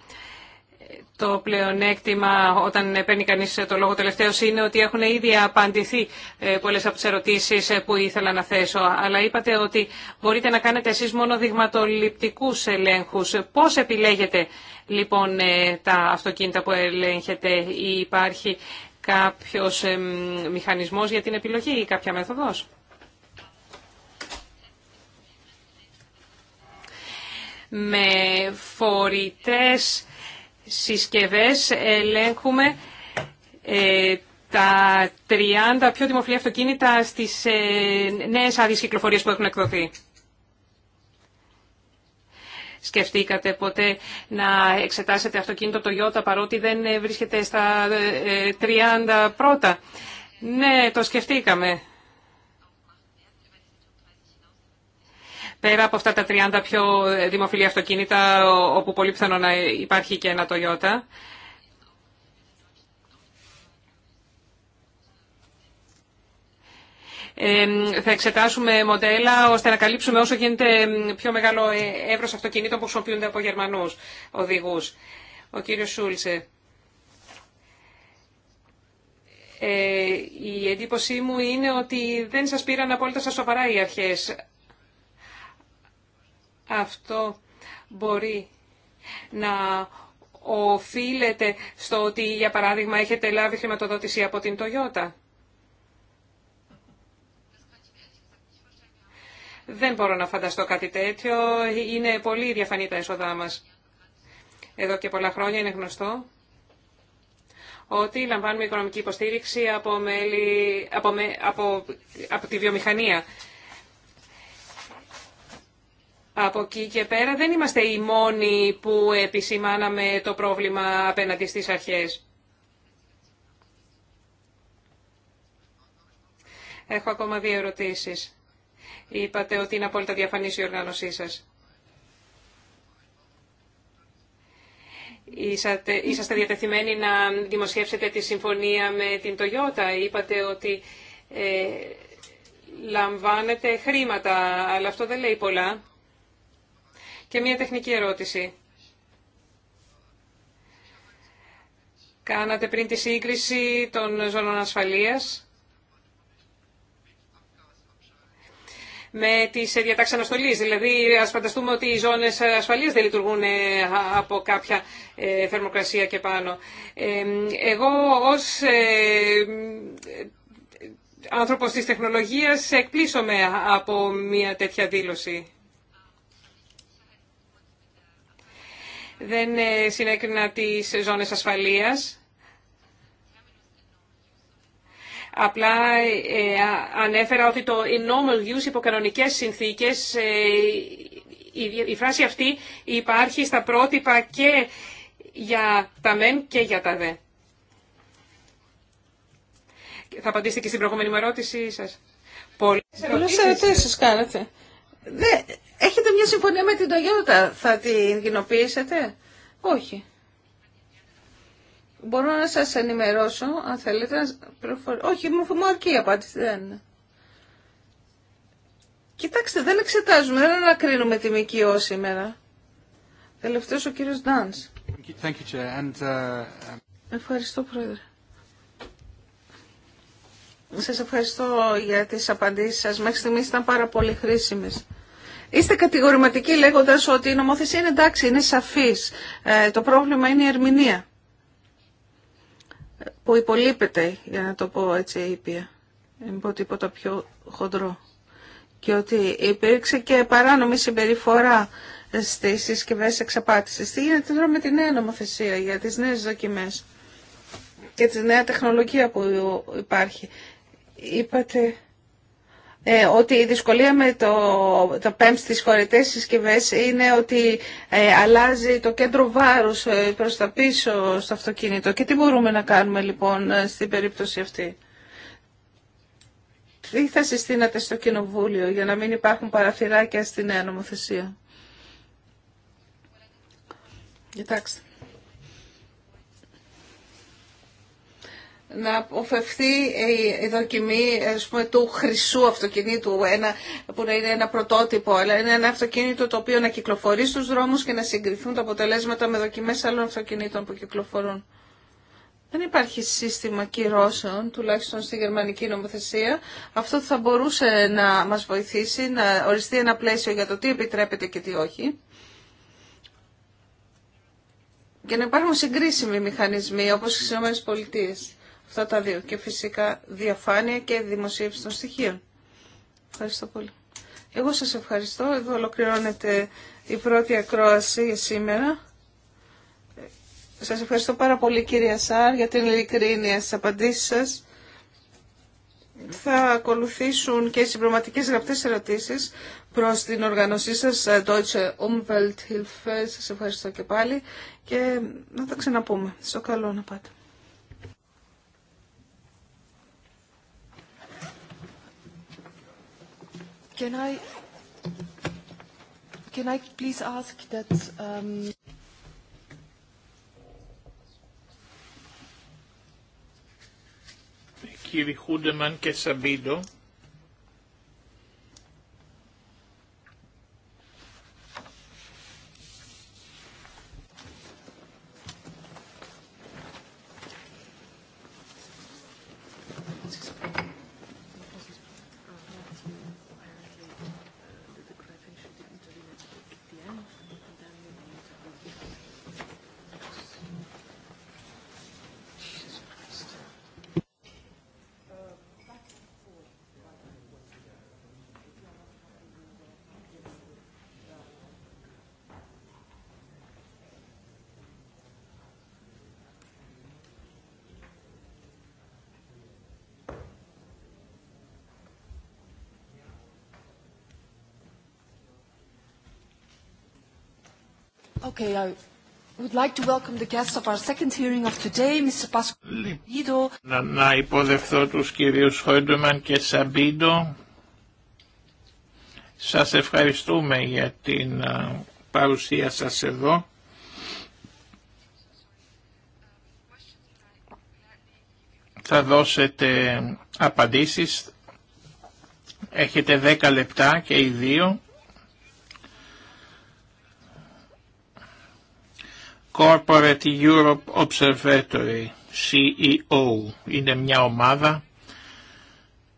το πλεονέκτημα όταν παίρνει κανείς το λόγο τελευταίο είναι ότι έχουν ήδη απαντηθεί ε, πολλές από τις ερωτήσεις ε, που ήθελα να θέσω. Αλλά είπατε ότι μπορείτε να κάνετε εσείς μόνο δειγματοληπτικούς ελέγχους. Πώς επιλέγετε λοιπόν ε, τα αυτοκίνητα που ελέγχετε ή υπάρχει κάποιος μηχανισμός για την επιλογή ή κάποια μέθοδος. Με φορητές συσκευές ελέγχουμε ε, τα 30 πιο δημοφιλή αυτοκίνητα στις ε, νέες άδειες κυκλοφορίες που έχουν εκδοθεί. Σκεφτήκατε ποτέ να εξετάσετε αυτοκίνητο το Ιώτα παρότι δεν ε, βρίσκεται στα 30 πρώτα. Ναι, το σκεφτήκαμε. Πέρα από αυτά τα 30 πιο δημοφιλή αυτοκίνητα, όπου πολύ πιθανό να υπάρχει και ένα Toyota, θα εξετάσουμε μοντέλα ώστε να καλύψουμε όσο γίνεται πιο μεγάλο ε, εύρος αυτοκινήτων που χρησιμοποιούνται από Γερμανούς οδηγούς. Ο κύριος Σούλσε. Ε, η εντύπωσή μου είναι ότι δεν σας πήραν απόλυτα στα σοβαρά οι αρχές. Αυτό μπορεί να οφείλεται στο ότι, για παράδειγμα, έχετε λάβει χρηματοδότηση από την Toyota. Δεν μπορώ να φανταστώ κάτι τέτοιο. Είναι πολύ διαφανή τα έσοδά μας. Εδώ και πολλά χρόνια είναι γνωστό ότι λαμβάνουμε οικονομική υποστήριξη από, μέλη, από, από, από τη βιομηχανία. Από εκεί και πέρα δεν είμαστε οι μόνοι που επισημάναμε το πρόβλημα απέναντι στις αρχές. Έχω ακόμα δύο ερωτήσεις. Είπατε ότι είναι απόλυτα διαφανής η οργάνωσή σας. είσαστε διατεθειμένοι να δημοσιεύσετε τη συμφωνία με την Toyota. Είπατε ότι ε, λαμβάνετε χρήματα, αλλά αυτό δεν λέει πολλά. Και μία τεχνική ερώτηση. Κάνατε πριν τη σύγκριση των ζώνων ασφαλείας με τις διατάξεις αναστολής. Δηλαδή, ας φανταστούμε ότι οι ζώνες ασφαλείας δεν λειτουργούν ε, από κάποια ε, θερμοκρασία και πάνω. Ε, εγώ ως άνθρωπος της τεχνολογίας εκπλήσωμαι από μια τέτοια δήλωση. Δεν ε, συνέκρινα τις ζώνες ασφαλείας. Απλά ε, ανέφερα ότι το in normal use υπό συνθήκες, ε, η φράση αυτή υπάρχει στα πρότυπα και για τα μεν και για τα δε. Θα απαντήσετε και στην προηγούμενη μου ερώτησή σας. Πολλές ερωτήσεις, Πολλές ερωτήσεις κάνετε. Έχετε μια συμφωνία με την Toyota, θα την κοινοποιήσετε. Όχι. Μπορώ να σας ενημερώσω, αν θέλετε, Όχι, μου αρκεί η απάντηση, Κοιτάξτε, δεν εξετάζουμε, δεν ανακρίνουμε τη ΜΚΟ σήμερα. Τελευταίος ο κύριος Ντάνς. uh... Ευχαριστώ, Πρόεδρε. Σας ευχαριστώ για τις απαντήσεις σας. Μέχρι στιγμής ήταν πάρα πολύ χρήσιμες. Είστε κατηγορηματικοί λέγοντας ότι η νομοθεσία είναι εντάξει, είναι σαφής. Ε, το πρόβλημα είναι η ερμηνεία που υπολείπεται, για να το πω έτσι ήπια. Δεν πω τίποτα πιο χοντρό. Και ότι υπήρξε και παράνομη συμπεριφορά στι συσκευέ εξαπάτηση. Τι γίνεται τώρα με τη νέα νομοθεσία για τις νέες δοκιμέ και τη νέα τεχνολογία που υπάρχει. Είπατε ε, ότι η δυσκολία με το, το PEMS στις χωρητές συσκευές είναι ότι ε, αλλάζει το κέντρο βάρους ε, προς τα πίσω στο αυτοκίνητο. Και τι μπορούμε να κάνουμε λοιπόν στην περίπτωση αυτή. Τι θα συστήνατε στο Κοινοβούλιο για να μην υπάρχουν παραθυράκια στη νέα νομοθεσία. Κοιτάξτε. να αποφευθεί η δοκιμή πούμε, του χρυσού αυτοκινήτου ένα, που να είναι ένα πρωτότυπο αλλά είναι ένα αυτοκίνητο το οποίο να κυκλοφορεί στους δρόμους και να συγκριθούν τα αποτελέσματα με δοκιμές άλλων αυτοκινήτων που κυκλοφορούν. Δεν υπάρχει σύστημα κυρώσεων, τουλάχιστον στη γερμανική νομοθεσία. Αυτό θα μπορούσε να μας βοηθήσει να οριστεί ένα πλαίσιο για το τι επιτρέπεται και τι όχι. Και να υπάρχουν συγκρίσιμοι μηχανισμοί, όπως στις ΗΠΑ. Αυτά τα δύο. Και φυσικά διαφάνεια και δημοσίευση των στοιχείων. Ευχαριστώ πολύ. Εγώ σας ευχαριστώ. Εδώ ολοκληρώνεται η πρώτη ακρόαση σήμερα. Σας ευχαριστώ πάρα πολύ κυρία Σάρ για την ειλικρίνεια στις απαντήσεις σας. Θα ακολουθήσουν και οι συμπληρωματικές γραπτές ερωτήσεις προς την οργανωσή σας Deutsche Umwelthilfe. Σας ευχαριστώ και πάλι και να τα ξαναπούμε. Στο καλό να πάτε. Can I, can I please ask that, Χούντεμαν και Σαμπίντο, Okay, I would like to welcome the guests of our second hearing of today, Mr. Pasqualido. Να, να υποδεχθώ τους κυρίους Χόιντεμαν και Σαμπίντο. Σας ευχαριστούμε για την ε, παρουσία σας εδώ. Θα δώσετε απαντήσεις. Έχετε 10 λεπτά και οι δύο Corporate Europe Observatory, CEO, είναι μια ομάδα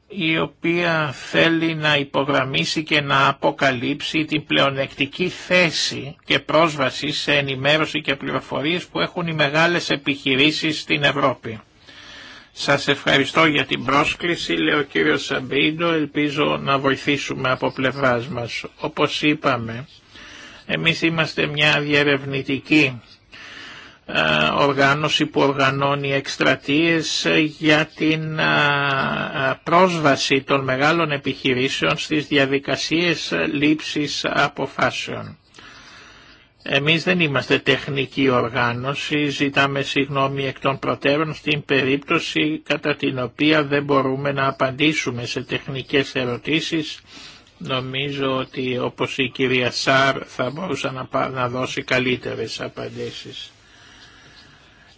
η οποία θέλει να υπογραμμίσει και να αποκαλύψει την πλεονεκτική θέση και πρόσβαση σε ενημέρωση και πληροφορίες που έχουν οι μεγάλες επιχειρήσεις στην Ευρώπη. Σας ευχαριστώ για την πρόσκληση, λέει ο κύριος Σαμπίντο, ελπίζω να βοηθήσουμε από πλευράς μας. Όπως είπαμε, εμείς είμαστε μια διερευνητική ε, οργάνωση που οργανώνει εκστρατείες ε, για την ε, πρόσβαση των μεγάλων επιχειρήσεων στις διαδικασίες λήψης αποφάσεων. Εμείς δεν είμαστε τεχνική οργάνωση, ζητάμε συγγνώμη εκ των προτέρων στην περίπτωση κατά την οποία δεν μπορούμε να απαντήσουμε σε τεχνικές ερωτήσεις. Νομίζω ότι όπως η κυρία Σάρ θα μπορούσε να δώσει καλύτερες απαντήσεις.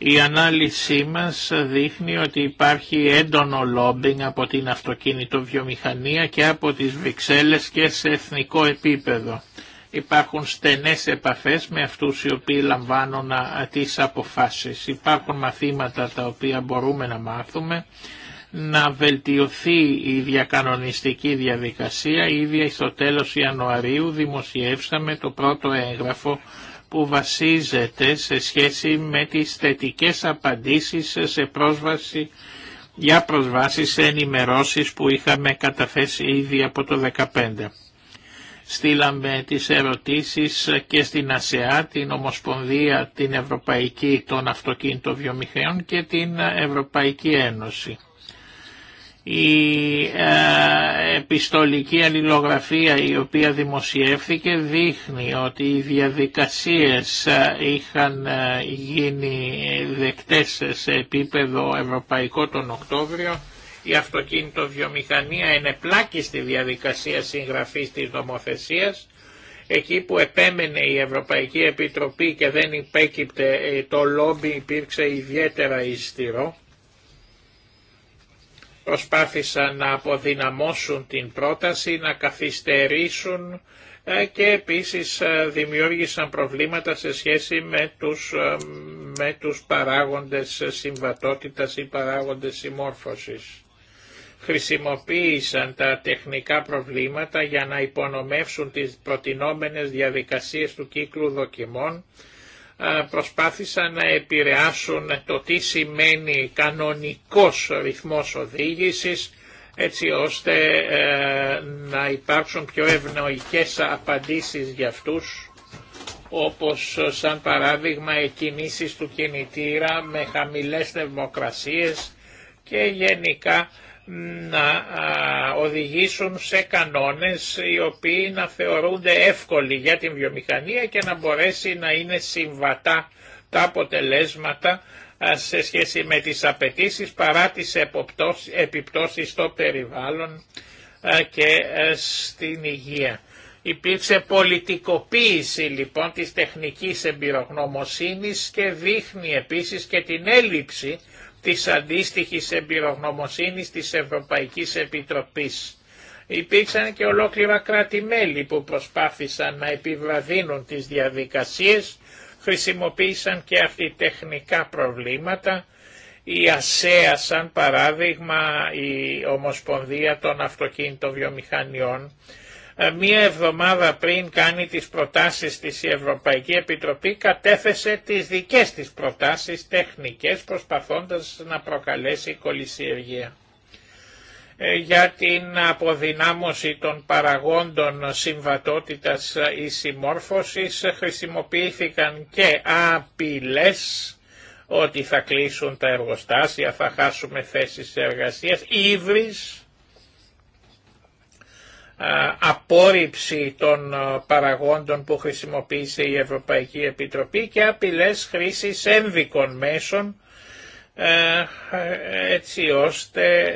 Η ανάλυση μας δείχνει ότι υπάρχει έντονο λόμπινγκ από την αυτοκίνητο βιομηχανία και από τις Βρυξέλλες και σε εθνικό επίπεδο. Υπάρχουν στενές επαφές με αυτούς οι οποίοι λαμβάνουν τις αποφάσεις. Υπάρχουν μαθήματα τα οποία μπορούμε να μάθουμε να βελτιωθεί η διακανονιστική διαδικασία. Ήδη στο τέλος Ιανουαρίου δημοσιεύσαμε το πρώτο έγγραφο που βασίζεται σε σχέση με τις θετικές απαντήσεις σε πρόσβαση για προσβάσεις σε ενημερώσεις που είχαμε καταθέσει ήδη από το 2015. Στείλαμε τις ερωτήσεις και στην ΑΣΕΑ, την Ομοσπονδία, την Ευρωπαϊκή των Αυτοκίνητων Βιομηχανιών και την Ευρωπαϊκή Ένωση η ε, επιστολική αλληλογραφία η οποία δημοσιεύθηκε δείχνει ότι οι διαδικασίες ε, είχαν ε, γίνει δεκτές σε επίπεδο ευρωπαϊκό τον Οκτώβριο. Η αυτοκίνητο-βιομηχανία πλάκη στη διαδικασία συγγραφής της νομοθεσίας. Εκεί που επέμενε η Ευρωπαϊκή Επιτροπή και δεν υπέκυπτε το λόμπι υπήρξε ιδιαίτερα ιστηρό προσπάθησαν να αποδυναμώσουν την πρόταση, να καθυστερήσουν ε, και επίσης ε, δημιούργησαν προβλήματα σε σχέση με τους, ε, με τους παράγοντες συμβατότητας ή παράγοντες συμμόρφωσης. Χρησιμοποίησαν τα τεχνικά προβλήματα για να υπονομεύσουν τις προτινόμενες διαδικασίες του κύκλου δοκιμών ε, προσπάθησαν να επηρεάσουν το τι σημαίνει κανονικός ρυθμός οδήγησης έτσι ώστε ε, να υπάρξουν πιο ευνοϊκές απαντήσεις για αυτούς όπως σαν παράδειγμα οι κινήσεις του κινητήρα με χαμηλές θερμοκρασίες και γενικά να οδηγήσουν σε κανόνες οι οποίοι να θεωρούνται εύκολοι για την βιομηχανία και να μπορέσει να είναι συμβατά τα αποτελέσματα σε σχέση με τις απαιτήσει παρά τις επιπτώσεις στο περιβάλλον και στην υγεία. Υπήρξε πολιτικοποίηση λοιπόν της τεχνικής εμπειρογνωμοσύνης και δείχνει επίσης και την έλλειψη της αντίστοιχης εμπειρογνωμοσύνης της Ευρωπαϊκής Επιτροπής. Υπήρξαν και ολόκληρα κράτη-μέλη που προσπάθησαν να επιβραδύνουν τις διαδικασίες, χρησιμοποίησαν και τεχνικά προβλήματα, η ΑΣΕΑ σαν παράδειγμα η Ομοσπονδία των Αυτοκίνητων Βιομηχανιών ε, μία εβδομάδα πριν κάνει τις προτάσεις της η Ευρωπαϊκή Επιτροπή κατέθεσε τις δικές της προτάσεις τεχνικές προσπαθώντας να προκαλέσει κολυσιεργία. Ε, για την αποδυνάμωση των παραγόντων συμβατότητας ή ε, συμμόρφωσης χρησιμοποιήθηκαν και απειλές ότι θα κλείσουν τα εργοστάσια, θα χάσουμε θέσεις εργασίας, ύβρις, ε, απόρριψη των ε, παραγόντων που χρησιμοποίησε η Ευρωπαϊκή Επιτροπή και απειλές χρήσης ένδικων μέσων ε, έτσι ώστε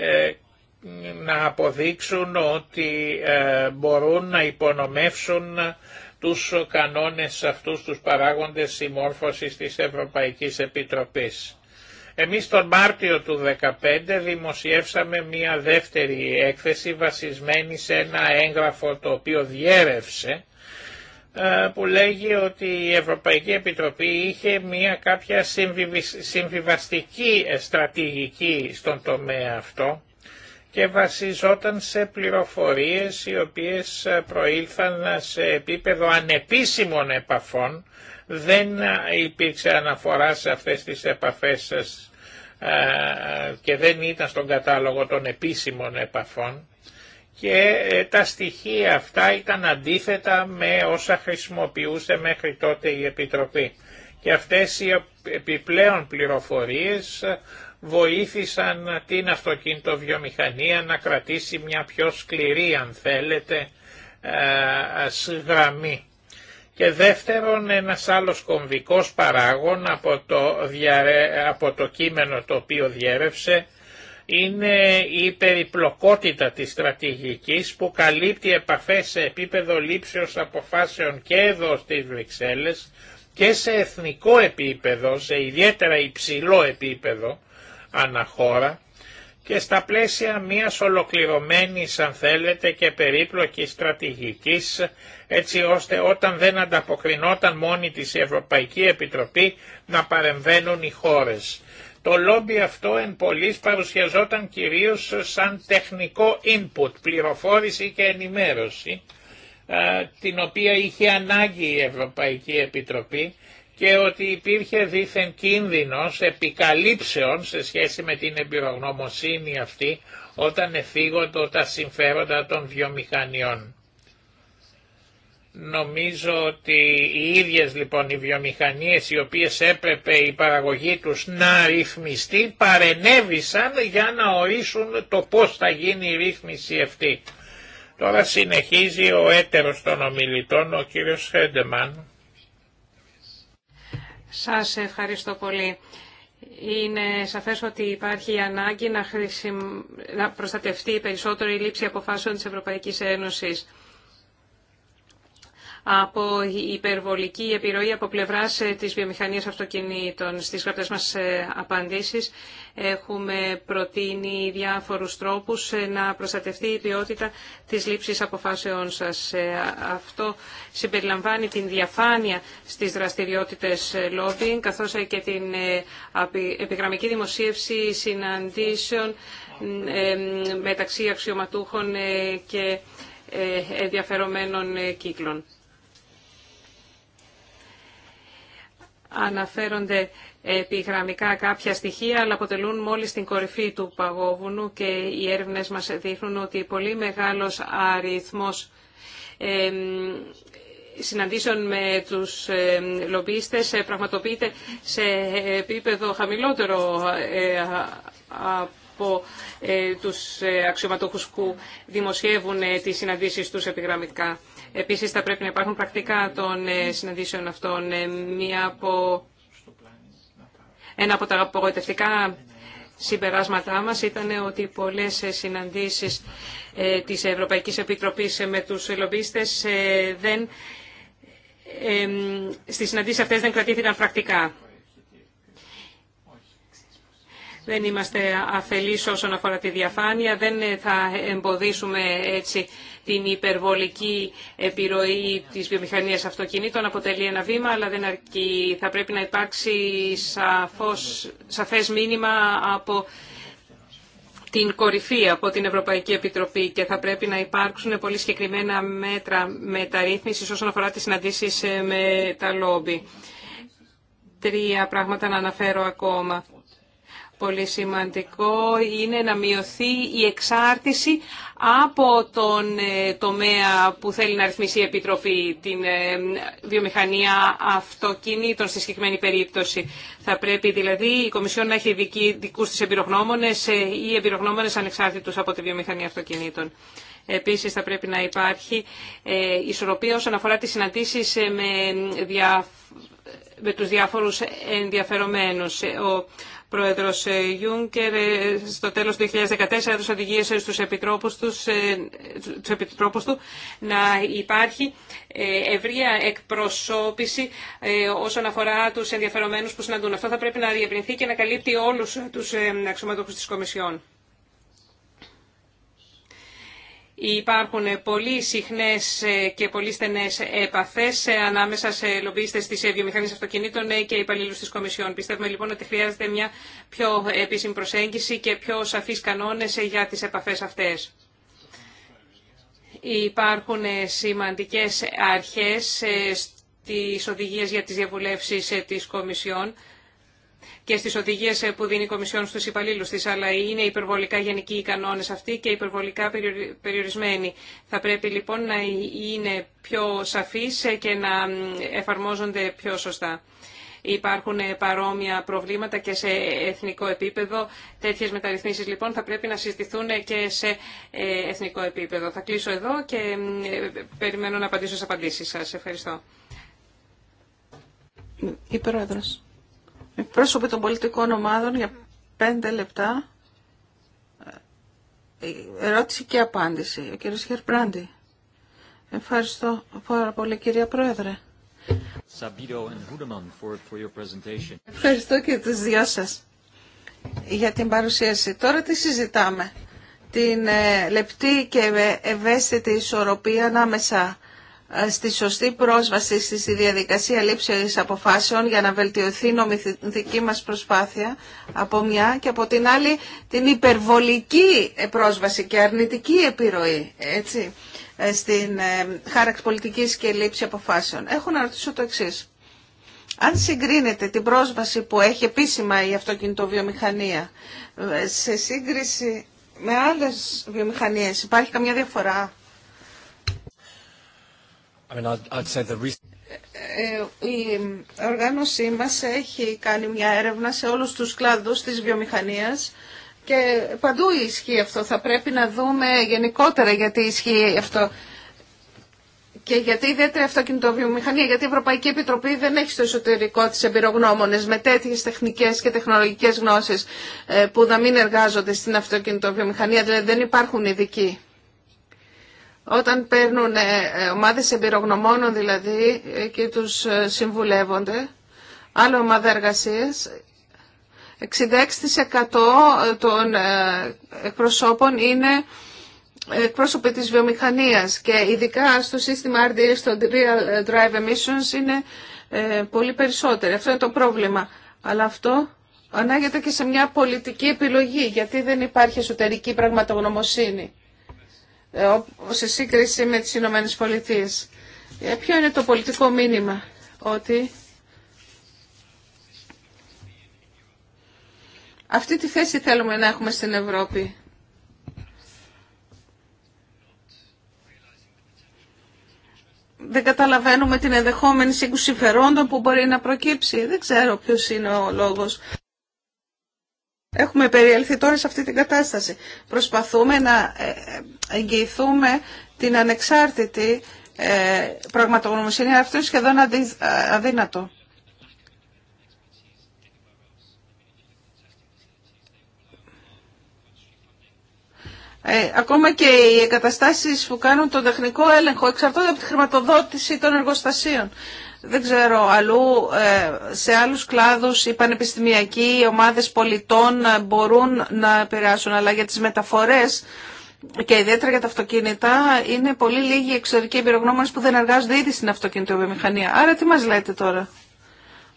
να αποδείξουν ότι μπορούν να υπονομεύσουν τους κανόνες αυτούς τους παράγοντες συμμόρφωσης της Ευρωπαϊκής Επιτροπής. Εμείς τον Μάρτιο του 2015 δημοσιεύσαμε μια δεύτερη έκθεση βασισμένη σε ένα έγγραφο το οποίο διέρευσε ε, που λέγει ότι η Ευρωπαϊκή Επιτροπή είχε μια κάποια συμβιβαστική στρατηγική στον τομέα αυτό και βασιζόταν σε πληροφορίες οι οποίες προήλθαν σε επίπεδο ανεπίσημων επαφών δεν υπήρξε αναφορά σε αυτές τις επαφές σας ε, και δεν ήταν στον κατάλογο των επίσημων επαφών και ε, τα στοιχεία αυτά ήταν αντίθετα με όσα χρησιμοποιούσε μέχρι τότε η Επιτροπή. Και αυτές οι επιπλέον πληροφορίες βοήθησαν την βιομηχανία να κρατήσει μια πιο σκληρή αν θέλετε ε, γραμμή. Και δεύτερον ένας άλλος κομβικός παράγων από το, από το κείμενο το οποίο διέρευσε είναι η περιπλοκότητα της στρατηγικής που καλύπτει επαφές σε επίπεδο λήψεως αποφάσεων και εδώ στις Βρυξέλλες και σε εθνικό επίπεδο, σε ιδιαίτερα υψηλό επίπεδο αναχώρα και στα πλαίσια μιας ολοκληρωμένης αν θέλετε και περίπλοκης στρατηγικής έτσι ώστε όταν δεν ανταποκρινόταν μόνη της η Ευρωπαϊκή Επιτροπή να παρεμβαίνουν οι χώρες. Το λόμπι αυτό εν πολλής παρουσιαζόταν κυρίως σαν τεχνικό input, πληροφόρηση και ενημέρωση την οποία είχε ανάγκη η Ευρωπαϊκή Επιτροπή και ότι υπήρχε δήθεν κίνδυνος επικαλύψεων σε σχέση με την εμπειρογνωμοσύνη αυτή όταν εφήγονται τα συμφέροντα των βιομηχανιών. Νομίζω ότι οι ίδιες λοιπόν οι βιομηχανίες οι οποίες έπρεπε η παραγωγή τους να ρυθμιστεί παρενέβησαν για να ορίσουν το πώς θα γίνει η ρύθμιση αυτή. Τώρα συνεχίζει ο έτερος των ομιλητών ο κύριος Χέντεμαν σας ευχαριστώ πολύ. Είναι σαφές ότι υπάρχει ανάγκη να, να προστατευτεί περισσότερο η λήψη αποφάσεων της Ευρωπαϊκής Ένωσης από υπερβολική επιρροή από πλευράς ε, της βιομηχανίας αυτοκινήτων. Στις γραπτές μας ε, απαντήσεις Έχουμε προτείνει διάφορους τρόπους ε, να προστατευτεί η ποιότητα της λήψης αποφάσεών σας. Ε, αυτό συμπεριλαμβάνει την διαφάνεια στις δραστηριότητες ε, lobbying, καθώς και την επιγραμμική δημοσίευση συναντήσεων μεταξύ αξιωματούχων και ενδιαφερομένων κύκλων. αναφέρονται επιγραμμικά κάποια στοιχεία, αλλά αποτελούν μόλις την κορυφή του παγόβουνου και οι έρευνες μας δείχνουν ότι πολύ μεγάλος αριθμός συναντήσεων με τους λομπίστες ε, πραγματοποιείται σε επίπεδο χαμηλότερο ε, από ε, τους αξιωματούχους που δημοσιεύουν τις συναντήσεις τους επιγραμμικά. Επίσης θα πρέπει να υπάρχουν πρακτικά των ε, συναντήσεων αυτών. Ε, μία από... Ένα από τα απογοητευτικά συμπεράσματά μας ήταν ότι πολλές συναντήσεις ε, της Ευρωπαϊκής Επιτροπής με τους λομπίστες δεν... Στις συναντήσεις αυτές δεν κρατήθηκαν πρακτικά δεν είμαστε αφελείς όσον αφορά τη διαφάνεια, δεν θα εμποδίσουμε έτσι την υπερβολική επιρροή της βιομηχανίας αυτοκινήτων, αποτελεί ένα βήμα, αλλά δεν αρκεί. Θα πρέπει να υπάρξει σαφώς, σαφές μήνυμα από την κορυφή από την Ευρωπαϊκή Επιτροπή και θα πρέπει να υπάρξουν πολύ συγκεκριμένα μέτρα μεταρρύθμισης όσον αφορά τις συναντήσεις με τα λόμπι. Τρία πράγματα να αναφέρω ακόμα. Πολύ σημαντικό είναι να μειωθεί η εξάρτηση από τον ε, τομέα που θέλει να ρυθμίσει η Επιτροπή, την ε, βιομηχανία αυτοκινήτων στη συγκεκριμένη περίπτωση. Θα πρέπει δηλαδή η Κομισιόν να έχει δική, δικούς της εμπειρογνώμονες ε, ή εμπειρογνώμονες ανεξάρτητους από τη βιομηχανία αυτοκινήτων. Επίσης θα πρέπει να υπάρχει ισορροπία όσον αφορά τις συναντήσεις με, δια, με τους διάφορους ενδιαφερομένους. Ο πρόεδρος ε, Γιούνκερ ε, στο τέλος του 2014 έδωσε οδηγίες στους επιτρόπους, τους, ε, τους του να υπάρχει ευρεία εκπροσώπηση όσον αφορά τους ενδιαφερομένους που συναντούν. Αυτό θα πρέπει να διευρυνθεί και να καλύπτει όλους τους αξιωματούχους της Κομισιόν. Υπάρχουν πολύ συχνέ ε, και πολύ στενέ επαφές ε, ανάμεσα σε λομπίστε τη ε, βιομηχανία αυτοκινήτων και υπαλλήλου τη Κομισιόν. Πιστεύουμε λοιπόν ότι χρειάζεται μια πιο επίσημη προσέγγιση και πιο σαφείς κανόνες για τις επαφές αυτές. Υπάρχουν σημαντικές αρχές στις οδηγίες για τι διαβουλεύσει τη Κομισιόν και στις οδηγίες ε, που δίνει η Κομισιόν στους υπαλλήλους της, αλλά είναι υπερβολικά γενικοί οι κανόνες αυτοί και υπερβολικά περιορισμένοι. Θα πρέπει λοιπόν να είναι πιο σαφείς ε, και να εφαρμόζονται πιο σωστά. Υπάρχουν ε, παρόμοια προβλήματα και σε εθνικό επίπεδο. Τέτοιες μεταρρυθμίσεις λοιπόν θα πρέπει να συζητηθούν και σε εθνικό επίπεδο. Θα κλείσω εδώ και περιμένω να απαντήσω στις απαντήσεις σας. Ευχαριστώ. Η Πρόεδρος. Πρόσωποι των πολιτικών ομάδων για πέντε λεπτά. Ε, ερώτηση και απάντηση. Ο κύριος Χερπράντη. Ευχαριστώ πάρα πολύ κυρία Πρόεδρε. Ευχαριστώ και τους δυο σας για την παρουσίαση. Τώρα τι συζητάμε. Την ε, λεπτή και ευαίσθητη ισορροπία ανάμεσα ε, στη σωστή πρόσβαση στη διαδικασία λήψης αποφάσεων για να βελτιωθεί η νομιθική μας προσπάθεια από μια και από την άλλη την υπερβολική πρόσβαση και αρνητική επιρροή έτσι, ε, στην ε, χάραξη πολιτικής και λήψη αποφάσεων. Έχω να ρωτήσω το εξή. Αν συγκρίνετε την πρόσβαση που έχει επίσημα η αυτοκινητοβιομηχανία σε σύγκριση με άλλες βιομηχανίες, υπάρχει καμιά διαφορά. Ε, ε, η οργάνωσή μας έχει κάνει μια έρευνα σε όλους τους κλάδους της βιομηχανίας και παντού ισχύει αυτό. Θα πρέπει να δούμε γενικότερα γιατί ισχύει αυτό. Και γιατί ιδιαίτερα αυτοκινητοβιομηχανία, γιατί η Ευρωπαϊκή Επιτροπή δεν έχει στο εσωτερικό τη εμπειρογνώμονε με τέτοιε τεχνικέ και τεχνολογικέ γνώσει ε, που να μην εργάζονται στην αυτοκινητοβιομηχανία, δηλαδή δεν υπάρχουν ειδικοί όταν παίρνουν ε, ομάδες εμπειρογνωμόνων δηλαδή ε, και τους ε, συμβουλεύονται, άλλο ομάδα εργασίας, 66% των εκπροσώπων είναι εκπρόσωποι της βιομηχανίας και ειδικά στο σύστημα RDE, στο Real Drive Emissions είναι πολύ περισσότεροι. Αυτό είναι το πρόβλημα. Αλλά αυτό ανάγεται και σε μια πολιτική επιλογή γιατί δεν υπάρχει εσωτερική πραγματογνωμοσύνη. Ε, σε σύγκριση με τις Ηνωμένε Πολιτείε. Ε, ποιο είναι το πολιτικό μήνυμα ότι αυτή τη θέση θέλουμε να έχουμε στην Ευρώπη. δεν καταλαβαίνουμε την ενδεχόμενη σύγκρουση φερόντων που μπορεί να προκύψει. Δεν ξέρω ποιος είναι ο λόγος Έχουμε περιέλθει τώρα σε αυτή την κατάσταση. Προσπαθούμε να ε, ε, εγγυηθούμε την ανεξάρτητη ε, πραγματογνωμοσύνη. Αυτό είναι σχεδόν αδύνατο. Ε, ακόμα και οι εγκαταστάσεις που κάνουν τον τεχνικό έλεγχο εξαρτώνται από τη χρηματοδότηση των εργοστασίων δεν ξέρω, αλλού ε, σε άλλους κλάδους οι πανεπιστημιακοί οι ομάδες πολιτών ε, μπορούν να επηρεάσουν, αλλά για τις μεταφορές και ιδιαίτερα για τα αυτοκίνητα είναι πολύ λίγοι εξωτερικοί εμπειρογνώμονες που δεν εργάζονται ήδη στην αυτοκινητοβιομηχανία. Άρα τι μας λέτε τώρα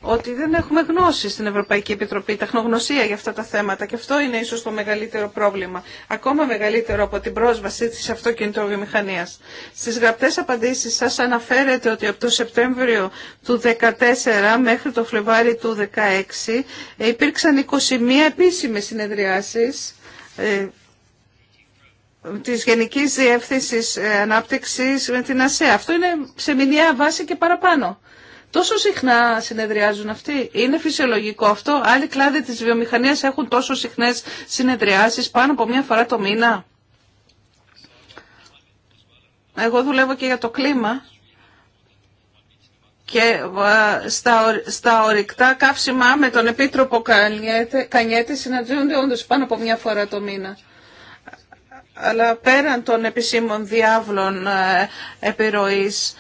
ότι δεν έχουμε γνώση στην Ευρωπαϊκή Επιτροπή, τεχνογνωσία για αυτά τα θέματα και αυτό είναι ίσως το μεγαλύτερο πρόβλημα, ακόμα μεγαλύτερο από την πρόσβαση της αυτοκινητοβιομηχανίας. Στις γραπτές απαντήσεις σας αναφέρετε ότι από το Σεπτέμβριο του 2014 μέχρι το Φλεβάρι του 2016 υπήρξαν 21 επίσημες συνεδριάσεις ε, της Γενικής Διεύθυνσης Ανάπτυξης με την ΑΣΕΑ. Αυτό είναι σε μηνιαία βάση και παραπάνω. Τόσο συχνά συνεδριάζουν αυτοί. Είναι φυσιολογικό αυτό. Άλλοι κλάδοι της βιομηχανίας έχουν τόσο συχνές συνεδριάσεις πάνω από μία φορά το μήνα. Εγώ δουλεύω και για το κλίμα και στα, στα ορυκτά καύσιμα με τον Επίτροπο Κανιέτη συναντιούνται όντως πάνω από μια φορά το μήνα. Αλλά πέραν των επισήμων διάβλων ε, επιρροής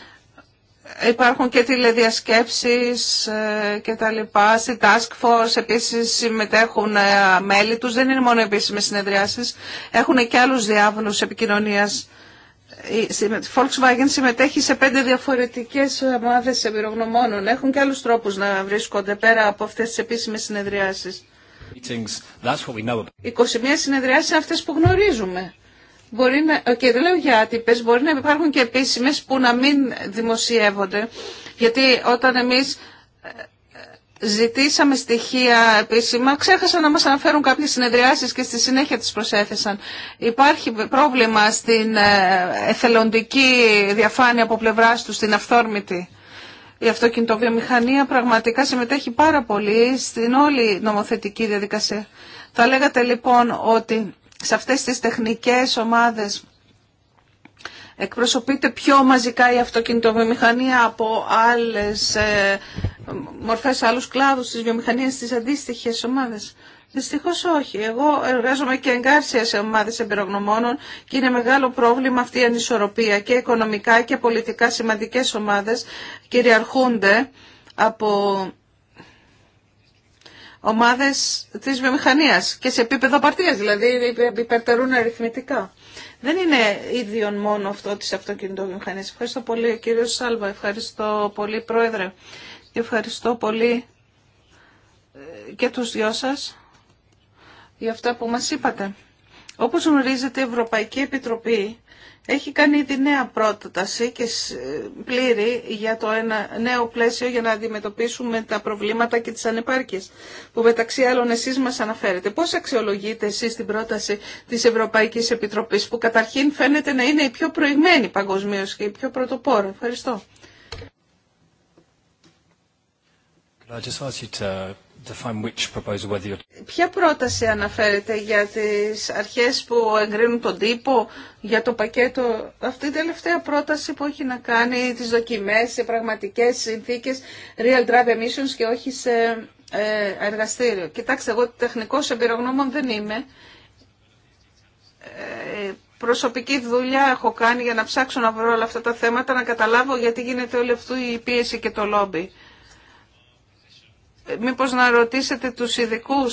Υπάρχουν και τηλεδιασκέψεις ε, και τα λοιπά. Στη Task Force επίσης συμμετέχουν ε, μέλη τους. Δεν είναι μόνο επίσημες συνεδριάσεις. Έχουν και άλλους διάβολους επικοινωνίας. Η Volkswagen συμμετέχει σε πέντε διαφορετικές ομάδες εμπειρογνωμόνων. Έχουν και άλλους τρόπους να βρίσκονται πέρα από αυτές τις επίσημες συνεδριάσεις. 21 συνεδριάσεις είναι αυτές που γνωρίζουμε. Μπορεί να, και δεν λέω για άτυπε, μπορεί να υπάρχουν και επίσημες που να μην δημοσιεύονται. Γιατί όταν εμείς ε, ε, ζητήσαμε στοιχεία επίσημα, ξέχασαν να μας αναφέρουν κάποιες συνεδριάσεις και στη συνέχεια τις προσέθεσαν. Υπάρχει πρόβλημα στην ε, εθελοντική διαφάνεια από πλευρά του, στην αυθόρμητη. Η αυτοκινητοβιομηχανία πραγματικά συμμετέχει πάρα πολύ στην όλη νομοθετική διαδικασία. Θα λέγατε λοιπόν ότι σε αυτές τις τεχνικές ομάδες εκπροσωπείται πιο μαζικά η αυτοκινητοβιομηχανία από άλλες ε, μορφές, άλλους κλάδους της βιομηχανίας στις αντίστοιχες ομάδες. Δυστυχώ όχι. Εγώ εργάζομαι και εγκάρσια σε ομάδε εμπειρογνωμόνων και είναι μεγάλο πρόβλημα αυτή η ανισορροπία. Και οικονομικά και πολιτικά σημαντικέ ομάδε κυριαρχούνται από ομάδες της βιομηχανία και σε επίπεδο απαρτία. δηλαδή υπερτερούν αριθμητικά. Δεν είναι ίδιον μόνο αυτό της αυτοκινητοβιομηχανίας. Ευχαριστώ πολύ κύριο Σάλβα, ευχαριστώ πολύ πρόεδρε και ευχαριστώ πολύ ε, και τους δυο σας για αυτά που μας είπατε. Όπως γνωρίζετε η Ευρωπαϊκή Επιτροπή έχει κάνει τη νέα πρόταση και ε, πλήρη για το ένα νέο πλαίσιο για να αντιμετωπίσουμε τα προβλήματα και τις ανεπάρκειες που μεταξύ άλλων εσείς μας αναφέρετε. Πώς αξιολογείτε εσείς την πρόταση της Ευρωπαϊκής Επιτροπής που καταρχήν φαίνεται να είναι η πιο προηγμένη παγκοσμίω και η πιο πρωτοπόρο. Ευχαριστώ. Ποια πρόταση αναφέρεται για τις αρχές που εγκρίνουν τον τύπο για το πακέτο, αυτή η τελευταία πρόταση που έχει να κάνει τις δοκιμές σε πραγματικές συνθήκες real drive emissions και όχι σε ε, εργαστήριο. Κοιτάξτε, εγώ τεχνικός εμπειρογνώμων δεν είμαι. Ε, προσωπική δουλειά έχω κάνει για να ψάξω να βρω όλα αυτά τα θέματα, να καταλάβω γιατί γίνεται όλη αυτή η πίεση και το λόμπι μήπως να ρωτήσετε τους ειδικού.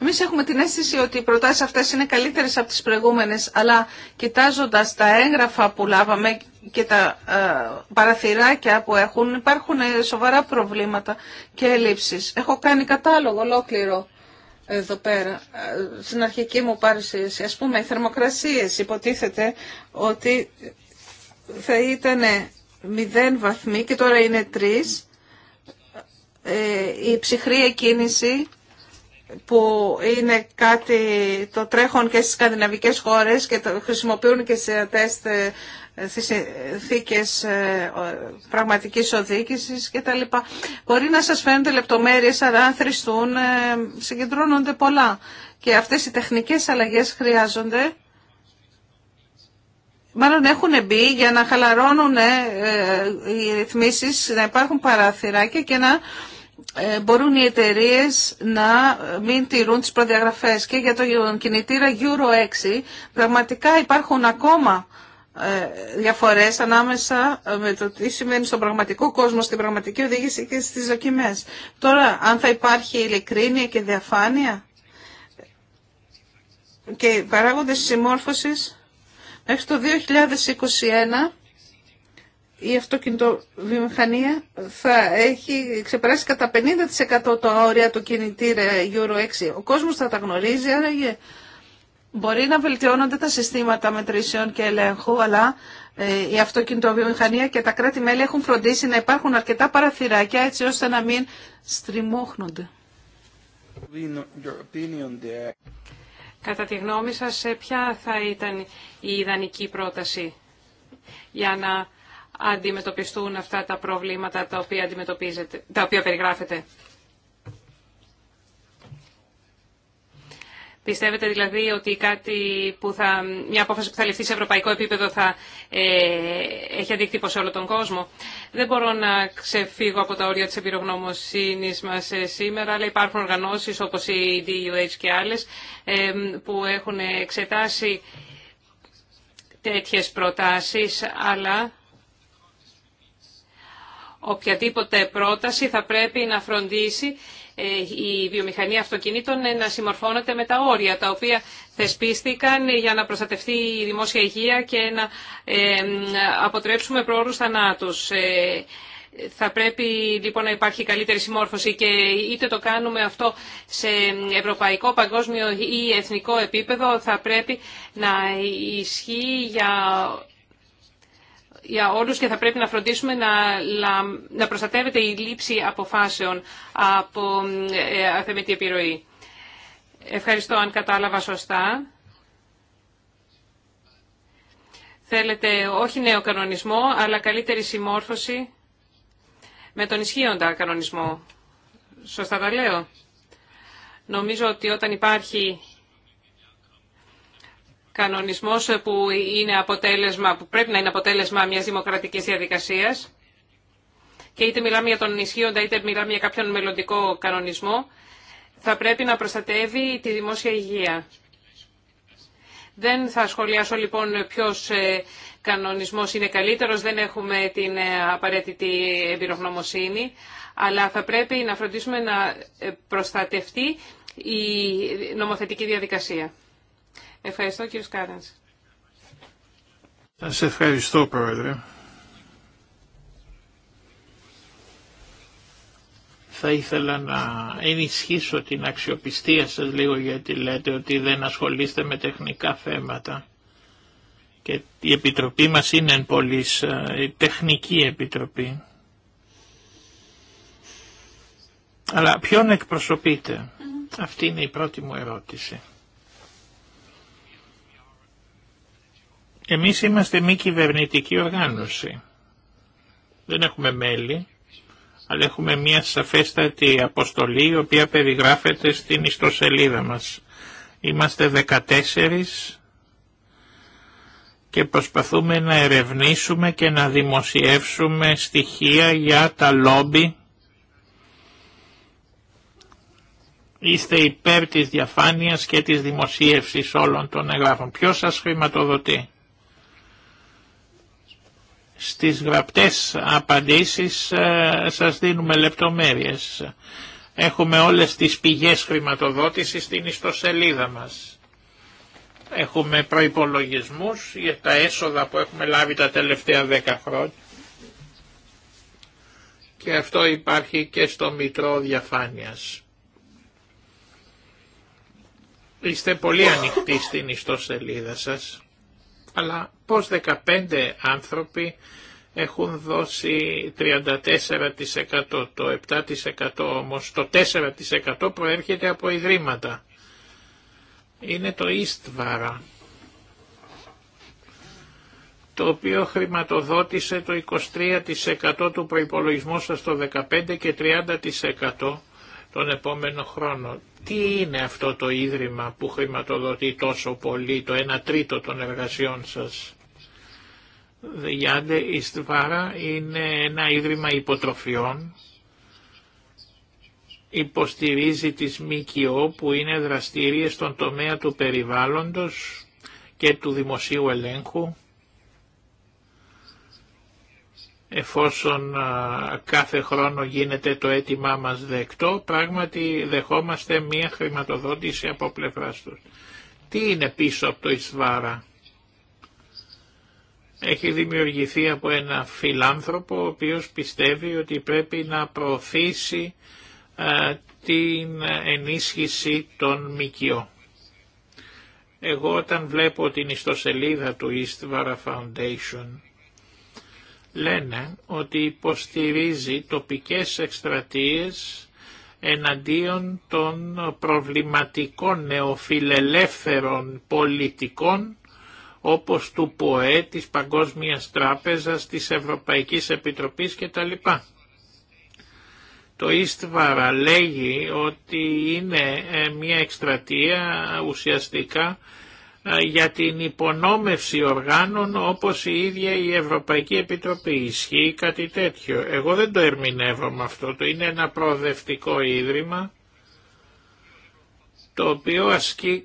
Εμεί έχουμε την αίσθηση ότι οι προτάσεις αυτές είναι καλύτερες από τις προηγούμενες, αλλά κοιτάζοντας τα έγγραφα που λάβαμε και τα ε, παραθυράκια που έχουν, υπάρχουν ε, σοβαρά προβλήματα και ελλείψεις. Έχω κάνει κατάλογο ολόκληρο εδώ πέρα, ε, στην αρχική μου παρουσίαση. Ας πούμε, οι θερμοκρασίες υποτίθεται ότι θα ήταν μηδέν βαθμοί και τώρα είναι τρεις. Ε, η ψυχρή εκκίνηση που είναι κάτι το τρέχουν και στις σκανδιναβικές χώρες και το χρησιμοποιούν και σε τεστ ε, στις συνθήκες ε, πραγματικής οδήγησης και τα λοιπά. Μπορεί να σας φαίνονται λεπτομέρειες, αλλά αν θρηστούν συγκεντρώνονται πολλά. Και αυτές οι τεχνικές αλλαγές χρειάζονται μάλλον έχουν μπει για να χαλαρώνουν ε, ε, οι ρυθμίσεις, να υπάρχουν παραθυράκια και να ε, μπορούν οι εταιρείε να μην τηρούν τις προδιαγραφές. Και για τον κινητήρα Euro 6 πραγματικά υπάρχουν ακόμα διαφορές ανάμεσα με το τι σημαίνει στον πραγματικό κόσμο, στην πραγματική οδήγηση και στις δοκιμές. Τώρα, αν θα υπάρχει ειλικρίνεια και διαφάνεια και παράγοντες συμμόρφωσης, έχει το 2021 η αυτοκινητοβιομηχανία θα έχει ξεπεράσει κατά 50% το όρια του κινητήρα Euro 6. Ο κόσμος θα τα γνωρίζει, άραγε μπορεί να βελτιώνονται τα συστήματα μετρήσεων και ελέγχου, αλλά ε, η αυτοκινητοβιομηχανία και τα κράτη-μέλη έχουν φροντίσει να υπάρχουν αρκετά παραθυράκια έτσι ώστε να μην στριμώχνονται. Κατά τη γνώμη σας, ποια θα ήταν η ιδανική πρόταση για να αντιμετωπιστούν αυτά τα προβλήματα τα οποία, τα οποία περιγράφετε. Πιστεύετε δηλαδή ότι κάτι που θα, μια απόφαση που θα ληφθεί σε ευρωπαϊκό επίπεδο θα ε, έχει αντίκτυπο σε όλο τον κόσμο. Δεν μπορώ να ξεφύγω από τα όρια της εμπειρογνωμοσύνης μας ε, σήμερα, αλλά υπάρχουν οργανώσεις όπως η DUH και άλλες ε, που έχουν εξετάσει τέτοιες προτάσεις, αλλά οποιαδήποτε πρόταση θα πρέπει να φροντίσει ε, η βιομηχανία αυτοκινήτων ε, να συμμορφώνεται με τα όρια τα οποία θεσπίστηκαν για να προστατευτεί η δημόσια υγεία και να ε, αποτρέψουμε πρόορους θανάτους. Θα πρέπει λοιπόν να υπάρχει καλύτερη συμμόρφωση και είτε το κάνουμε αυτό σε ευρωπαϊκό, παγκόσμιο ή εθνικό επίπεδο θα πρέπει να ισχύει για για όλους και θα πρέπει να φροντίσουμε να, να προστατεύεται η λήψη αποφάσεων από ε, αθεμητή επιρροή. Ευχαριστώ αν κατάλαβα σωστά. Θέλετε όχι νέο κανονισμό, αλλά καλύτερη συμμόρφωση με τον ισχύοντα κανονισμό. Σωστά τα λέω. Νομίζω ότι όταν υπάρχει κανονισμός που, είναι αποτέλεσμα, που πρέπει να είναι αποτέλεσμα μιας δημοκρατικής διαδικασίας και είτε μιλάμε για τον ισχύοντα είτε μιλάμε για κάποιον μελλοντικό κανονισμό, θα πρέπει να προστατεύει τη δημόσια υγεία. Δεν θα σχολιάσω λοιπόν ποιος ε, κανονισμός είναι καλύτερος, δεν έχουμε την ε, απαραίτητη εμπειρογνωμοσύνη, αλλά θα πρέπει να φροντίσουμε να ε, προστατευτεί η νομοθετική διαδικασία. Ευχαριστώ κύριο Κάρανς. Σας ευχαριστώ πρόεδρε. θα ήθελα να ενισχύσω την αξιοπιστία σας λίγο γιατί λέτε ότι δεν ασχολείστε με τεχνικά θέματα. Και η Επιτροπή μας είναι εν ε, Τεχνική Επιτροπή. Αλλά ποιον εκπροσωπείτε. Αυτή είναι η πρώτη μου ερώτηση. Εμείς είμαστε μη κυβερνητική οργάνωση. Δεν έχουμε μέλη, αλλά έχουμε μια σαφέστατη αποστολή η οποία περιγράφεται στην ιστοσελίδα μας. Είμαστε 14 και προσπαθούμε να ερευνήσουμε και να δημοσιεύσουμε στοιχεία για τα λόμπι. Είστε υπέρ της διαφάνειας και της δημοσίευσης όλων των εγγράφων. Ποιος σας χρηματοδοτεί. Στις γραπτές απαντήσεις ε, σας δίνουμε λεπτομέρειες. Έχουμε όλες τις πηγές χρηματοδότησης στην ιστοσελίδα μας. Έχουμε προϋπολογισμούς για τα έσοδα που έχουμε λάβει τα τελευταία δέκα χρόνια. Και αυτό υπάρχει και στο Μητρό Διαφάνειας. Είστε πολύ ανοιχτοί στην ιστοσελίδα σας αλλά πώς 15 άνθρωποι έχουν δώσει 34%, το 7% όμως, το 4% προέρχεται από ιδρύματα. Είναι το Ίστβαρα, το οποίο χρηματοδότησε το 23% του προϋπολογισμού σας το 15% και 30% τον επόμενο χρόνο. Τι είναι αυτό το Ίδρυμα που χρηματοδοτεί τόσο πολύ, το 1 τρίτο των εργασιών σας. Γιάντε Ιστβάρα είναι ένα Ίδρυμα υποτροφιών, υποστηρίζει τις ΜΚΟ που είναι δραστήριες στον τομέα του περιβάλλοντος και του δημοσίου ελέγχου εφόσον κάθε χρόνο γίνεται το αίτημά μας δεκτό, πράγματι δεχόμαστε μία χρηματοδότηση από πλευράς τους. Τι είναι πίσω από το Ισβάρα. Έχει δημιουργηθεί από ένα φιλάνθρωπο ο οποίος πιστεύει ότι πρέπει να προωθήσει την ενίσχυση των ΜΚΙΟ. Εγώ όταν βλέπω την ιστοσελίδα του Istvara Foundation λένε ότι υποστηρίζει τοπικές εκστρατείες εναντίον των προβληματικών νεοφιλελεύθερων πολιτικών όπως του ΠΟΕ, της Παγκόσμιας Τράπεζας, της Ευρωπαϊκής Επιτροπής κτλ. Το Ίστβαρα λέγει ότι είναι ε, μια εκστρατεία ουσιαστικά ε, για την υπονόμευση οργάνων όπως η ίδια η Ευρωπαϊκή Επιτροπή. Ισχύει κάτι τέτοιο. Εγώ δεν το ερμηνεύω με αυτό. Το είναι ένα προοδευτικό ίδρυμα το οποίο ασκεί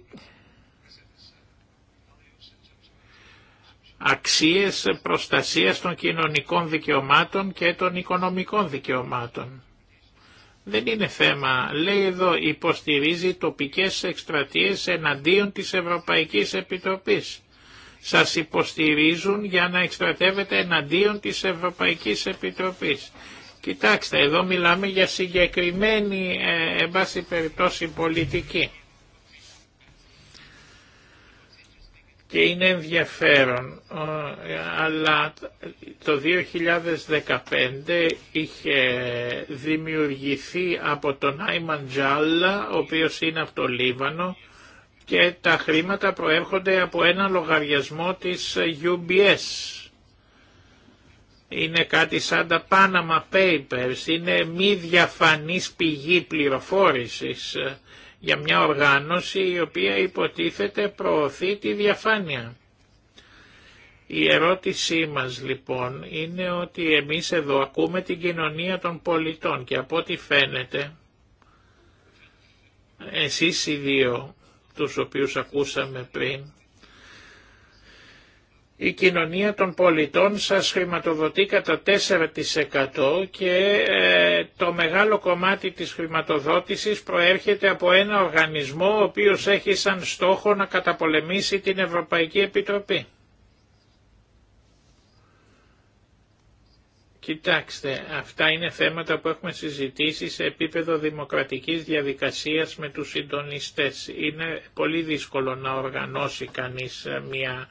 αξίες προστασίας των κοινωνικών δικαιωμάτων και των οικονομικών δικαιωμάτων δεν είναι θέμα, λέει εδώ, υποστηρίζει τοπικές εκστρατείες εναντίον της Ευρωπαϊκής Επιτροπής. Σας υποστηρίζουν για να εκστρατεύετε εναντίον της Ευρωπαϊκής Επιτροπής. Κοιτάξτε, εδώ μιλάμε για συγκεκριμένη, ε, εν περιπτώσει, πολιτική. Και είναι ενδιαφέρον, ε, αλλά το 2015 είχε δημιουργηθεί από τον Άιμαν Τζάλλα, ο οποίος είναι από το Λίβανο, και τα χρήματα προέρχονται από ένα λογαριασμό της UBS. Είναι κάτι σαν τα Panama Papers, είναι μη διαφανής πηγή πληροφόρησης για μια οργάνωση η οποία υποτίθεται προωθεί τη διαφάνεια. Η ερώτησή μας λοιπόν είναι ότι εμείς εδώ ακούμε την κοινωνία των πολιτών και από ό,τι φαίνεται εσείς οι δύο τους οποίους ακούσαμε πριν η κοινωνία των πολιτών σας χρηματοδοτεί κατά 4% και ε, το μεγάλο κομμάτι της χρηματοδότησης προέρχεται από ένα οργανισμό ο οποίος έχει σαν στόχο να καταπολεμήσει την Ευρωπαϊκή Επιτροπή. Κοιτάξτε, αυτά είναι θέματα που έχουμε συζητήσει σε επίπεδο δημοκρατικής διαδικασίας με τους συντονιστές. Είναι πολύ δύσκολο να οργανώσει κανείς ε, μια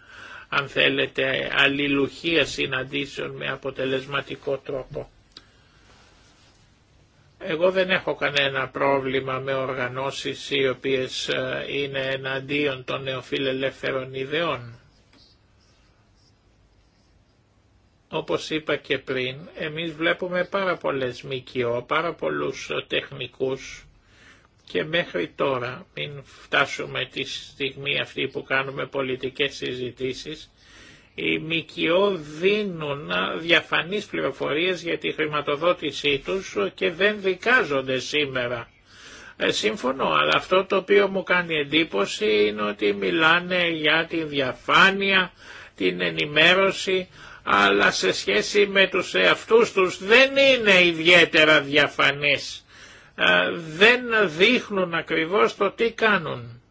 αν θέλετε, αλληλουχία συναντήσεων με αποτελεσματικό τρόπο. Εγώ δεν έχω κανένα πρόβλημα με οργανώσεις οι οποίες ε, είναι εναντίον των νεοφιλελεύθερων ιδεών. Όπως είπα και πριν, εμείς βλέπουμε πάρα πολλές ΜΚΟ, πάρα πολλούς τεχνικούς, και μέχρι τώρα, μην φτάσουμε τη στιγμή αυτή που κάνουμε πολιτικές συζητήσεις, οι ΜΚΟ δίνουν διαφανείς πληροφορίες για τη χρηματοδότησή τους και δεν δικάζονται σήμερα. Ε, σύμφωνο, αλλά αυτό το οποίο μου κάνει εντύπωση είναι ότι μιλάνε για τη διαφάνεια, την ενημέρωση, αλλά σε σχέση με τους εαυτούς τους δεν είναι ιδιαίτερα διαφανείς. Ε, δεν δείχνουν ακριβώς το τι κάνουν.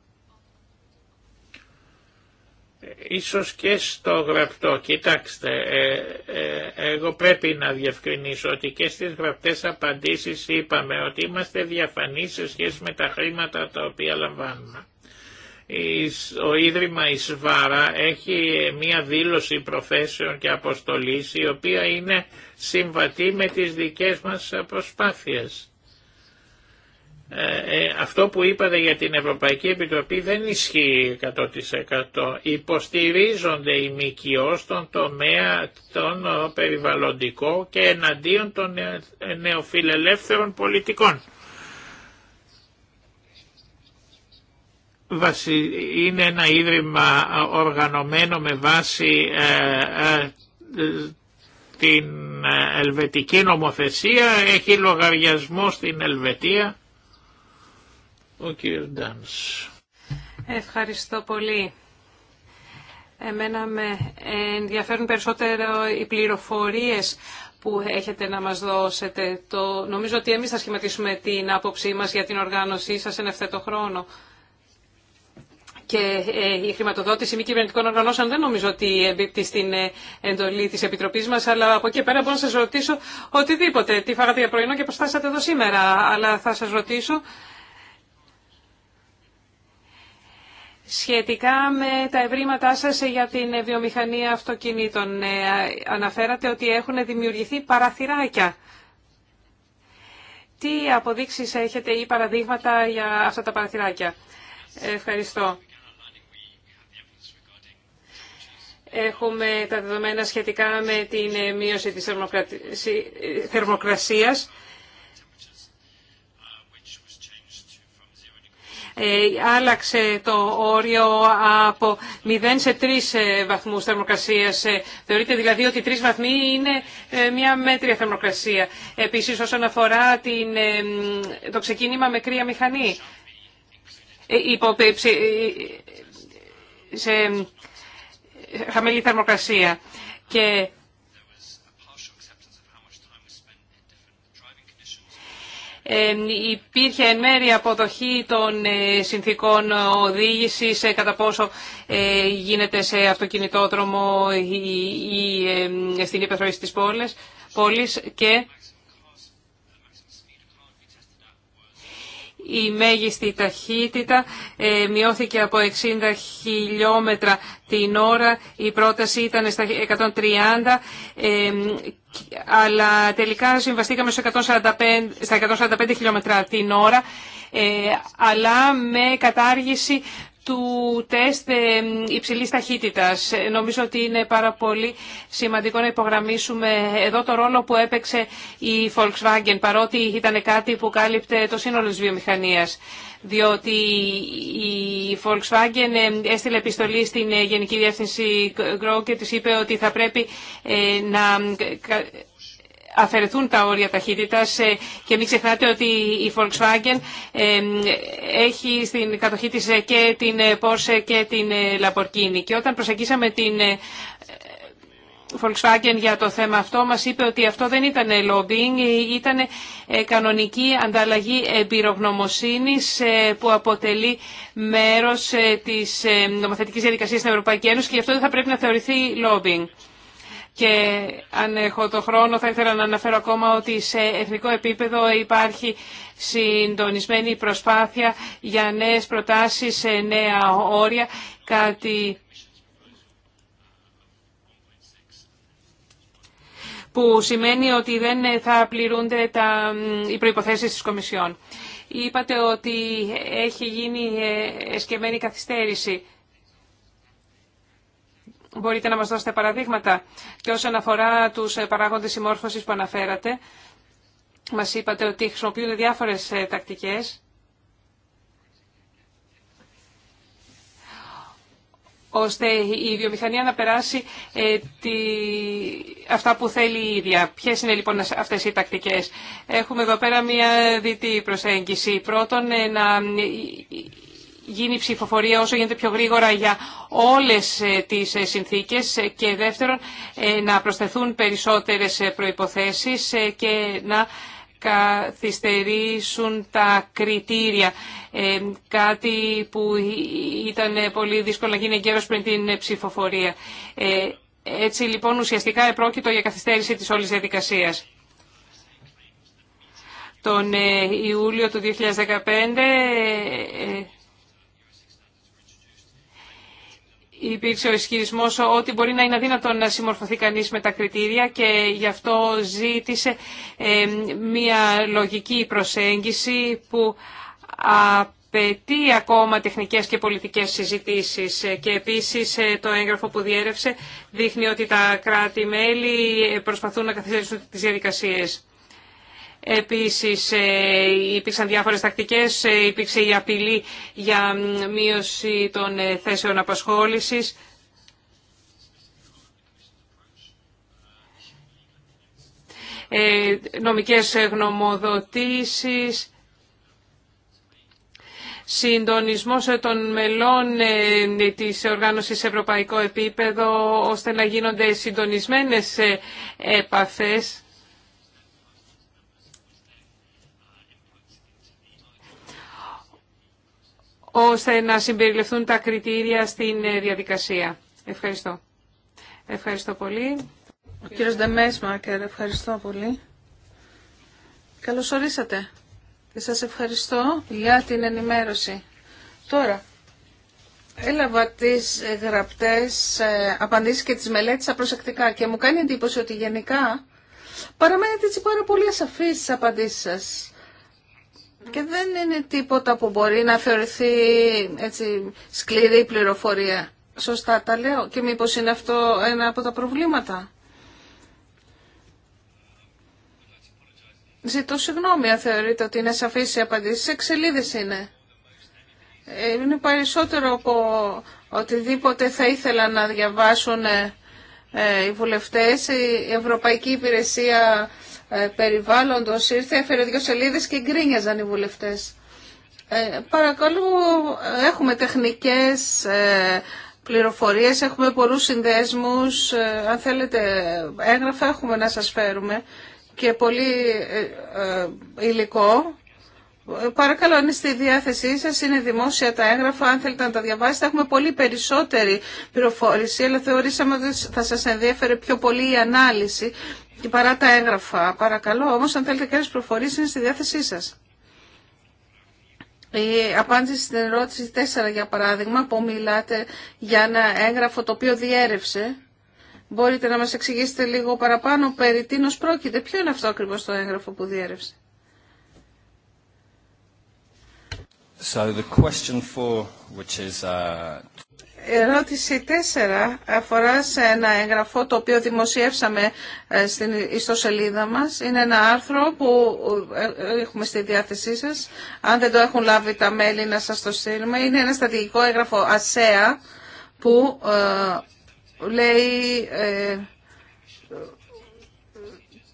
Ίσως και στο γραπτό. Κοιτάξτε, ε, ε, εγώ πρέπει να διευκρινίσω ότι και στις γραπτές απαντήσεις είπαμε ότι είμαστε διαφανείς σε σχέση με τα χρήματα τα οποία λαμβάνουμε. Ο Ίδρυμα Ισβάρα έχει μία δήλωση προθέσεων και αποστολής η οποία είναι συμβατή με τις δικές μας προσπάθειες. Ε, ε, αυτό που είπατε για την Ευρωπαϊκή Επιτροπή δεν ισχύει 100%. Υποστηρίζονται οι ΜΚΟ στον τομέα των ε, περιβαλλοντικό και εναντίον των ε, νεοφιλελεύθερων πολιτικών. Είναι ένα ίδρυμα οργανωμένο με βάση την ελβετική νομοθεσία, έχει λογαριασμό στην Ελβετία ο κύριος Ευχαριστώ πολύ. Εμένα με ενδιαφέρουν περισσότερο οι πληροφορίες που έχετε να μας δώσετε. Το... Νομίζω ότι εμείς θα σχηματίσουμε την άποψή μας για την οργάνωσή σας εν ευθέτω χρόνο. Και ε, η χρηματοδότηση μη κυβερνητικών οργανώσεων δεν νομίζω ότι εμπίπτει στην ε, εντολή της Επιτροπής μας, αλλά από εκεί πέρα μπορώ να σας ρωτήσω οτιδήποτε. Τι φάγατε για πρωινό και πώς φτάσατε εδώ σήμερα, αλλά θα σας ρωτήσω Σχετικά με τα ευρήματά σας για την βιομηχανία αυτοκινήτων, ε, αναφέρατε ότι έχουν δημιουργηθεί παραθυράκια. Τι αποδείξεις έχετε ή παραδείγματα για αυτά τα παραθυράκια. Ευχαριστώ. Έχουμε τα δεδομένα σχετικά με την μείωση της θερμοκρασίας Ε, άλλαξε το όριο από 0 σε 3 ε, βαθμούς θερμοκρασίας. Ε, Θεωρείται δηλαδή ότι 3 βαθμοί είναι μια μέτρια θερμοκρασία. Επίσης όσον αφορά την, το ξεκίνημα με κρύα μηχανή. σε χαμηλή θερμοκρασία. Και υπήρχε εν μέρη αποδοχή των ε, συνθήκων οδήγησης ε, κατά πόσο ε, γίνεται σε αυτοκινητόδρομο ή στην υπεθροίση της πόλης και η μέγιστη ταχύτητα ε, μειώθηκε από 60 χιλιόμετρα την ώρα. Η πρόταση ήταν στα 130, ε, αλλά τελικά συμβαστήκαμε στα 145, στα 145 χιλιόμετρα την ώρα, ε, αλλά με κατάργηση του τεστ ε, υψηλής ταχύτητας. Ε, νομίζω ότι είναι πάρα πολύ σημαντικό να υπογραμμίσουμε εδώ το ρόλο που έπαιξε η Volkswagen, παρότι ήταν κάτι που κάλυπτε το σύνολο της βιομηχανίας διότι η Volkswagen ε, έστειλε επιστολή στην Γενική Διεύθυνση Grow και της είπε ότι θα πρέπει να αφαιρεθούν τα όρια ταχύτητας ε, και μην ξεχνάτε ότι η Volkswagen ε, έχει στην κατοχή της ε, και την Porsche και την Lamborghini. Και όταν προσεγγίσαμε την Volkswagen για το θέμα αυτό μας είπε ότι αυτό δεν ήταν lobbying, ήταν κανονική ανταλλαγή εμπειρογνωμοσύνης που αποτελεί μέρος της νομοθετικής διαδικασίας στην Ευρωπαϊκή Ένωση και γι' αυτό δεν θα πρέπει να θεωρηθεί lobbying. Και αν έχω το χρόνο θα ήθελα να αναφέρω ακόμα ότι σε εθνικό επίπεδο υπάρχει συντονισμένη προσπάθεια για νέες προτάσεις σε νέα όρια, κάτι που σημαίνει ότι δεν θα πληρούνται τα, οι προϋποθέσεις της Κομισιόν. Είπατε ότι έχει γίνει ε, εσκεμμένη καθυστέρηση. Μπορείτε να μας δώσετε παραδείγματα. Και όσον αφορά τους ε, παράγοντες συμμόρφωσης που αναφέρατε, μας είπατε ότι χρησιμοποιούνται διάφορες ε, τακτικές. ώστε η βιομηχανία να περάσει ε, τη... αυτά που θέλει η ίδια. Ποιες είναι λοιπόν αυτές οι τακτικές. Έχουμε εδώ πέρα μια διτή προσέγγιση. Πρώτον, να γίνει η ψηφοφορία όσο γίνεται πιο γρήγορα για όλες ε, τις ε, συνθήκες ε, και δεύτερον να προσθεθούν περισσότερες προϋποθέσεις και να καθυστερήσουν τα κριτήρια. κάτι που ήταν πολύ δύσκολο να γίνει εγκαίρως πριν την ψηφοφορία. έτσι λοιπόν ουσιαστικά επρόκειτο για καθυστέρηση της όλης διαδικασίας. Τον Ιούλιο του 2015 υπήρξε ο ισχυρισμό ότι μπορεί να είναι αδύνατο να συμμορφωθεί κανείς με τα κριτήρια και γι' αυτό ζήτησε μια λογική προσέγγιση που απαιτεί ακόμα τεχνικές και πολιτικές συζητήσεις. Και επίσης ε, το έγγραφο που διέρευσε δείχνει ότι τα κράτη-μέλη ε, προσπαθούν να καθυστερήσουν τις διαδικασίες. Επίσης ε, υπήρξαν διάφορες τακτικές, ε, υπήρξε η απειλή για μείωση των ε, θέσεων απασχόλησης. νομικές γνωμοδοτήσεις, συντονισμός των μελών της οργάνωσης σε ευρωπαϊκό επίπεδο, ώστε να γίνονται συντονισμένες επαφές. ώστε να συμπεριληφθούν τα κριτήρια στην ε, διαδικασία. Ευχαριστώ. Ευχαριστώ πολύ. Ο κύριος Ντεμέσμακερ, ευχαριστώ πολύ. Καλώς ορίσατε και σας ευχαριστώ για την ενημέρωση. Τώρα, έλαβα τις ε, γραπτές ε, απαντήσεις και τις μελέτησα προσεκτικά και μου κάνει εντύπωση ότι γενικά παραμένετε έτσι πάρα πολύ ασαφείς στις απαντήσεις σας. Και δεν είναι τίποτα που μπορεί να θεωρηθεί έτσι, σκληρή πληροφορία. Σωστά τα λέω. Και μήπως είναι αυτό ένα από τα προβλήματα. Ζητώ συγγνώμη αν θεωρείτε ότι είναι σαφής η απαντήση. Σε ξελίδες είναι. Ε, είναι περισσότερο από οτιδήποτε θα ήθελα να διαβάσουν ε, ε, οι βουλευτές, η Ευρωπαϊκή Υπηρεσία ε, περιβάλλοντος ήρθε, έφερε δύο σελίδες και γκρίνιαζαν οι βουλευτές. Ε, παρακαλώ, έχουμε τεχνικές ε, πληροφορίες, έχουμε πολλούς συνδέσμους, ε, αν θέλετε έγγραφα έχουμε να σας φέρουμε και πολύ ε, υλικό. Παρακαλώ, αν στη διάθεσή σας, είναι δημόσια τα έγγραφα, αν θέλετε να τα διαβάσετε, έχουμε πολύ περισσότερη πληροφόρηση, αλλά θεωρήσαμε ότι θα σα ενδιαφέρεται πιο πολύ η ανάλυση και παρά τα έγγραφα. Παρακαλώ, όμως αν θέλετε κάποιες προφορίες είναι στη διάθεσή σας. Η απάντηση στην ερώτηση 4 για παράδειγμα που μιλάτε για ένα έγγραφο το οποίο διέρευσε. Μπορείτε να μας εξηγήσετε λίγο παραπάνω περί τίνος πρόκειται. Ποιο είναι αυτό ακριβώς το έγγραφο που διέρευσε. So the question for, which is, uh ερώτηση 4 αφορά σε ένα εγγραφό το οποίο δημοσιεύσαμε ε, στην ιστοσελίδα μας. Είναι ένα άρθρο που ε, ε, έχουμε στη διάθεσή σας. Αν δεν το έχουν λάβει τα μέλη να σας το στείλουμε. Είναι ένα στρατηγικό έγγραφο ΑΣΕΑ που λέει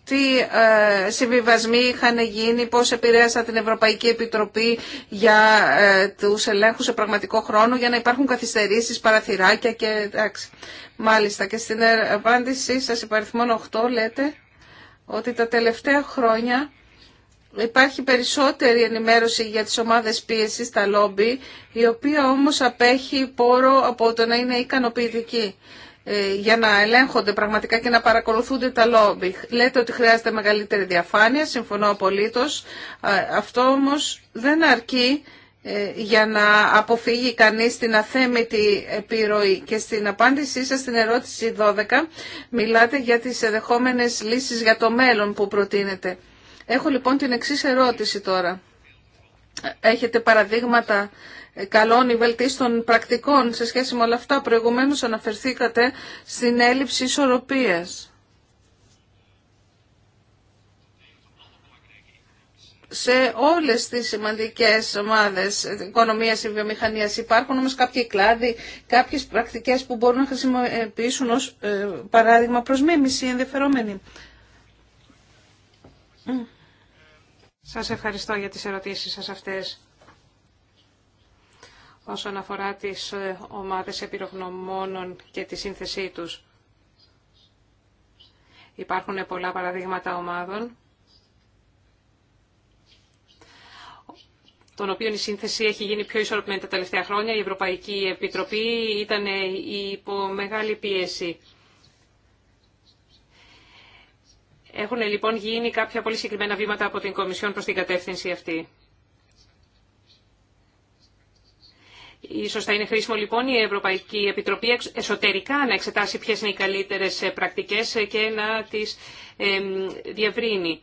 τι ε, συμβιβασμοί είχαν γίνει, πώς επηρέασα την Ευρωπαϊκή Επιτροπή για ε, τους ελέγχους σε πραγματικό χρόνο, για να υπάρχουν καθυστερήσεις, παραθυράκια και εντάξει. Μάλιστα και στην απάντησή σας υπαριθμών 8 λέτε ότι τα τελευταία χρόνια υπάρχει περισσότερη ενημέρωση για τις ομάδες πίεσης, τα λόμπι, η οποία όμως απέχει πόρο από το να είναι ικανοποιητική. Ε, για να ελέγχονται πραγματικά και να παρακολουθούνται τα λόμπι. Λέτε ότι χρειάζεται μεγαλύτερη διαφάνεια, συμφωνώ απολύτως. Αυτό όμως δεν αρκεί ε, για να αποφύγει κανείς την αθέμητη επιρροή. Και στην απάντησή σας στην ερώτηση 12 μιλάτε για τις εδεχόμενες λύσεις για το μέλλον που προτείνετε. Έχω λοιπόν την εξής ερώτηση τώρα. Έχετε παραδείγματα καλών ή βελτίστων πρακτικών σε σχέση με όλα αυτά. Προηγουμένως αναφερθήκατε στην έλλειψη ισορροπίας. σε όλες τις σημαντικές ομάδες οικονομίας ή βιομηχανίας υπάρχουν όμως κάποιοι κλάδοι, κάποιες πρακτικές που μπορούν να χρησιμοποιήσουν ως ε, παράδειγμα προς μίμηση ενδιαφερόμενοι. Σας ευχαριστώ για τις ερωτήσεις σας αυτές όσον αφορά τις ε, ομάδες επιρρογνωμόνων και τη σύνθεσή τους. Υπάρχουν πολλά παραδείγματα ομάδων, των οποίων η σύνθεση έχει γίνει πιο ισορροπημένη τα τελευταία χρόνια. Η Ευρωπαϊκή Επιτροπή ήταν ε, υπό μεγάλη πίεση. Έχουν λοιπόν γίνει κάποια πολύ συγκεκριμένα βήματα από την Κομισιόν προς την κατεύθυνση αυτή. Ίσως θα είναι χρήσιμο λοιπόν η Ευρωπαϊκή Επιτροπή εσωτερικά να εξετάσει ποιες είναι οι καλύτερες ε, πρακτικές ε, και να τις διευρύνει.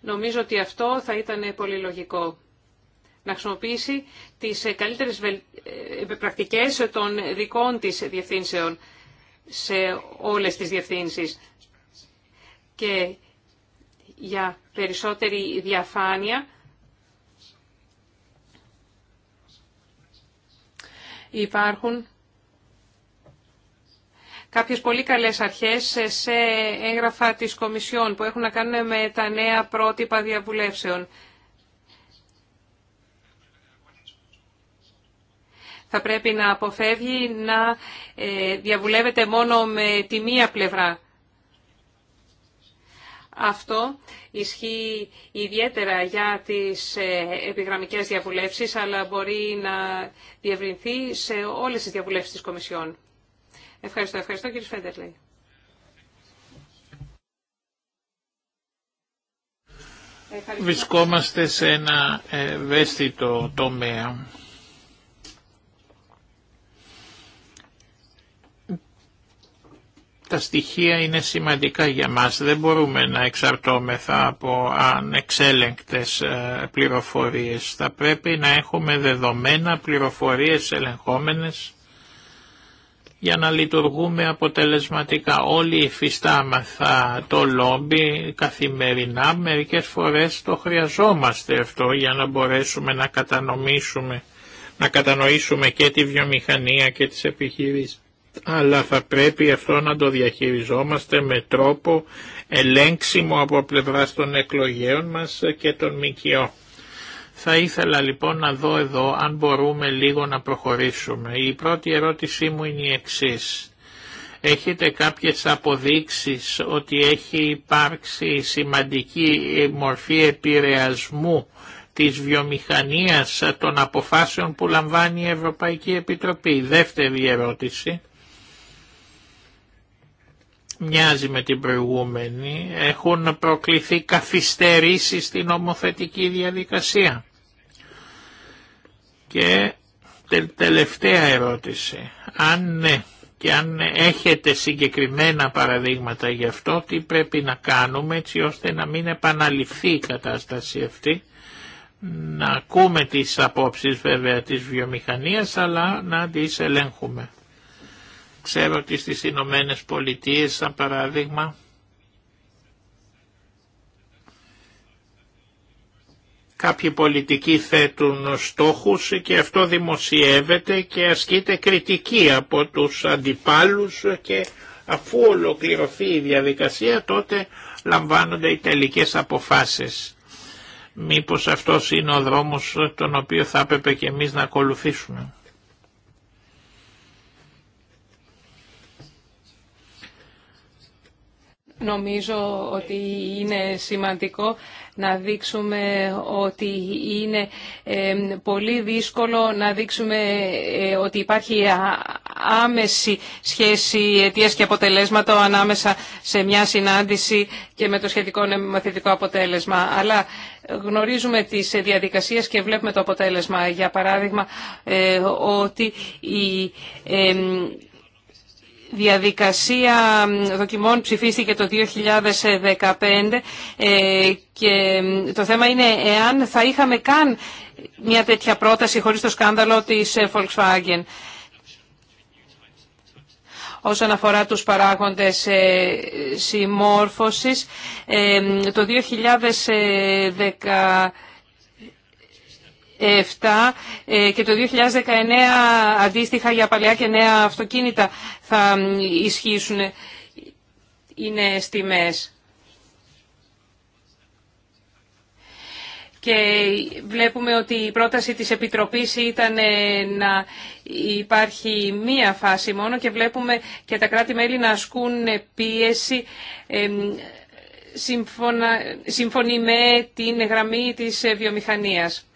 Νομίζω ότι αυτό θα ήταν πολύ λογικό. Να χρησιμοποιήσει τις ε, καλύτερες πρακτικές των δικών της διευθύνσεων σε όλες τις διευθύνσεις. Και για περισσότερη διαφάνεια υπάρχουν κάποιες πολύ καλές αρχές σε έγγραφα της Κομισιόν που έχουν να κάνουν με τα νέα πρότυπα διαβουλεύσεων. Θα πρέπει να αποφεύγει να ε, διαβουλεύεται μόνο με τη μία πλευρά. Αυτό ισχύει ιδιαίτερα για τις ε, επιγραμμικές διαβουλεύσεις, αλλά μπορεί να διευρυνθεί σε όλες τις διαβουλεύσεις της Κομισιόν. Ευχαριστώ, ευχαριστώ κύριε Φέντερλεϊ. Βρισκόμαστε σε ένα ε, ευαίσθητο τομέα τα στοιχεία είναι σημαντικά για μας. Δεν μπορούμε να εξαρτώμεθα από ανεξέλεγκτες ε, πληροφορίες. Θα πρέπει να έχουμε δεδομένα πληροφορίες ελεγχόμενες για να λειτουργούμε αποτελεσματικά. Όλοι υφιστάμεθα το λόμπι καθημερινά, μερικές φορές το χρειαζόμαστε αυτό για να μπορέσουμε να κατανοήσουμε, να κατανοήσουμε και τη βιομηχανία και τις επιχειρήσεις αλλά θα πρέπει αυτό να το διαχειριζόμαστε με τρόπο ελέγξιμο από πλευρά των εκλογέων μας και των ΜΚΟ. Θα ήθελα λοιπόν να δω εδώ αν μπορούμε λίγο να προχωρήσουμε. Η πρώτη ερώτησή μου είναι η εξής. Έχετε κάποιες αποδείξεις ότι έχει υπάρξει σημαντική μορφή επηρεασμού της βιομηχανίας των αποφάσεων που λαμβάνει η Ευρωπαϊκή Επιτροπή. Δεύτερη ερώτηση μοιάζει με την προηγούμενη, έχουν προκληθεί καθυστερήσεις στην ομοθετική διαδικασία. Και τελευταία ερώτηση, αν ναι, και αν έχετε συγκεκριμένα παραδείγματα γι' αυτό, τι πρέπει να κάνουμε έτσι ώστε να μην επαναληφθεί η κατάσταση αυτή, να ακούμε τις απόψεις βέβαια της βιομηχανίας αλλά να τις ελέγχουμε. Ξέρω ότι στις Ηνωμένε Πολιτείες, σαν παράδειγμα, κάποιοι πολιτικοί θέτουν στόχους και αυτό δημοσιεύεται και ασκείται κριτική από τους αντιπάλους και αφού ολοκληρωθεί η διαδικασία τότε λαμβάνονται οι τελικές αποφάσεις. Μήπως αυτός είναι ο δρόμος τον οποίο θα έπρεπε και εμείς να ακολουθήσουμε. Νομίζω ότι είναι σημαντικό να δείξουμε ότι είναι πολύ δύσκολο να δείξουμε ε, ότι υπάρχει άμεση σχέση αιτίας και αποτελέσματο ανάμεσα σε μια συνάντηση και με το σχετικό μαθητικό αποτέλεσμα. Αλλά γνωρίζουμε τις διαδικασίες και βλέπουμε το αποτέλεσμα. Για παράδειγμα, ε, ότι η διαδικασία δοκιμών ψηφίστηκε το 2015 ε, και το θέμα είναι εάν θα είχαμε καν μια τέτοια πρόταση χωρίς το σκάνδαλο της ε, Volkswagen. Όσον αφορά τους παράγοντες ε, συμμόρφωσης, το 2015 ε, και το 2019 αντίστοιχα για παλιά και νέα αυτοκίνητα θα ισχύσουν οι νέες τιμές. Και βλέπουμε ότι η πρόταση της Επιτροπής ήταν ε, να υπάρχει μία φάση μόνο και βλέπουμε και τα κράτη-μέλη να ασκούν πίεση ε, σύμφωνα, σύμφωνη με την γραμμή της βιομηχανίας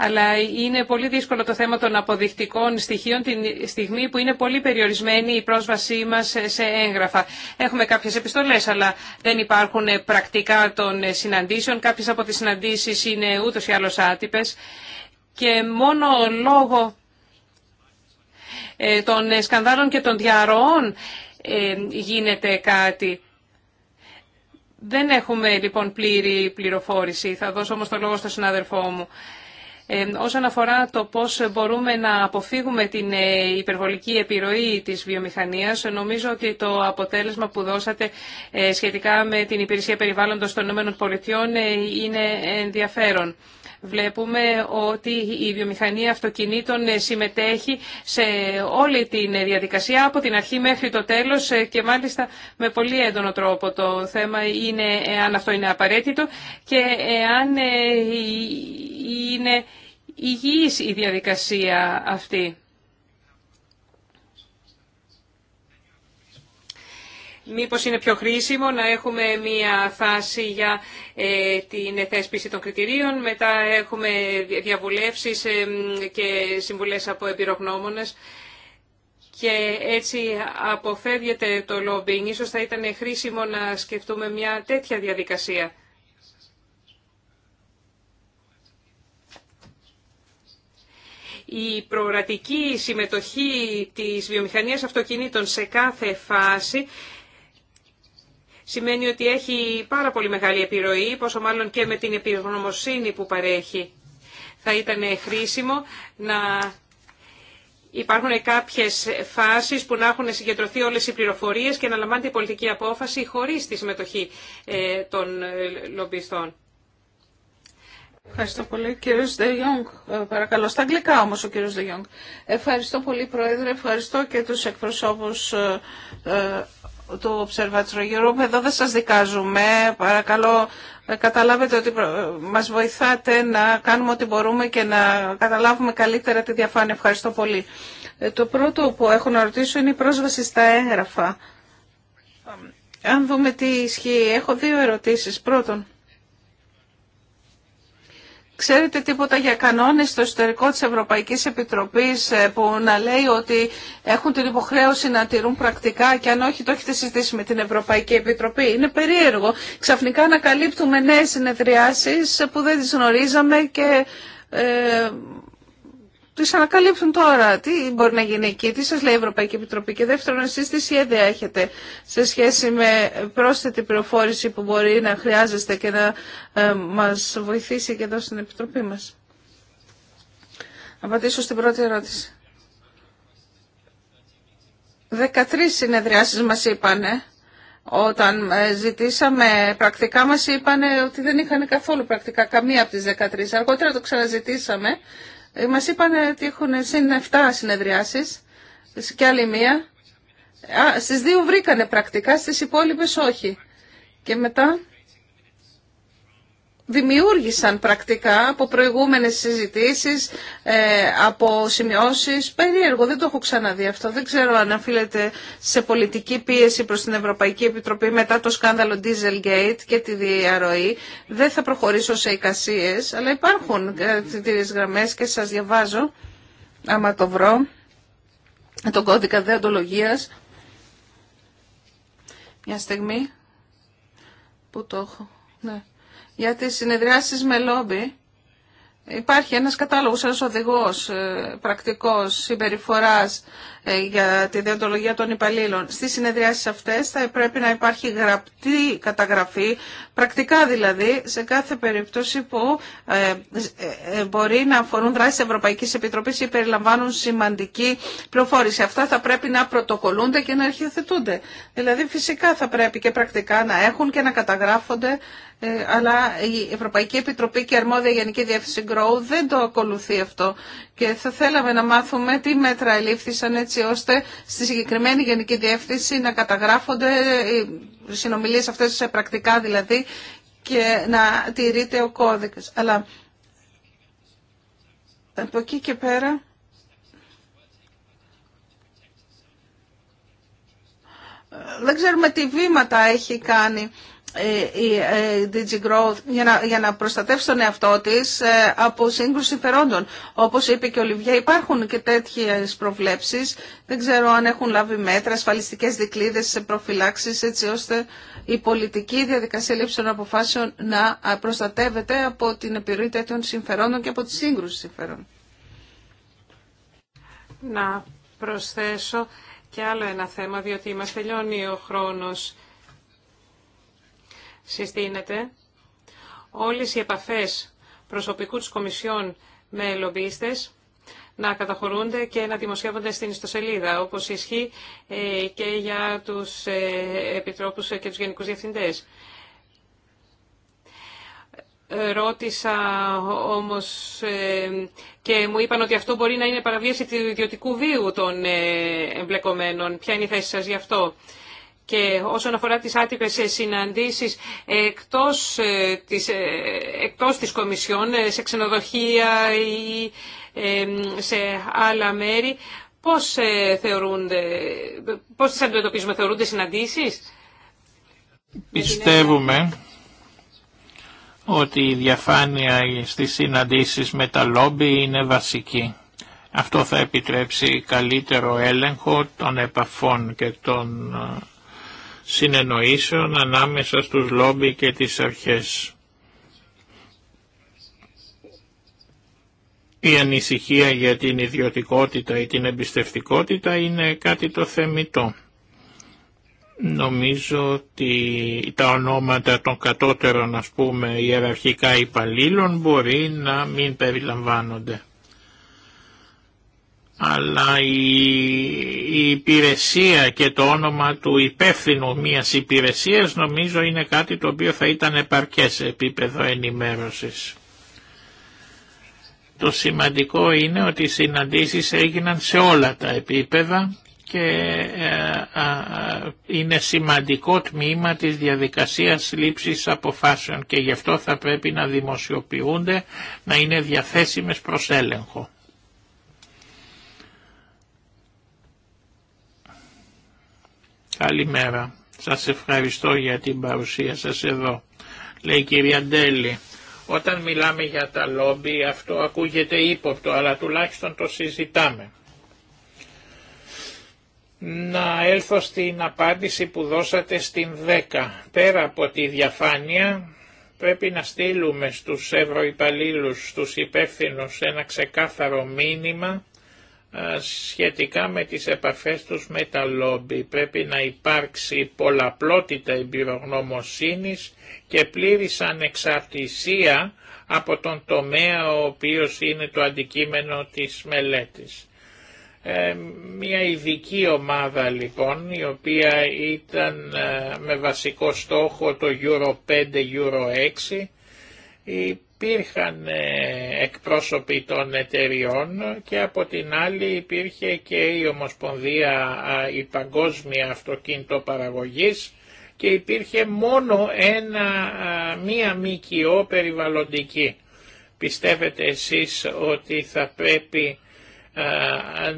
αλλά είναι πολύ δύσκολο το θέμα των αποδεικτικών στοιχείων την στιγμή που είναι πολύ περιορισμένη η πρόσβασή μας σε έγγραφα. Έχουμε κάποιες επιστολές, αλλά δεν υπάρχουν πρακτικά των συναντήσεων. Κάποιες από τις συναντήσεις είναι ούτως ή άλλως άτυπες και μόνο λόγω ε, των σκανδάλων και των διαρροών ε, γίνεται κάτι. Δεν έχουμε λοιπόν πλήρη πληροφόρηση. Θα δώσω όμως το λόγο στον συνάδελφό μου όσον αφορά το πώς μπορούμε να αποφύγουμε την ε, υπερβολική επιρροή της βιομηχανίας, νομίζω ότι το αποτέλεσμα που δώσατε ε, σχετικά με την υπηρεσία περιβάλλοντος των ΗΠΑ ε, είναι ενδιαφέρον. Βλέπουμε ότι η βιομηχανία αυτοκινήτων συμμετέχει σε όλη την διαδικασία από την αρχή μέχρι το τέλος και μάλιστα με πολύ έντονο τρόπο. Το θέμα είναι εάν αυτό είναι απαραίτητο και εάν ε, ε, είναι υγιής η διαδικασία αυτή. Μήπως είναι πιο χρήσιμο να έχουμε μία φάση για ε, την θέσπιση των κριτηρίων, μετά έχουμε διαβουλεύσεις ε, και συμβουλές από εμπειρογνώμονες και έτσι αποφεύγεται το lobbying. Ίσως θα ήταν χρήσιμο να σκεφτούμε μια τέτοια διαδικασία. Η προορατική συμμετοχή της βιομηχανίας αυτοκινήτων σε κάθε φάση σημαίνει ότι έχει πάρα πολύ μεγάλη επιρροή, πόσο μάλλον και με την επιγνωμοσύνη που παρέχει. Θα ήταν χρήσιμο να υπάρχουν κάποιες φάσεις που να έχουν συγκεντρωθεί όλες οι πληροφορίες και να λαμβάνεται η πολιτική απόφαση χωρίς τη συμμετοχή ε, των ε, λομπιστών. Ευχαριστώ πολύ. Κύριο Δε ε, παρακαλώ. Στα αγγλικά όμω ο κύριο Δε Ευχαριστώ πολύ, Πρόεδρε. Ευχαριστώ και του εκπροσώπου του Observatory Europe. Εδώ δεν σας δικάζουμε. Παρακαλώ ε, καταλάβετε ότι ε, μας βοηθάτε να κάνουμε ό,τι μπορούμε και να καταλάβουμε καλύτερα τη διαφάνεια. Ευχαριστώ πολύ. Ε, το πρώτο που έχω να ρωτήσω είναι η πρόσβαση στα έγγραφα. Αν δούμε τι ισχύει, έχω δύο ερωτήσεις. Πρώτον, Ξέρετε τίποτα για κανόνες στο εσωτερικό της Ευρωπαϊκής Επιτροπής ε, που να λέει ότι έχουν την υποχρέωση να τηρούν πρακτικά και αν όχι το έχετε συζητήσει με την Ευρωπαϊκή Επιτροπή. Είναι περίεργο. Ξαφνικά ανακαλύπτουμε νέες συνεδριάσεις που δεν τις γνωρίζαμε και ε, τι ανακαλύπτουν τώρα. Τι μπορεί να γίνει εκεί, τι σα, λέει η Ευρωπαϊκή Επιτροπή. Και δεύτερον, εσεί τι σχέδια έχετε σε σχέση με πρόσθετη πληροφόρηση που μπορεί να χρειάζεστε και να ε, μα βοηθήσει και εδώ στην Επιτροπή μα. Απαντήσω στην πρώτη ερώτηση. 13 συνεδριάσεις μας είπανε. Όταν ε, ζητήσαμε πρακτικά μας είπανε ότι δεν είχαν καθόλου πρακτικά καμία από τις 13. Αργότερα το ξαναζητήσαμε μας είπαν ότι έχουν συν 7 συνεδριάσεις και άλλη μία. Α, στις δύο βρήκανε πρακτικά, στις υπόλοιπες όχι. Και μετά δημιούργησαν πρακτικά από προηγούμενες συζητήσεις, ε, από σημειώσεις. Περίεργο, δεν το έχω ξαναδεί αυτό. Δεν ξέρω αν αφήνεται σε πολιτική πίεση προς την Ευρωπαϊκή Επιτροπή μετά το σκάνδαλο Dieselgate και τη διαρροή. Δεν θα προχωρήσω σε εικασίες, αλλά υπάρχουν ε, τις γραμμές και σας διαβάζω, άμα το βρω, τον κώδικα δεοντολογίας. Μια στιγμή που το έχω. Ναι για τις συνεδριάσεις με λόμπι υπάρχει ένας κατάλογος, ένας οδηγός ε, πρακτικός συμπεριφοράς ε, για τη διοντολογία των υπαλλήλων. Στις συνεδριάσεις αυτές θα πρέπει να υπάρχει γραπτή καταγραφή, πρακτικά δηλαδή, σε κάθε περίπτωση που ε, ε, μπορεί να αφορούν δράσεις Ευρωπαϊκής Επιτροπής ή περιλαμβάνουν σημαντική πληροφόρηση. Αυτά θα πρέπει να πρωτοκολούνται και να αρχιοθετούνται. Δηλαδή φυσικά θα πρέπει και πρακτικά να έχουν και να καταγράφονται αλλά η Ευρωπαϊκή Επιτροπή και η Αρμόδια Γενική Διεύθυνση Grow δεν το ακολουθεί αυτό και θα θέλαμε να μάθουμε τι μέτρα ελήφθησαν έτσι ώστε στη συγκεκριμένη Γενική Διεύθυνση να καταγράφονται οι συνομιλίες αυτές σε πρακτικά δηλαδή και να τηρείται ο κώδικας. Αλλά από εκεί και πέρα... Δεν ξέρουμε τι βήματα έχει κάνει ε, η ε, για να, για να προστατεύσει τον εαυτό της ε, από σύγκρουση συμφερόντων. Όπως είπε και ο Λιβιέ, υπάρχουν και τέτοιες προβλέψεις. Δεν ξέρω αν έχουν λάβει μέτρα, ασφαλιστικές δικλείδες σε προφυλάξεις, έτσι ώστε η πολιτική διαδικασία λήψη των αποφάσεων να προστατεύεται από την επιρροή τέτοιων συμφερόντων και από τη σύγκρουση συμφερόντων. Να προσθέσω και άλλο ένα θέμα, διότι μας τελειώνει ο χρόνος συστήνεται όλες οι επαφές προσωπικού της Κομισιόν με λομπίστες να καταχωρούνται και να δημοσιεύονται στην ιστοσελίδα, όπως ισχύει ε, και για τους ε, επιτρόπους και τους γενικούς διευθυντές. Ρώτησα όμως ε, και μου είπαν ότι αυτό μπορεί να είναι παραβίαση του ιδιωτικού βίου των εμπλεκομένων. Ποια είναι η θέση σας γι' αυτό. Και όσον αφορά τις άτυπες ε, συναντήσεις εκτός ε, της, ε, εκτός της Κομισιόν, σε ξενοδοχεία ή σε άλλα μέρη, πώς, θεωρούνται, πώς τις αντιμετωπίζουμε, θεωρούνται συναντήσεις? Πιστεύουμε ότι η διαφάνεια στις συναντήσεις με τα λόμπι είναι βασική. Αυτό θα επιτρέψει καλύτερο έλεγχο των επαφών και των συνεννοήσεων ανάμεσα στους λόμπι και τις αρχές. Η ανησυχία για την ιδιωτικότητα ή την εμπιστευτικότητα είναι κάτι το θεμητό. Νομίζω ότι τα ονόματα των κατώτερων ας πούμε ιεραρχικά υπαλλήλων μπορεί να μην περιλαμβάνονται αλλά η, υπηρεσία και το όνομα του υπεύθυνου μιας υπηρεσίας νομίζω είναι κάτι το οποίο θα ήταν επαρκές σε επίπεδο ενημέρωσης. Το σημαντικό είναι ότι οι συναντήσεις έγιναν σε όλα τα επίπεδα και ε, είναι σημαντικό τμήμα της διαδικασίας λήψης αποφάσεων και γι' αυτό θα πρέπει να δημοσιοποιούνται, να είναι διαθέσιμες προς έλεγχο. Καλημέρα. Σας ευχαριστώ για την παρουσία σας εδώ. Λέει η κυρία Ντέλη, όταν μιλάμε για τα λόμπι αυτό ακούγεται ύποπτο, αλλά τουλάχιστον το συζητάμε. Να έλθω στην απάντηση που δώσατε στην 10. Πέρα από τη διαφάνεια πρέπει να στείλουμε στους ευρωϊπαλλήλους, στους υπεύθυνους ένα ξεκάθαρο μήνυμα σχετικά με τις επαφές τους με τα λόμπι. Πρέπει να υπάρξει πολλαπλότητα εμπειρογνωμοσύνης και πλήρης ανεξαρτησία από τον τομέα ο οποίος είναι το αντικείμενο της μελέτης. Ε, μια ειδική ομάδα λοιπόν η οποία ήταν ε, με βασικό στόχο το Euro 5, Euro 6 υπήρχαν ε, εκπρόσωποι των εταιριών και από την άλλη υπήρχε και η Ομοσπονδία η Παγκόσμια Αυτοκίνητο Παραγωγής και υπήρχε μόνο ένα, μία μικιό περιβαλλοντική. Πιστεύετε εσείς ότι θα πρέπει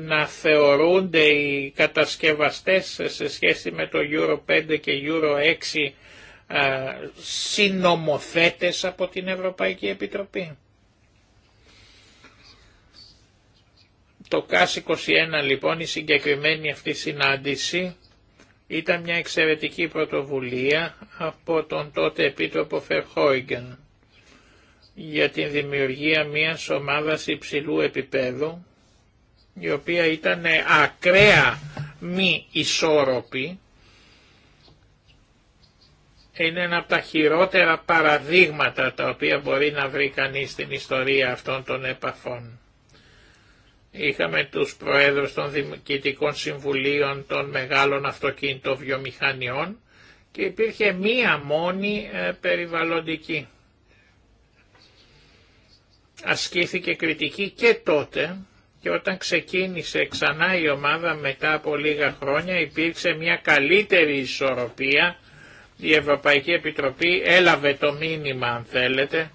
να θεωρούνται οι κατασκευαστές σε σχέση με το Euro 5 και Euro 6 ε, συνομοθέτες από την Ευρωπαϊκή Επιτροπή. Το ΚΑΣ 21 λοιπόν η συγκεκριμένη αυτή συνάντηση ήταν μια εξαιρετική πρωτοβουλία από τον τότε Επίτροπο Φερχόιγκεν για την δημιουργία μιας ομάδας υψηλού επίπεδου η οποία ήταν ακραία μη ισόρροπη είναι ένα από τα χειρότερα παραδείγματα τα οποία μπορεί να βρει κανείς στην ιστορία αυτών των επαφών. Είχαμε τους προέδρους των Δημοκητικών Συμβουλίων των μεγάλων Αυτοκίνητων Βιομηχανιών και υπήρχε μία μόνη ε, περιβαλλοντική. Ασκήθηκε κριτική και τότε και όταν ξεκίνησε ξανά η ομάδα μετά από λίγα χρόνια υπήρξε μια καλύτερη ισορροπία η Ευρωπαϊκή Επιτροπή έλαβε το μήνυμα αν θέλετε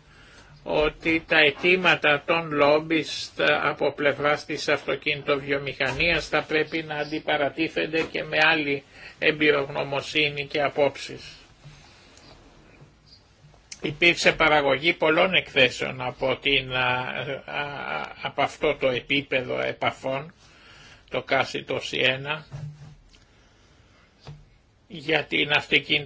ότι τα αιτήματα των λόμπιστ από πλευράς της αυτοκινητοβιομηχανίας θα πρέπει να αντιπαρατίθενται και με άλλη εμπειρογνωμοσύνη και απόψεις. Υπήρξε παραγωγή πολλών εκθέσεων από, την, από αυτό το επίπεδο επαφών, το κάσι το για την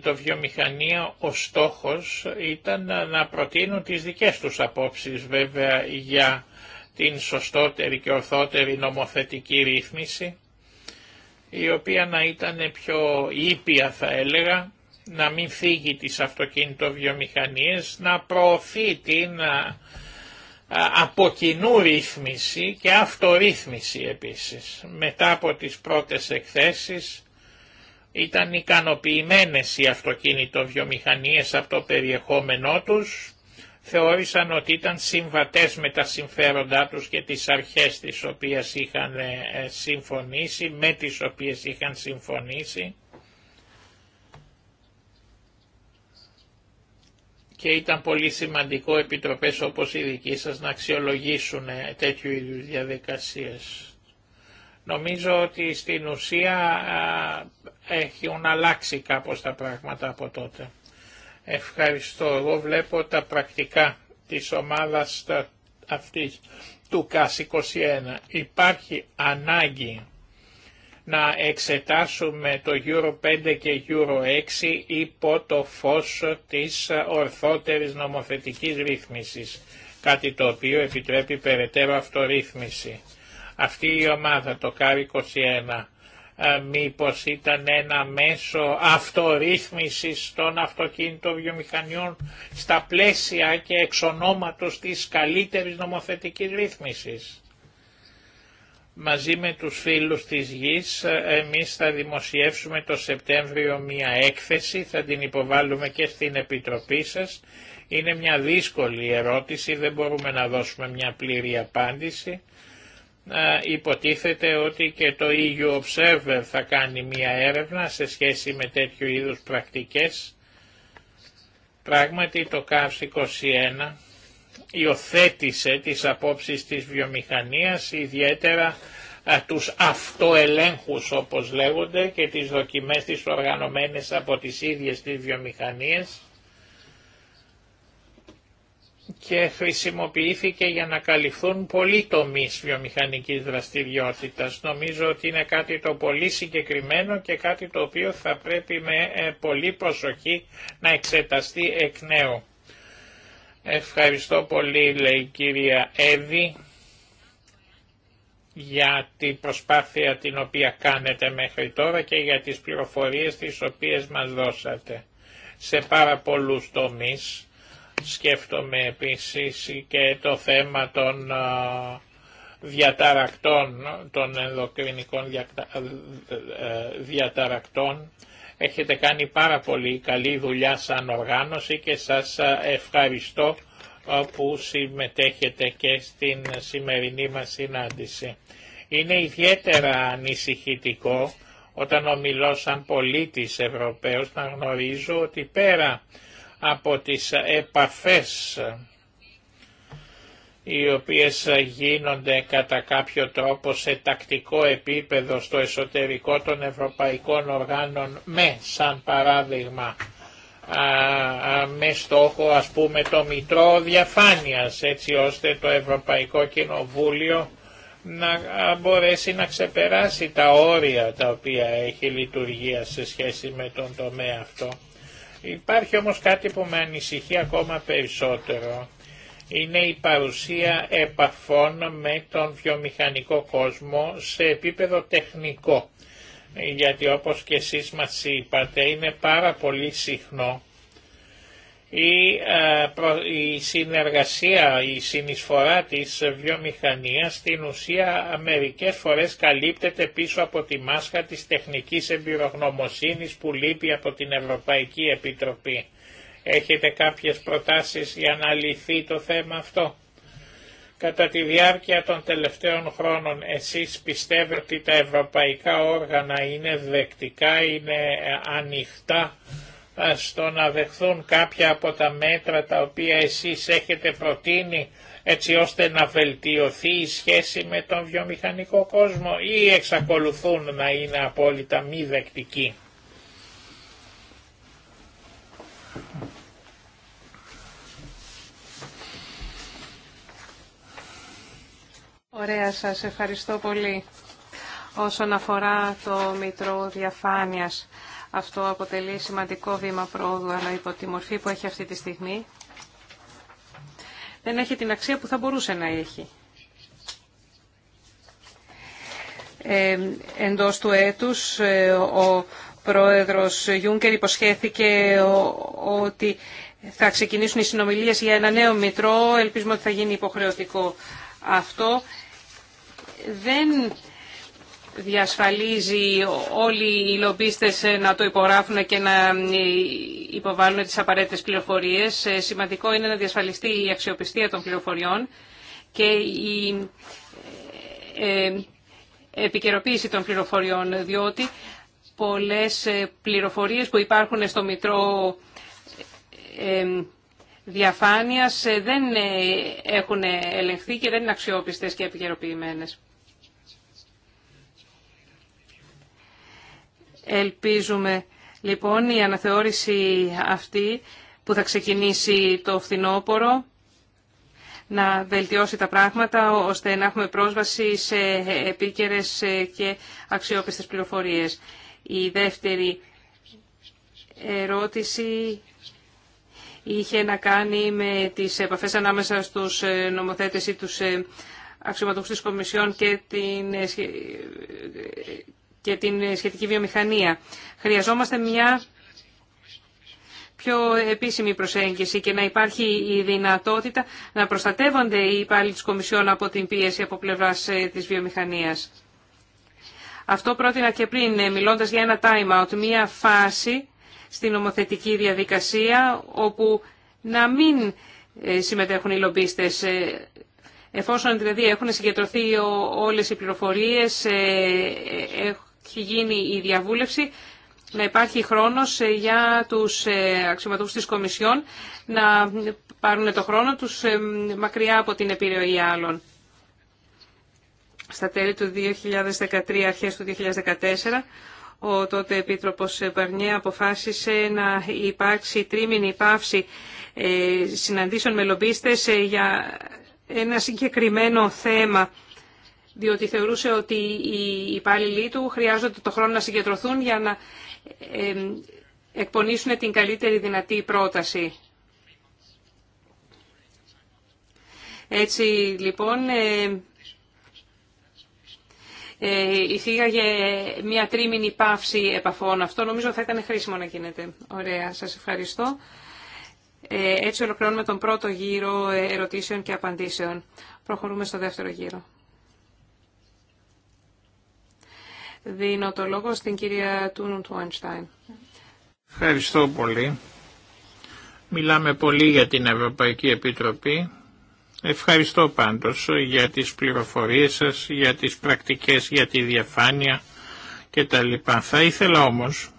βιομηχανία ο στόχος ήταν να προτείνουν τις δικές τους απόψεις βέβαια για την σωστότερη και ορθότερη νομοθετική ρύθμιση η οποία να ήταν πιο ήπια θα έλεγα να μην φύγει τις αυτοκίνητο-βιομηχανίες να προωθεί την από ρύθμιση και αυτορύθμιση επίσης. Μετά από τις πρώτες εκθέσεις ήταν ικανοποιημένες οι βιομηχανίες από το περιεχόμενό τους, θεώρησαν ότι ήταν συμβατές με τα συμφέροντά τους και τις αρχές τις οποίες είχαν ε, ε, συμφωνήσει, με τις οποίες είχαν συμφωνήσει. και ήταν πολύ σημαντικό επιτροπές όπως η δική σας να αξιολογήσουν ε, τέτοιου είδους διαδικασίες. Νομίζω ότι στην ουσία έχουν αλλάξει κάπως τα πράγματα από τότε. Ευχαριστώ. Εγώ βλέπω τα πρακτικά της ομάδας αυτής του ΚΑΣ 21. Υπάρχει ανάγκη να εξετάσουμε το Euro 5 και Euro 6 υπό το φως της ορθότερης νομοθετικής ρύθμισης, κάτι το οποίο επιτρέπει περαιτέρω αυτορύθμιση αυτή η ομάδα, το ΚΑΡΙ 21, ε, μήπως ήταν ένα μέσο αυτορύθμισης των αυτοκίνητων βιομηχανιών στα πλαίσια και εξ ονόματος της καλύτερης νομοθετικής ρύθμισης. Μαζί με τους φίλους της Γης ε, εμείς θα δημοσιεύσουμε το Σεπτέμβριο μία έκθεση, θα την υποβάλουμε και στην Επιτροπή σας. Είναι μια δύσκολη ερώτηση, δεν μπορούμε να δώσουμε μια πλήρη απάντηση ε, υποτίθεται ότι και το EU Observer θα κάνει μία έρευνα σε σχέση με τέτοιου είδους πρακτικές. Πράγματι το ΚΑΒΣ 21 υιοθέτησε τις απόψεις της βιομηχανίας, ιδιαίτερα τους αυτοελέγχους όπως λέγονται και τις δοκιμές τις οργανωμένες από τις ίδιες τις βιομηχανίες και χρησιμοποιήθηκε για να καλυφθούν πολλοί τομείς βιομηχανικής δραστηριότητας. Νομίζω ότι είναι κάτι το πολύ συγκεκριμένο και κάτι το οποίο θα πρέπει με ε, πολύ προσοχή να εξεταστεί εκ νέου. Ευχαριστώ πολύ, λέει η κυρία Εύη, για την προσπάθεια την οποία κάνετε μέχρι τώρα και για τις πληροφορίες τις οποίες μας δώσατε σε πάρα πολλούς τομείς Σκέφτομαι επίσης και το θέμα των διαταρακτών, των ενδοκρινικών ε, διαταρακτών. Έχετε κάνει πάρα πολύ καλή δουλειά σαν οργάνωση και σας ευχαριστώ που συμμετέχετε και στην σημερινή μας συνάντηση. Είναι ιδιαίτερα ανησυχητικό όταν ομιλώ σαν πολίτης Ευρωπαίος να γνωρίζω ότι πέρα από τις επαφές οι οποίες γίνονται κατά κάποιο τρόπο σε τακτικό επίπεδο στο εσωτερικό των ευρωπαϊκών οργάνων με σαν παράδειγμα με στόχο ας πούμε το Μητρό Διαφάνειας έτσι ώστε το Ευρωπαϊκό Κοινοβούλιο να μπορέσει να ξεπεράσει τα όρια τα οποία έχει λειτουργία σε σχέση με τον τομέα αυτό. Υπάρχει όμως κάτι που με ανησυχεί ακόμα περισσότερο. Είναι η παρουσία επαφών με τον βιομηχανικό κόσμο σε επίπεδο τεχνικό. Γιατί όπως και εσείς μας είπατε είναι πάρα πολύ συχνό ε, η, συνεργασία, η συνεισφορά της βιομηχανίας στην ουσία μερικές φορές καλύπτεται πίσω από τη μάσχα της τεχνικής εμπειρογνωμοσύνης που λείπει από την Ευρωπαϊκή Επιτροπή. Έχετε κάποιες προτάσεις για να λυθεί το θέμα αυτό. Κατά τη διάρκεια των τελευταίων χρόνων εσείς πιστεύετε ότι τα ευρωπαϊκά όργανα είναι δεκτικά, είναι ε, ανοιχτά στο να δεχθούν κάποια από τα μέτρα τα οποία εσείς έχετε προτείνει έτσι ώστε να βελτιωθεί η σχέση με τον βιομηχανικό κόσμο ή εξακολουθούν να είναι απόλυτα μη δεκτικοί. Ωραία, σας ευχαριστώ πολύ. Όσον αφορά το Μητρό Διαφάνειας, αυτό αποτελεί σημαντικό βήμα πρόοδου, αλλά υπό τη μορφή που έχει αυτή τη στιγμή δεν έχει την αξία που θα μπορούσε να έχει. Ε, εντός του έτους ε, ο πρόεδρος Γιούγκερ υποσχέθηκε ότι θα ξεκινήσουν οι συνομιλίες για ένα νέο μητρό. Ελπίζουμε ότι θα γίνει υποχρεωτικό αυτό. Δεν διασφαλίζει όλοι οι λομπίστες να το υπογράφουν και να υποβάλουν τις απαραίτητες πληροφορίες. Ε, σημαντικό είναι να διασφαλιστεί η αξιοπιστία των πληροφοριών και η ε, ε, επικαιροποίηση των πληροφοριών, διότι πολλές πληροφορίες που υπάρχουν στο Μητρό Διαφάνειας δεν έχουν ελεγχθεί και δεν είναι αξιόπιστες και επικαιροποιημένες. Ελπίζουμε λοιπόν η αναθεώρηση αυτή που θα ξεκινήσει το φθινόπωρο να βελτιώσει τα πράγματα ώστε να έχουμε πρόσβαση σε επίκαιρες και αξιόπιστες πληροφορίες. Η δεύτερη ερώτηση είχε να κάνει με τις επαφές ανάμεσα στους νομοθέτες ή τους αξιωματούχους της Κομισιόν και την, και την σχετική βιομηχανία. Χρειαζόμαστε μια πιο επίσημη προσέγγιση και να υπάρχει η δυνατότητα να προστατεύονται οι υπάλληλοι της Κομισιόν από την πίεση από πλευράς ε, της βιομηχανίας. Αυτό πρότεινα και πριν, ε, μιλώντας για ένα time out, μια φάση στην νομοθετική διαδικασία όπου να μην ε, συμμετέχουν οι λομπίστες. Εφόσον δηλαδή έχουν συγκεντρωθεί όλες οι πληροφορίες, έχει γίνει η διαβούλευση, να υπάρχει χρόνος ε, για τους ε, αξιωματούχους της Κομισιόν να πάρουν το χρόνο τους ε, μακριά από την επιρροή άλλων. Στα τέλη του 2013, αρχές του 2014, ο τότε Επίτροπος Μπαρνιέ αποφάσισε να υπάρξει τρίμηνη πάυση συναντήσεων με λομπίστες για ένα συγκεκριμένο θέμα διότι θεωρούσε ότι οι υπάλληλοι του χρειάζονται το χρόνο να συγκεντρωθούν για να εκπονήσουν την καλύτερη δυνατή πρόταση. Έτσι λοιπόν ε, για μια τρίμηνη πάυση επαφών. Αυτό νομίζω θα ήταν χρήσιμο να γίνεται. Ωραία, σας ευχαριστώ. Ε, έτσι ολοκληρώνουμε τον πρώτο γύρο ερωτήσεων και απαντήσεων. Προχωρούμε στο δεύτερο γύρο. Δίνω το λόγο στην κυρία Τούνου Αινστάιν. Ευχαριστώ πολύ. Μιλάμε πολύ για την Ευρωπαϊκή Επιτροπή. Ευχαριστώ πάντως για τις πληροφορίες σας, για τις πρακτικές, για τη διαφάνεια και τα λοιπά. Θα ήθελα όμως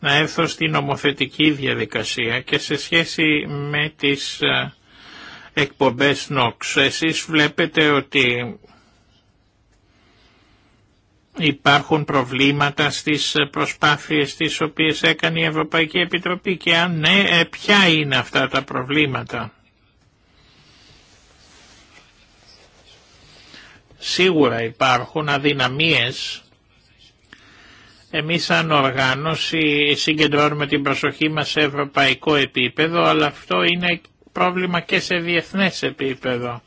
να έρθω στην νομοθετική διαδικασία και σε σχέση με τις ε, εκπομπές NOx. Εσείς βλέπετε ότι Υπάρχουν προβλήματα στις προσπάθειες τις οποίες έκανε η Ευρωπαϊκή Επιτροπή και αν ναι, ε, ποια είναι αυτά τα προβλήματα. Σίγουρα υπάρχουν αδυναμίες. Εμείς σαν οργάνωση συγκεντρώνουμε την προσοχή μας σε ευρωπαϊκό επίπεδο, αλλά αυτό είναι πρόβλημα και σε διεθνές επίπεδο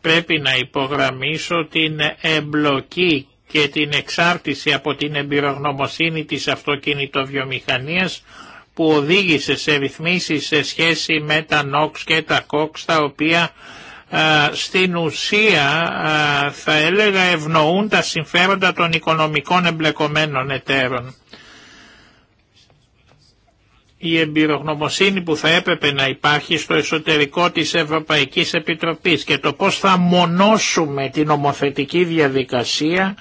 πρέπει να υπογραμμίσω την εμπλοκή και την εξάρτηση από την εμπειρογνωμοσύνη της αυτοκινητοβιομηχανίας που οδήγησε σε ρυθμίσεις σε σχέση με τα νόξ και τα κόξ τα οποία στην ουσία θα έλεγα ευνοούν τα συμφέροντα των οικονομικών εμπλεκομένων εταίρων. Η εμπειρογνωμοσύνη που θα έπρεπε να υπάρχει στο εσωτερικό της Ευρωπαϊκής Επιτροπής και το πώς θα μονώσουμε την ομοθετική διαδικασία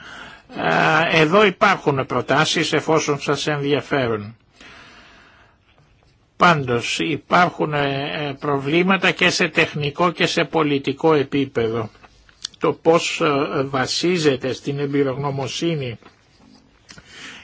εδώ υπάρχουν προτάσεις εφόσον σας ενδιαφέρουν. Πάντως υπάρχουν ε, ε, προβλήματα και σε τεχνικό και σε πολιτικό επίπεδο. Το πώς ε, βασίζεται στην εμπειρογνωμοσύνη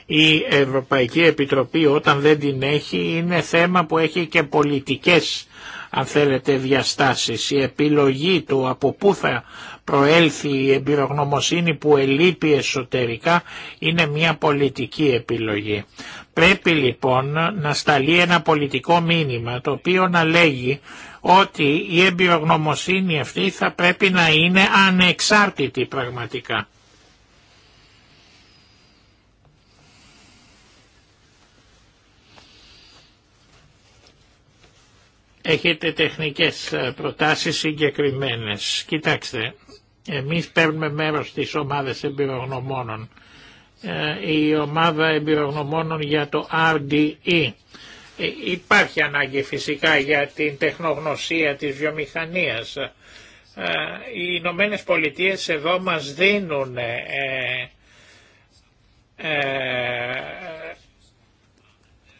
η Ευρωπαϊκή Επιτροπή όταν δεν την έχει είναι θέμα που έχει και πολιτικές αν θέλετε διαστάσεις. Η επιλογή του από πού θα προέλθει η εμπειρογνωμοσύνη που ελείπει εσωτερικά είναι μια πολιτική επιλογή. Πρέπει λοιπόν να σταλεί ένα πολιτικό μήνυμα το οποίο να λέγει ότι η εμπειρογνωμοσύνη αυτή θα πρέπει να είναι ανεξάρτητη πραγματικά. Έχετε τεχνικές ε, προτάσεις συγκεκριμένες. Κοιτάξτε, εμείς παίρνουμε μέρος στις ομάδες εμπειρογνωμόνων. Ε, η ομάδα εμπειρογνωμόνων για το RDE. Ε, υπάρχει ανάγκη φυσικά για την τεχνογνωσία της βιομηχανίας. Ε, οι Ηνωμένε Πολιτείε εδώ μας δίνουν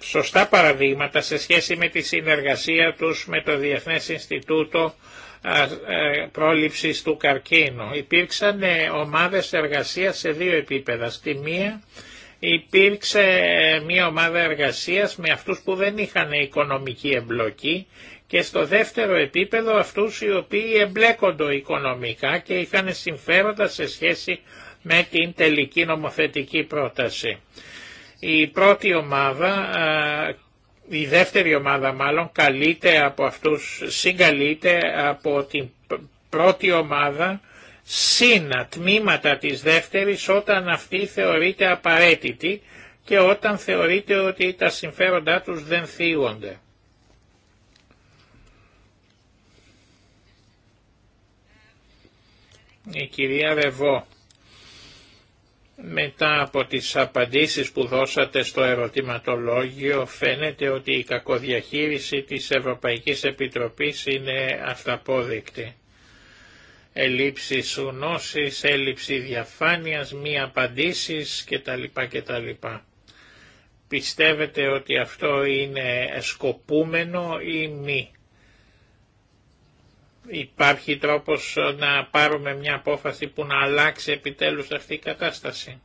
σωστά παραδείγματα σε σχέση με τη συνεργασία τους με το Διεθνές Ινστιτούτο ε, πρόληψης του καρκίνου. Υπήρξαν ε, ομάδες εργασίας σε δύο επίπεδα. Στη μία υπήρξε ε, μια ομάδα εργασίας με αυτούς που δεν είχαν οικονομική εμπλοκή και στο δεύτερο επίπεδο αυτούς οι οποίοι εμπλέκονται οικονομικά και είχαν συμφέροντα σε σχέση με την τελική νομοθετική πρόταση. Η πρώτη ομάδα η δεύτερη ομάδα μάλλον καλείται από αυτούς, συγκαλείται από την πρώτη ομάδα σύνα τμήματα της δεύτερης όταν αυτή θεωρείται απαραίτητη και όταν θεωρείται ότι τα συμφέροντά τους δεν θίγονται. Η κυρία Ρεβό. Μετά από τις απαντήσεις που δώσατε στο ερωτηματολόγιο φαίνεται ότι η κακοδιαχείριση της Ευρωπαϊκής Επιτροπής είναι αυταπόδεικτη. Ελλείψεις γνώσης, έλλειψη διαφάνειας, μη απαντήσεις κτλ. κτλ. Πιστεύετε ότι αυτό είναι σκοπούμενο ή μη. Υπάρχει τρόπος ε, να πάρουμε μια απόφαση που να αλλάξει επιτέλους αυτή η κατάσταση.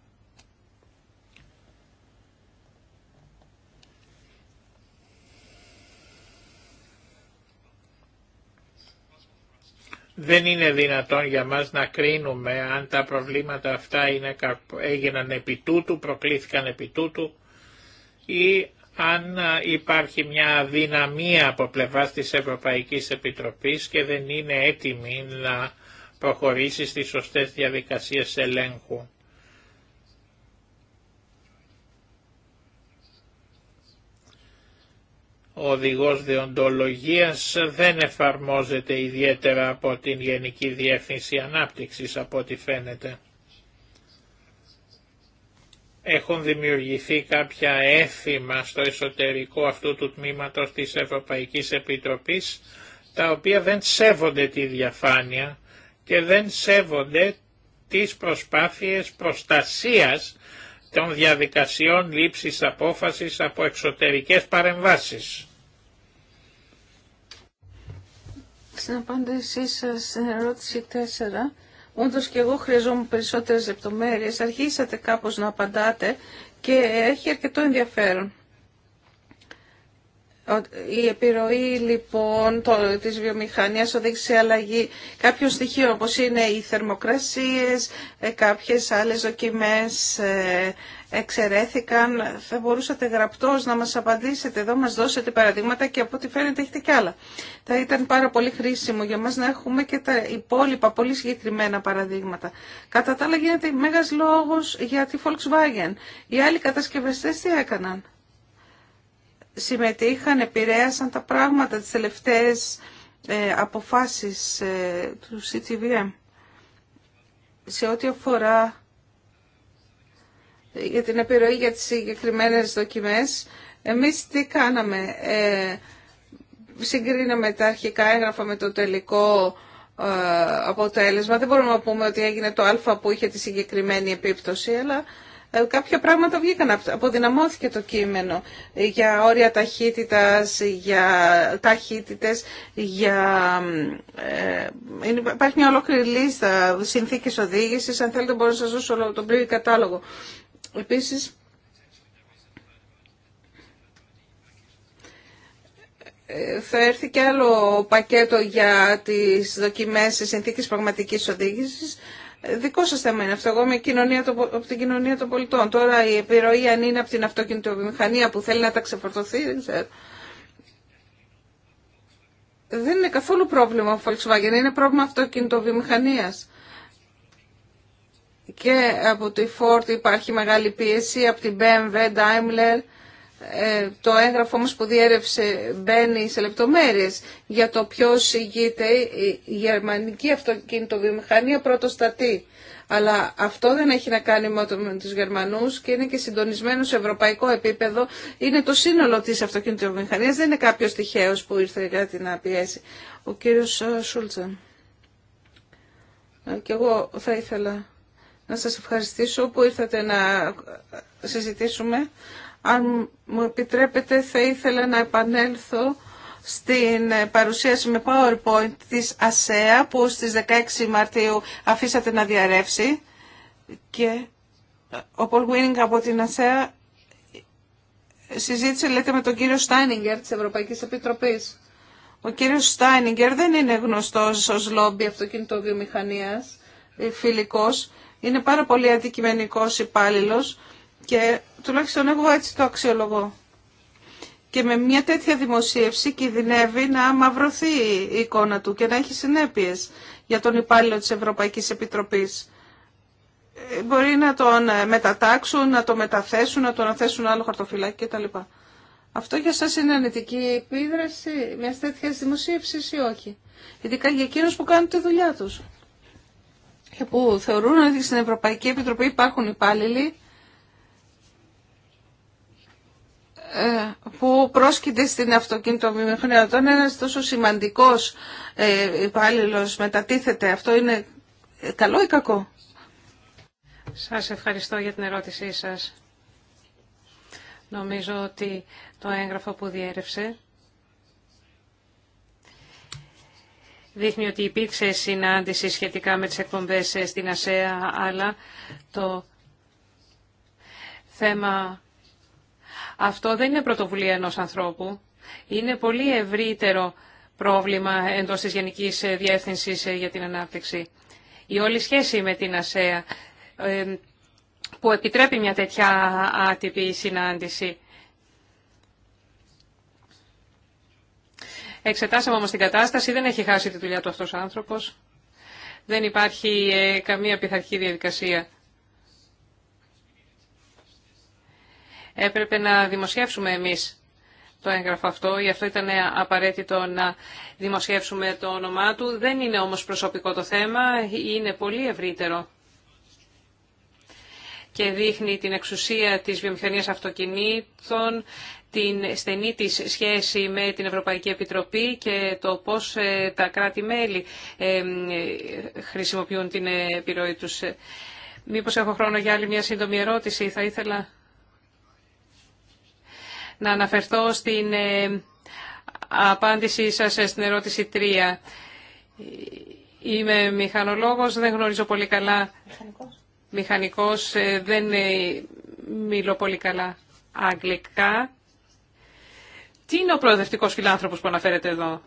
Δεν είναι δυνατόν για μας να κρίνουμε αν τα προβλήματα αυτά είναι, έγιναν επί τούτου, προκλήθηκαν επί τούτου ή αν υπάρχει μια αδυναμία από πλευράς της Ευρωπαϊκής Επιτροπής και δεν είναι έτοιμη να προχωρήσει στις σωστές διαδικασίες ελέγχου. Ο οδηγός διοντολογίας δεν εφαρμόζεται ιδιαίτερα από την Γενική Διεύθυνση Ανάπτυξης από ό,τι φαίνεται έχουν δημιουργηθεί κάποια έθιμα στο εσωτερικό αυτού του τμήματος της Ευρωπαϊκής Επιτροπής, τα οποία δεν σέβονται τη διαφάνεια και δεν σέβονται τις προσπάθειες προστασίας των διαδικασιών λήψης απόφασης από εξωτερικές παρεμβάσεις. Στην απάντησή σας ερώτηση 4 Όντω και εγώ χρειαζόμουν περισσότερε λεπτομέρειε, Αρχίσατε κάπως να απαντάτε και έχει αρκετό ενδιαφέρον. Η επιρροή λοιπόν το, της βιομηχανίας οδήγησε σε αλλαγή κάποιων στοιχείων όπως είναι οι θερμοκρασίες, ε, κάποιες άλλες δοκιμές ε, εξαιρέθηκαν. Θα μπορούσατε γραπτός να μας απαντήσετε εδώ, μας δώσετε παραδείγματα και από ό,τι φαίνεται έχετε κι άλλα. Θα ήταν πάρα πολύ χρήσιμο για μας να έχουμε και τα υπόλοιπα πολύ συγκεκριμένα παραδείγματα. Κατά τα άλλα γίνεται μέγας λόγος για τη Volkswagen. Οι άλλοι κατασκευαστές τι έκαναν. Συμμετείχαν, επηρέασαν τα πράγματα τις τελευταίες ε, αποφάσεις ε, του CTVM σε ό,τι αφορά για την επιρροή για τις συγκεκριμένε δοκιμές. Εμείς τι κάναμε. Ε, συγκρίναμε τα αρχικά έγγραφα με το τελικό ε, αποτέλεσμα. Δεν μπορούμε να πούμε ότι έγινε το α που είχε τη συγκεκριμένη επίπτωση, αλλά ε, κάποια πράγματα βγήκαν, αποδυναμώθηκε το κείμενο για όρια ταχύτητας, για ταχύτητες, για... Ε, υπάρχει μια ολόκληρη λίστα συνθήκες οδήγησης, αν θέλετε μπορώ να σας δώσω τον πλήρη κατάλογο. Επίσης, θα έρθει και άλλο πακέτο για τις δοκιμές σε συνθήκες πραγματικής οδήγησης. Δικό σας θέμα είναι αυτό. Εγώ είμαι από την κοινωνία των πολιτών. Τώρα η επιρροή αν είναι από την αυτοκινητοβιομηχανία που θέλει να τα ξεφορτωθεί, δεν ξέρω. Δεν είναι καθόλου πρόβλημα ο Volkswagen, είναι πρόβλημα αυτοκινητοβιομηχανίας και από τη Ford υπάρχει μεγάλη πίεση, από την BMW, Daimler. Ε, το έγγραφο όμως που διέρευσε μπαίνει σε λεπτομέρειες για το ποιος ηγείται η γερμανική αυτοκινητοβιομηχανία στατή. Αλλά αυτό δεν έχει να κάνει μόνο με τους Γερμανούς και είναι και συντονισμένο σε ευρωπαϊκό επίπεδο. Είναι το σύνολο της αυτοκινητοβιομηχανίας, δεν είναι κάποιος τυχαίος που ήρθε κάτι να πιέσει. Ο κύριος ε, Σούλτζαν. Ε, και εγώ θα ήθελα να σας ευχαριστήσω που ήρθατε να συζητήσουμε. Αν μου επιτρέπετε θα ήθελα να επανέλθω στην παρουσίαση με PowerPoint της ΑΣΕΑ που στις 16 Μαρτίου αφήσατε να διαρρεύσει και ο Πολ Γουίνιγκ από την ΑΣΕΑ συζήτησε λέτε με τον κύριο Στάινιγκερ της Ευρωπαϊκής Επιτροπής. Ο κύριος Στάινιγκερ δεν είναι γνωστός ως λόμπι αυτοκινητοβιομηχανίας, ε, φιλικός. Είναι πάρα πολύ αντικειμενικός υπάλληλο και τουλάχιστον εγώ έτσι το αξιολογώ. Και με μια τέτοια δημοσίευση κινδυνεύει να μαυρωθεί η εικόνα του και να έχει συνέπειες για τον υπάλληλο της Ευρωπαϊκής Επιτροπής. Ε, μπορεί να τον ε, μετατάξουν, να τον μεταθέσουν, να τον αθέσουν άλλο χαρτοφυλάκι κτλ. Αυτό για σας είναι ανετική επίδραση μια τέτοια δημοσίευση ή όχι. Ειδικά για εκείνους που κάνουν τη δουλειά τους που θεωρούν ότι στην Ευρωπαϊκή Επιτροπή υπάρχουν υπάλληλοι ε, που πρόσκειται στην Αυτό Όταν ένας τόσο σημαντικός ε, υπάλληλο μετατίθεται, αυτό είναι καλό ή κακό. Σας ευχαριστώ για την ερώτησή σας. Νομίζω ότι το έγγραφο που διέρευσε δείχνει ότι υπήρξε συνάντηση σχετικά με τις εκπομπές ε, στην ΑΣΕΑ, αλλά το θέμα αυτό δεν είναι πρωτοβουλία ενός ανθρώπου. Είναι πολύ ευρύτερο πρόβλημα εντός της Γενικής Διεύθυνσης ε, για την Ανάπτυξη. Η όλη σχέση με την ΑΣΕΑ ε, που επιτρέπει μια τέτοια άτυπη συνάντηση. Εξετάσαμε όμως την κατάσταση, δεν έχει χάσει τη δουλειά του αυτό ο άνθρωπος. Δεν υπάρχει ε, καμία πειθαρχή διαδικασία. Έπρεπε να δημοσιεύσουμε εμείς το έγγραφο αυτό, γι' αυτό ήταν απαραίτητο να δημοσιεύσουμε το όνομά του. Δεν είναι όμως προσωπικό το θέμα, είναι πολύ ευρύτερο και δείχνει την εξουσία της βιομηχανίας αυτοκινήτων, την στενή της σχέση με την Ευρωπαϊκή Επιτροπή και το πώς ε, τα κράτη-μέλη ε, χρησιμοποιούν την ε, επιρροή τους. Μήπως έχω χρόνο για άλλη μια σύντομη ερώτηση. Θα ήθελα να αναφερθώ στην απάντησή σας στην ερώτηση 3. Είμαι μηχανολόγος, δεν γνωρίζω πολύ καλά. Μηχανικός. Μηχανικός, δεν μιλώ πολύ καλά αγγλικά. Τι είναι ο προοδευτικό φιλάνθρωπο που αναφέρεται εδώ.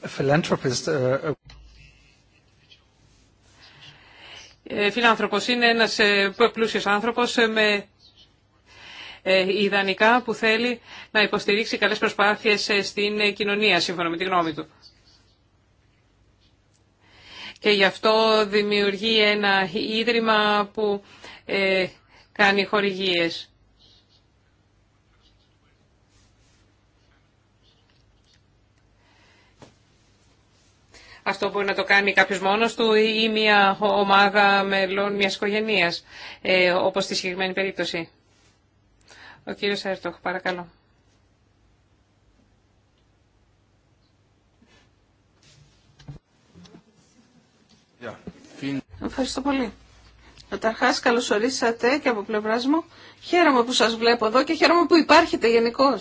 Φιλάνθρωπος ε, ε, ε, είναι ένας πλούσιος άνθρωπος με ιδανικά που θέλει να υποστηρίξει καλές προσπάθειες στην κοινωνία, σύμφωνα με τη γνώμη του. Και γι' αυτό δημιουργεί ένα ίδρυμα που κάνει χορηγίες. Αυτό μπορεί να το κάνει κάποιος μόνος του ή μια ομάδα μελών μιας οικογένειας, ε, όπως στη συγκεκριμένη περίπτωση. Ο κύριος Έρτοχ, παρακαλώ. Ευχαριστώ πολύ. Καταρχά, καλωσορίσατε και από πλευρά μου. Χαίρομαι που σας βλέπω εδώ και χαίρομαι που υπάρχετε γενικώ.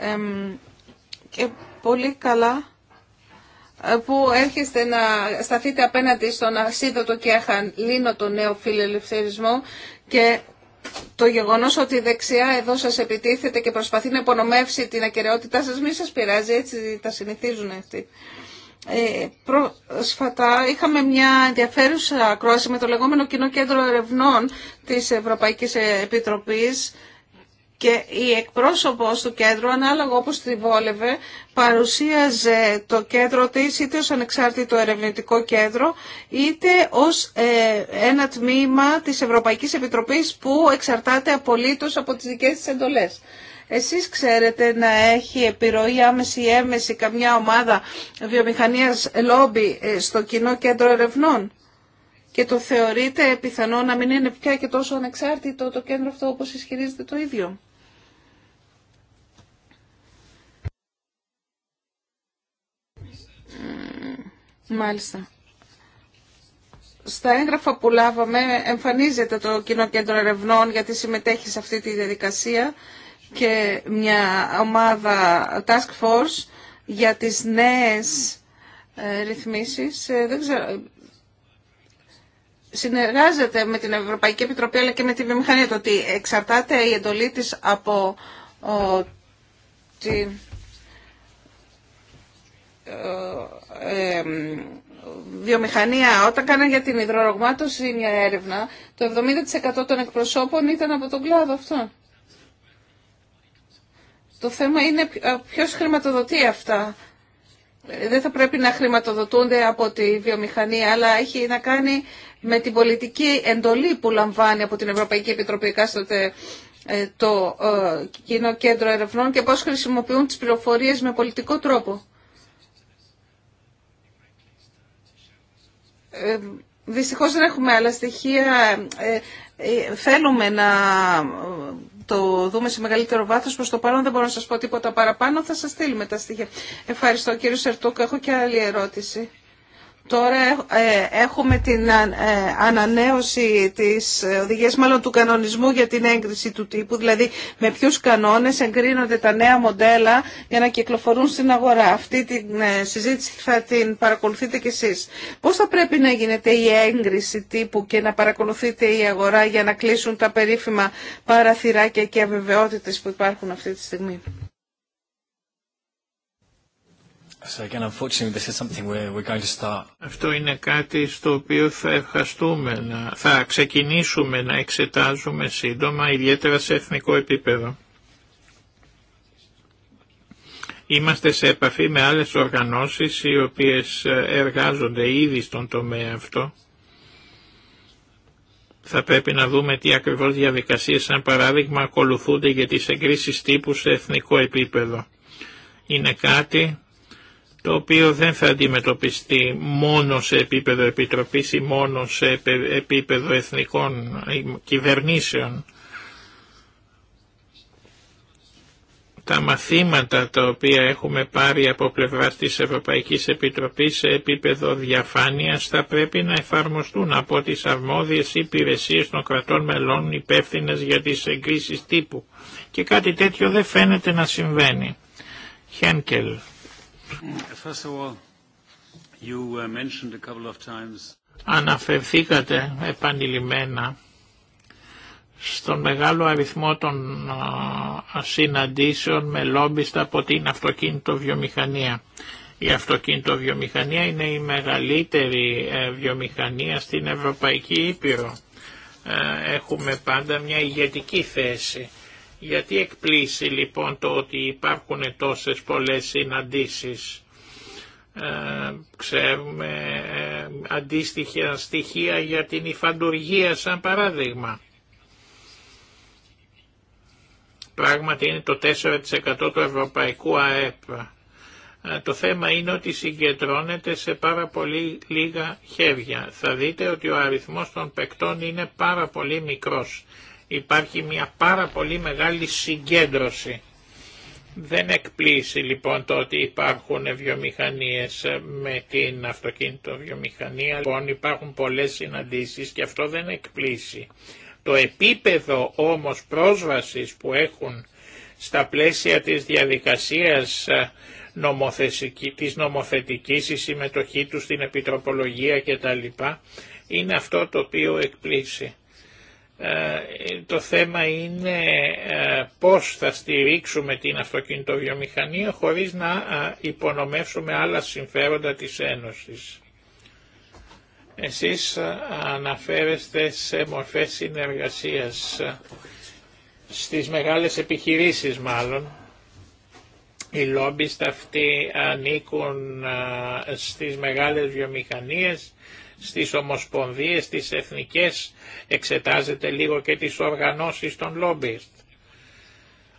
Ε, και πολύ καλά που έρχεστε να σταθείτε απέναντι στον ασίδωτο και το νέο φιλελευθερισμό και το γεγονός ότι η δεξιά εδώ σας επιτίθεται και προσπαθεί να υπονομεύσει την ακεραιότητά σας, μη σας πειράζει, έτσι τα συνηθίζουν αυτοί. Ε, πρόσφατα είχαμε μια ενδιαφέρουσα ακρόαση με το λεγόμενο Κοινό Κέντρο Ερευνών της Ευρωπαϊκής Επιτροπής και η εκπρόσωπος του κέντρου, ανάλογα όπως τη βόλευε, παρουσίαζε το κέντρο της είτε ως ανεξάρτητο ερευνητικό κέντρο, είτε ως ε, ένα τμήμα της Ευρωπαϊκής Επιτροπής που εξαρτάται απολύτως από τις δικές της εντολές. Εσείς ξέρετε να έχει επιρροή άμεση ή έμεση καμιά ομάδα βιομηχανίας λόμπι ε, στο κοινό κέντρο ερευνών και το θεωρείτε πιθανό να μην είναι πια και τόσο ανεξάρτητο το κέντρο αυτό όπως ισχυρίζεται το ίδιο. Μάλιστα. Στα έγγραφα που λάβαμε εμφανίζεται το Κοινό Κέντρο Ερευνών γιατί συμμετέχει σε αυτή τη διαδικασία και μια ομάδα task force για τις νέες ε, ρυθμίσεις. Ε, δεν ξέρω. Συνεργάζεται με την Ευρωπαϊκή Επιτροπή αλλά και με τη βιομηχανία το ότι εξαρτάται η εντολή της από την ε, ε, βιομηχανία, όταν κάναν για την υδρορογμάτωση μια έρευνα, το 70% των εκπροσώπων ήταν από τον κλάδο αυτό. Το θέμα είναι ε, ποιος χρηματοδοτεί αυτά. Ε, δεν θα πρέπει να χρηματοδοτούνται από τη βιομηχανία, αλλά έχει να κάνει με την πολιτική εντολή που λαμβάνει από την Ευρωπαϊκή Επιτροπή κάστοτε ε, το Κοινό Κέντρο Ερευνών και πώς χρησιμοποιούν τις πληροφορίες με πολιτικό τρόπο. Ε, δυστυχώς δεν έχουμε άλλα στοιχεία. Ε, ε, θέλουμε να το δούμε σε μεγαλύτερο βάθος. Προς το παρόν δεν μπορώ να σας πω τίποτα παραπάνω. Θα σας στείλουμε τα στοιχεία. Ευχαριστώ κύριε Σερτούκ. Έχω και άλλη ερώτηση. Τώρα ε, έχουμε την ε, ανανέωση της οδηγίας, μάλλον του κανονισμού για την έγκριση του τύπου, δηλαδή με ποιους κανόνες εγκρίνονται τα νέα μοντέλα για να κυκλοφορούν στην αγορά. Αυτή τη ε, συζήτηση θα την παρακολουθείτε κι εσείς. Πώς θα πρέπει να γίνεται η έγκριση τύπου και να παρακολουθείτε η αγορά για να κλείσουν τα περίφημα παραθυράκια και αβεβαιότητες που υπάρχουν αυτή τη στιγμή. Αυτό είναι κάτι στο οποίο θα ευχαστούμε, να, θα ξεκινήσουμε να εξετάζουμε σύντομα, ιδιαίτερα σε εθνικό επίπεδο. Είμαστε σε επαφή με άλλες οργανώσεις οι οποίες ε, εργάζονται ήδη στον τομέα αυτό. Θα πρέπει να δούμε τι ακριβώς διαδικασίες, σαν παράδειγμα, ακολουθούνται για τις εγκρίσεις τύπου σε εθνικό επίπεδο. Είναι κάτι το οποίο δεν θα αντιμετωπιστεί μόνο σε επίπεδο επιτροπής ή μόνο σε επίπεδο εθνικών κυβερνήσεων. Τα μαθήματα τα οποία έχουμε πάρει από πλευρά της Ευρωπαϊκής Επιτροπής σε επίπεδο διαφάνειας θα πρέπει να εφαρμοστούν από τις αρμόδιες υπηρεσίες των κρατών μελών υπεύθυνε για τις εγκρίσεις τύπου. Και κάτι τέτοιο δεν φαίνεται να συμβαίνει. Χένκελ. Uh, Αναφερθήκατε επανειλημμένα στον μεγάλο αριθμό των συναντήσεων με λόμπιστα από την αυτοκίνητο βιομηχανία. Η αυτοκίνητο βιομηχανία είναι η μεγαλύτερη ε, βιομηχανία στην Ευρωπαϊκή Ήπειρο. Ε, έχουμε πάντα μια ηγετική θέση γιατί εκπλήσει λοιπόν το ότι υπάρχουν τόσες πολλές συναντήσεις. Ε, ξέρουμε ε, αντίστοιχα στοιχεία για την υφαντουργία σαν παράδειγμα. Πράγματι είναι το 4% του ευρωπαϊκού ΑΕΠ. Ε, το θέμα είναι ότι συγκεντρώνεται σε πάρα πολύ λίγα χέρια. Θα δείτε ότι ο αριθμός των παικτών είναι πάρα πολύ μικρός. Υπάρχει μια πάρα πολύ μεγάλη συγκέντρωση. Δεν εκπλήσει λοιπόν το ότι υπάρχουν βιομηχανίες με την αυτοκίνητο βιομηχανία. Λοιπόν υπάρχουν πολλές συναντήσεις και αυτό δεν εκπλήσει. Το επίπεδο όμως πρόσβασης που έχουν στα πλαίσια της διαδικασίας ε, της νομοθετικής, η συμμετοχή τους στην επιτροπολογία κτλ. είναι αυτό το οποίο εκπλήσει. Ε, το θέμα είναι ε, πώς θα στηρίξουμε την αυτοκινητοβιομηχανία χωρίς να ε, υπονομεύσουμε άλλα συμφέροντα της Ένωσης. Εσείς αναφέρεστε σε μορφές συνεργασίας στις μεγάλες επιχειρήσεις μάλλον. Οι λόμπιστ αυτοί ανήκουν στις μεγάλες βιομηχανίες στις ομοσπονδίες, στις εθνικές, εξετάζεται λίγο και τις οργανώσεις των λόμπιστ.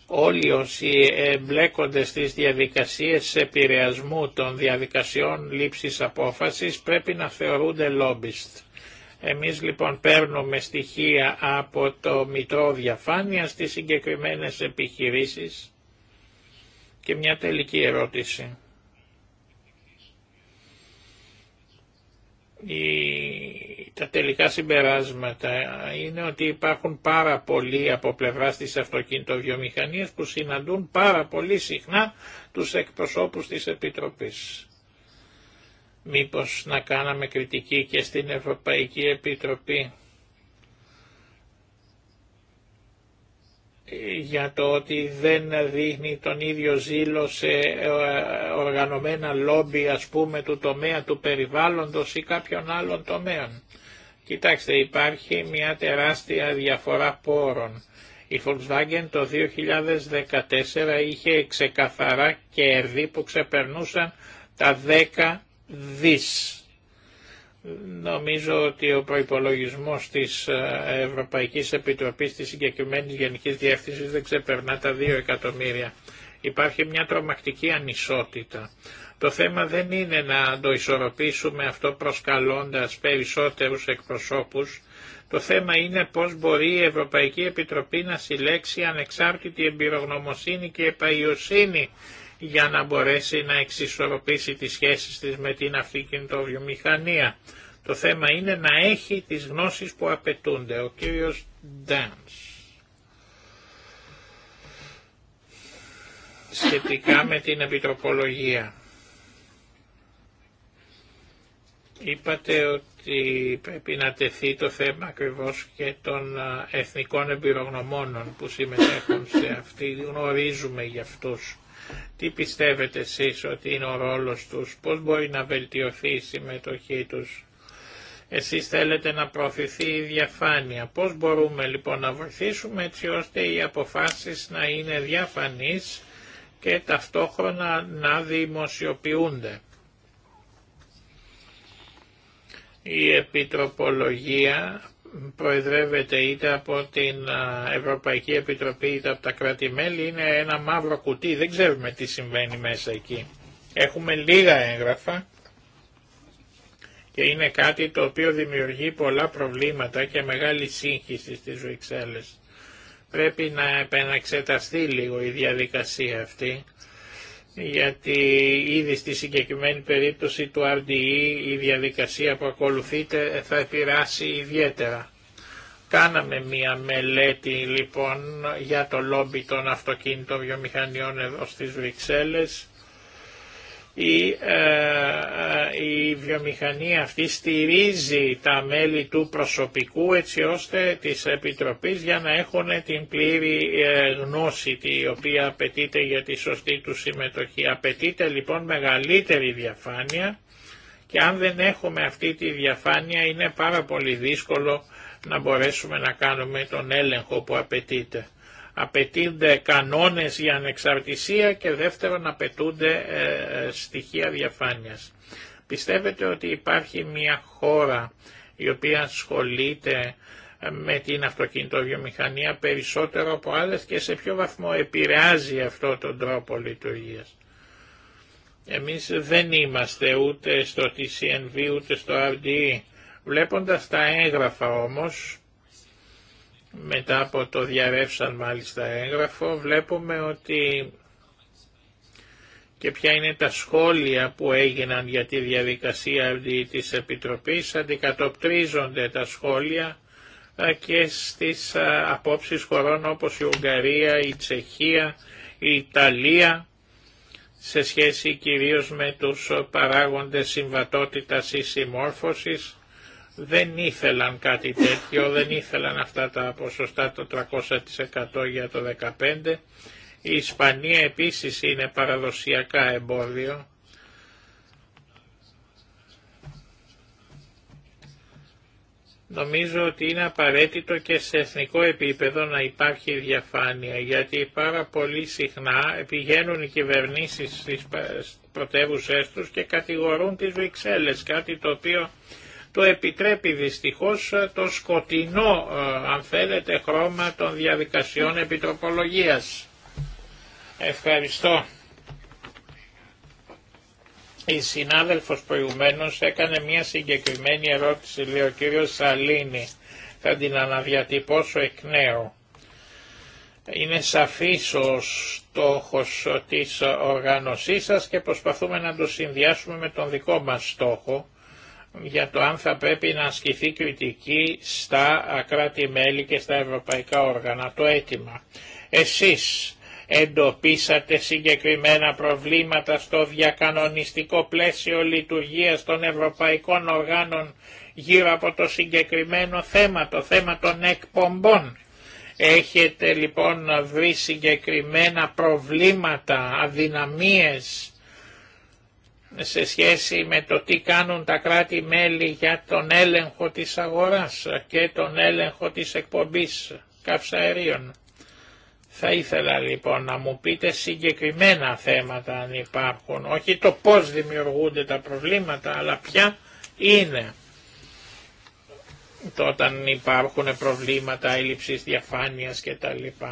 Όλοι όσοι εμπλέκονται στις διαδικασίες επηρεασμού των διαδικασιών λήψης απόφασης πρέπει να θεωρούνται λόμπιστ. Εμείς λοιπόν παίρνουμε στοιχεία από το Μητρό Διαφάνεια στις συγκεκριμένες επιχειρήσεις και μια τελική ερώτηση. τα τελικά συμπεράσματα είναι ότι υπάρχουν πάρα πολλοί από πλευρά της αυτοκινητοβιομηχανία που συναντούν πάρα πολύ συχνά τους εκπροσώπους της Επιτροπής. Μήπως να κάναμε κριτική και στην Ευρωπαϊκή Επιτροπή για το ότι δεν δείχνει τον ίδιο ζήλο σε ε, οργανωμένα λόμπι ας πούμε του τομέα του περιβάλλοντος ή κάποιων άλλων τομέων. Κοιτάξτε υπάρχει μια τεράστια διαφορά πόρων. Η Volkswagen το 2014 είχε ξεκαθαρά κέρδη που ξεπερνούσαν τα 10 δις. Νομίζω ότι ο προϋπολογισμός της ε, Ευρωπαϊκής Επιτροπής της συγκεκριμένη Γενικής Διεύθυνσης δεν ξεπερνά τα 2 εκατομμύρια. Υπάρχει μια τρομακτική ανισότητα. Το θέμα δεν είναι να το ισορροπήσουμε αυτό προσκαλώντας περισσότερους εκπροσώπους. Το θέμα είναι πώς μπορεί η Ευρωπαϊκή Επιτροπή να συλλέξει ανεξάρτητη εμπειρογνωμοσύνη και επαϊωσύνη για να μπορέσει να εξισορροπήσει τις σχέσεις της με την αυτοκινητοβιομηχανία. Το θέμα είναι να έχει τις γνώσεις που απαιτούνται. Ο κύριος Ντάνς. Σχετικά με την επιτροπολογία. Είπατε ότι πρέπει να τεθεί το θέμα ακριβώ και των εθνικών εμπειρογνωμόνων που συμμετέχουν σε αυτή. Γνωρίζουμε για αυτούς τι πιστεύετε εσείς ότι είναι ο ρόλος τους, πώς μπορεί να βελτιωθεί η συμμετοχή τους. Εσείς θέλετε να προωθηθεί η διαφάνεια. Πώς μπορούμε λοιπόν να βοηθήσουμε έτσι ώστε οι αποφάσεις να είναι διαφανείς και ταυτόχρονα να δημοσιοποιούνται. Η επιτροπολογία προεδρεύεται είτε από την Ευρωπαϊκή Επιτροπή είτε από τα κράτη-μέλη είναι ένα μαύρο κουτί, δεν ξέρουμε τι συμβαίνει μέσα εκεί. Έχουμε λίγα έγγραφα και είναι κάτι το οποίο δημιουργεί πολλά προβλήματα και μεγάλη σύγχυση στις Βρυξέλλες. Πρέπει να επαναξεταστεί λίγο η διαδικασία αυτή γιατί ήδη στη συγκεκριμένη περίπτωση του RDE η διαδικασία που ακολουθείται θα επηρεάσει ιδιαίτερα. Κάναμε μία μελέτη λοιπόν για το λόμπι των αυτοκίνητων βιομηχανιών εδώ στις Βρυξέλλες η, ε, ε, η βιομηχανία αυτή στηρίζει τα μέλη του προσωπικού έτσι ώστε της Επιτροπής για να έχουν την πλήρη ε, γνώση τη οποία απαιτείται για τη σωστή του συμμετοχή. Απαιτείται λοιπόν μεγαλύτερη διαφάνεια και αν δεν έχουμε αυτή τη διαφάνεια είναι πάρα πολύ δύσκολο να μπορέσουμε να κάνουμε τον έλεγχο που απαιτείται απαιτούνται κανόνες για ανεξαρτησία και δεύτερον απαιτούνται ε, στοιχεία διαφάνειας. Πιστεύετε ότι υπάρχει μια χώρα η οποία ασχολείται ε, με την αυτοκινητοβιομηχανία περισσότερο από άλλες και σε ποιο βαθμό επηρεάζει αυτό τον τρόπο λειτουργίας. Εμείς δεν είμαστε ούτε στο TCNV ούτε στο RDE. Βλέποντας τα έγγραφα όμως μετά από το διαρρεύσαν μάλιστα έγγραφο βλέπουμε ότι και ποια είναι τα σχόλια που έγιναν για τη διαδικασία της Επιτροπής αντικατοπτρίζονται τα σχόλια ε, και στις ε, απόψεις χωρών όπως η Ουγγαρία, η Τσεχία, η Ιταλία σε σχέση κυρίως με τους παράγοντες συμβατότητας ή συμμόρφωσης δεν ήθελαν κάτι τέτοιο, δεν ήθελαν αυτά τα ποσοστά το 300% για το 2015. Η Ισπανία επίσης είναι παραδοσιακά εμπόδιο. Νομίζω ότι είναι απαραίτητο και σε εθνικό επίπεδο να υπάρχει διαφάνεια, γιατί πάρα πολύ συχνά πηγαίνουν οι κυβερνήσεις στις πρωτεύουσές τους και κατηγορούν τις Βρυξέλλες, κάτι το οποίο το επιτρέπει δυστυχώς το σκοτεινό, ε, αν θέλετε, χρώμα των διαδικασιών επιτροπολογίας. Ευχαριστώ. Η συνάδελφος προηγουμένως έκανε μια συγκεκριμένη ερώτηση, λέει ο κύριος Σαλίνη. Θα την αναδιατυπώσω εκ νέου. Είναι σαφής ο στόχος της οργάνωσής σας και προσπαθούμε να το συνδυάσουμε με τον δικό μας στόχο για το αν θα πρέπει να ασκηθεί κριτική στα ακράτη μελη και στα ευρωπαϊκά όργανα. Το αίτημα. Εσείς εντοπίσατε συγκεκριμένα προβλήματα στο διακανονιστικό πλαίσιο λειτουργίας των ευρωπαϊκών οργάνων γύρω από το συγκεκριμένο θέμα, το θέμα των εκπομπών. Έχετε λοιπόν βρει συγκεκριμένα προβλήματα, αδυναμίες σε σχέση με το τι κάνουν τα κράτη-μέλη για τον έλεγχο της αγοράς και τον έλεγχο της εκπομπής καυσαερίων. Θα ήθελα λοιπόν να μου πείτε συγκεκριμένα θέματα αν υπάρχουν, όχι το πώς δημιουργούνται τα προβλήματα, αλλά ποια είναι. Όταν υπάρχουν προβλήματα έλλειψης διαφάνειας κτλ.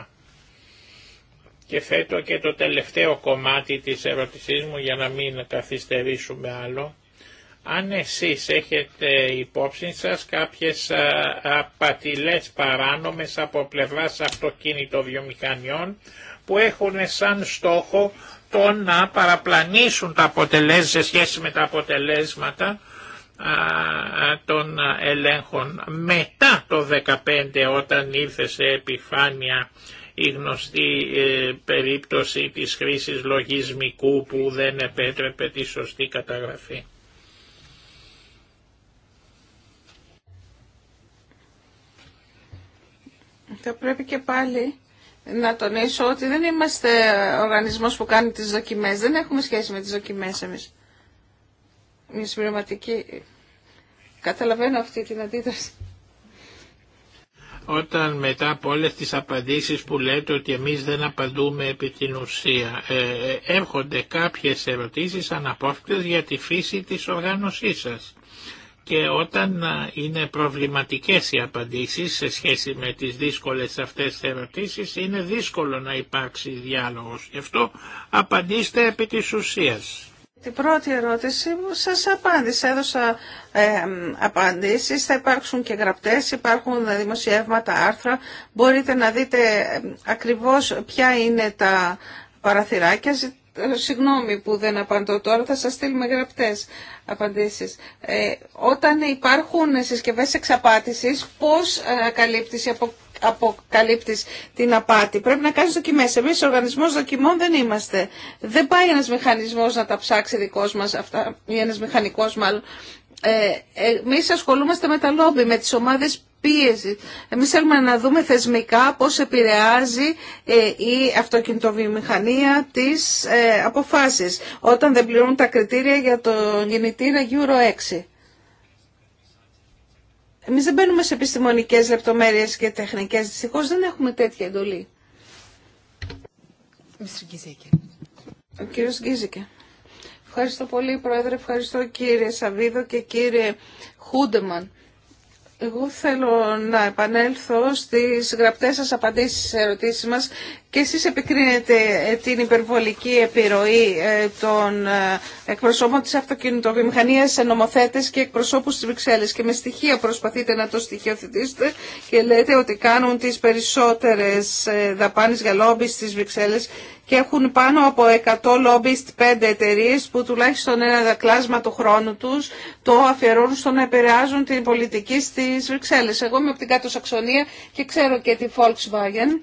Και φέτο και το τελευταίο κομμάτι της ερώτησής μου για να μην καθυστερήσουμε άλλο. Αν εσείς έχετε υπόψη σας κάποιες απατηλές παράνομες από πλευράς αυτοκίνητο-βιομηχανιών που έχουν σαν στόχο το να παραπλανήσουν τα αποτελέσματα σε σχέση με τα αποτελέσματα των ελέγχων μετά το 2015 όταν ήρθε σε επιφάνεια η γνωστή ε, περίπτωση της χρήσης λογισμικού που δεν επέτρεπε τη σωστή καταγραφή. Θα πρέπει και πάλι να τονίσω ότι δεν είμαστε οργανισμός που κάνει τις δοκιμές. Δεν έχουμε σχέση με τις δοκιμές εμείς. Μια συμπληρωματική. Καταλαβαίνω αυτή την αντίδραση όταν μετά από όλες τις απαντήσεις που λέτε ότι εμείς δεν απαντούμε επί την ουσία ε, ε, έρχονται κάποιες ερωτήσεις αναπόφευκτες για τη φύση της οργάνωσής σας και όταν ε, είναι προβληματικές οι απαντήσεις σε σχέση με τις δύσκολες αυτές ερωτήσεις είναι δύσκολο να υπάρξει διάλογος. Γι' αυτό απαντήστε επί της ουσίας. Την πρώτη ερώτηση σας απάντησα, έδωσα ε, απαντήσεις, θα υπάρξουν και γραπτές, υπάρχουν δημοσιεύματα, άρθρα. Μπορείτε να δείτε ακριβώς ποια είναι τα παραθυράκια. Συγγνώμη που δεν απαντώ τώρα, θα σας στείλουμε γραπτές απαντήσεις. Ε, όταν υπάρχουν συσκευές εξαπάτησης, πώς καλύπτεις από αποκαλύπτεις την απάτη. Πρέπει να κάνει δοκιμές. Εμείς οργανισμό δοκιμών δεν είμαστε. Δεν πάει ένα μηχανισμό να τα ψάξει δικό μα, αυτά, ή ένας μηχανικός μάλλον. Ε, εμείς ασχολούμαστε με τα λόμπι, με τις ομάδες πίεση. Εμείς θέλουμε να δούμε θεσμικά πώς επηρεάζει ε, η αυτοκινητοβιομηχανία τις ε, αποφάσεις όταν δεν πληρούν τα κριτήρια για τον κινητήρα Euro 6. Εμείς δεν μπαίνουμε σε επιστημονικές λεπτομέρειες και τεχνικές. δυστυχώ, δεν έχουμε τέτοια εντολή. Ο κύριος Γκίζικε. Ευχαριστώ πολύ, Πρόεδρε. Ευχαριστώ, κύριε Σαββίδο και κύριε Χούντεμαν. Εγώ θέλω να επανέλθω στις γραπτές σας απαντήσεις σε ερωτήσεις μας και εσείς επικρίνετε την υπερβολική επιρροή ε, των ε, εκπροσώπων της αυτοκινητοβιομηχανίας σε νομοθέτες και εκπροσώπους της Βρυξέλλης και με στοιχεία προσπαθείτε να το στοιχειοθετήσετε και λέτε ότι κάνουν τις περισσότερες ε, δαπάνες για λόμπι στις Βρυξέλλες και έχουν πάνω από 100 λόμπιστ 5 εταιρείε που τουλάχιστον ένα δακλάσμα του χρόνου τους το αφιερώνουν στο να επηρεάζουν την πολιτική στις Βρυξέλλες. Εγώ είμαι από την κάτω Σαξονία και ξέρω και τη Volkswagen.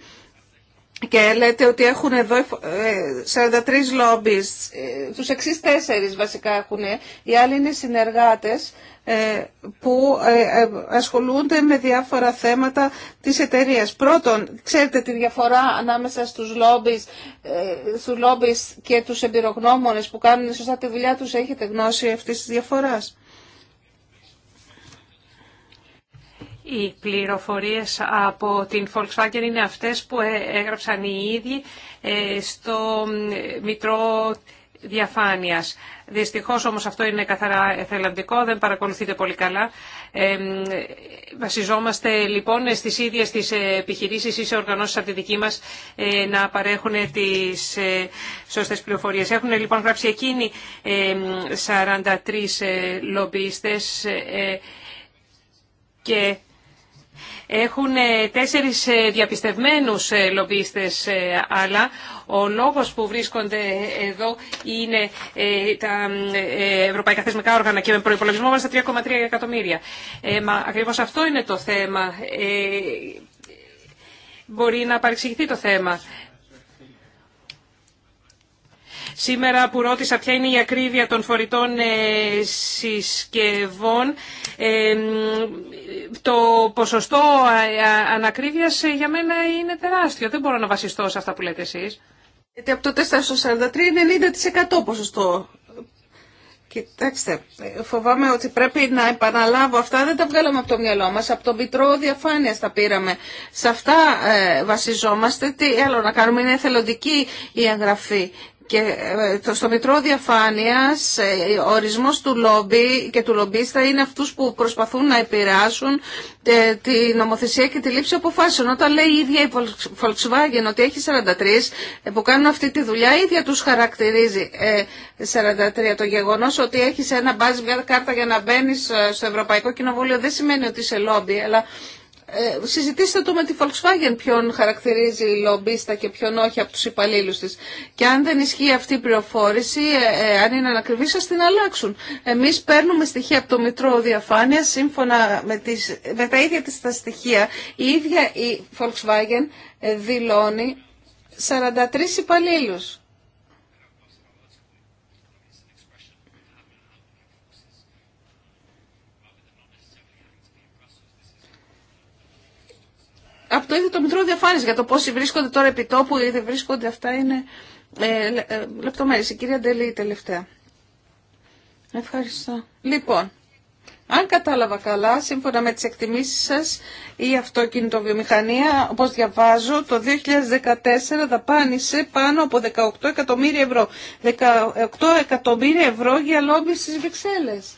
Και λέτε ότι έχουν εδώ 43 ε, λόμπιστ. Ε, τους εξής τέσσερις βασικά έχουν, οι άλλοι είναι συνεργάτες ε, που ε, ε, ασχολούνται με διάφορα θέματα της εταιρεία. Πρώτον, ξέρετε τη διαφορά ανάμεσα στους λόμπις, στους λόμπις και τους εμπειρογνώμονες που κάνουν σωστά τη δουλειά τους. Έχετε γνώση αυτής της διαφοράς. Οι πληροφορίες από την Volkswagen είναι αυτές που έγραψαν οι ίδιοι στο Μητρό Διαφάνειας. Δυστυχώς όμως αυτό είναι καθαρά εθελοντικό, δεν παρακολουθείτε πολύ καλά. Ε, βασιζόμαστε λοιπόν στις ίδιες τις επιχειρήσεις ή σε οργανώσεις από τη δική μας ε, να παρέχουν τις ε, σωστές πληροφορίες. Έχουν λοιπόν γράψει εκείνοι 43 ε, λομπίστες ε, και έχουν ε, τέσσερις ε, διαπιστευμένους ε, λομπίστες, αλλά ο λόγος που βρίσκονται εδώ είναι τα ευρωπαϊκά θεσμικά όργανα και με προϋπολογισμό μας τα 3,3 εκατομμύρια. Ε, μα, ακριβώς αυτό είναι το θέμα. Ε, μπορεί να παρεξηγηθεί το θέμα. Σήμερα που ρώτησα ποια είναι η ακρίβεια των φορητών ε, συσκευών, ε, το ποσοστό ανακρίβειας ε, για μένα είναι τεράστιο. Δεν μπορώ να βασιστώ σε αυτά που λέτε εσείς. Γιατί από το 4 στο 43 είναι 90% ποσοστό. Κοιτάξτε, φοβάμαι ότι πρέπει να επαναλάβω αυτά. Δεν τα βγάλαμε από το μυαλό μας. Από το μητρό διαφάνεια τα πήραμε. Σε αυτά βασιζόμαστε. Τι άλλο να κάνουμε. Είναι εθελοντική η εγγραφή. Και ε, στο Μητρό Διαφάνειας ε, ο ορισμός του λόμπι και του λομπίστα είναι αυτούς που προσπαθούν να επηρεάσουν ε, τη νομοθεσία και τη λήψη αποφάσεων. Όταν λέει η ίδια η Volkswagen ότι έχει 43 που κάνουν αυτή τη δουλειά, η ίδια τους χαρακτηρίζει 43. Το γεγονός ότι έχεις ένα μπάζι μια κάρτα για να μπαίνεις στο Ευρωπαϊκό Κοινοβούλιο δεν σημαίνει ότι είσαι λόμπι, αλλά ε, συζητήστε το με τη Volkswagen ποιον χαρακτηρίζει η λομπίστα και ποιον όχι από τους υπαλλήλους της. Και αν δεν ισχύει αυτή η πληροφόρηση, ε, ε, αν είναι ανακριβή, σας την αλλάξουν. Εμείς παίρνουμε στοιχεία από το Μητρό Διαφάνεια, σύμφωνα με, τις, με τα ίδια της τα στοιχεία, η ίδια η Volkswagen ε, δηλώνει 43 υπαλλήλους. από το ίδιο το Μητρό διαφάνεια για το πόσοι βρίσκονται τώρα επί τόπου ή δεν βρίσκονται αυτά είναι ε, ε, λεπτομέρειες. Η κυρία Ντελή τελευταία. Ευχαριστώ. Λοιπόν, αν κατάλαβα καλά, σύμφωνα με τις εκτιμήσεις σας, η αυτοκινητοβιομηχανία, όπως διαβάζω, το 2014 δαπάνησε πάνω από 18 εκατομμύρια ευρώ. 18 εκατομμύρια ευρώ για λόμπι στις Βρυξέλλες.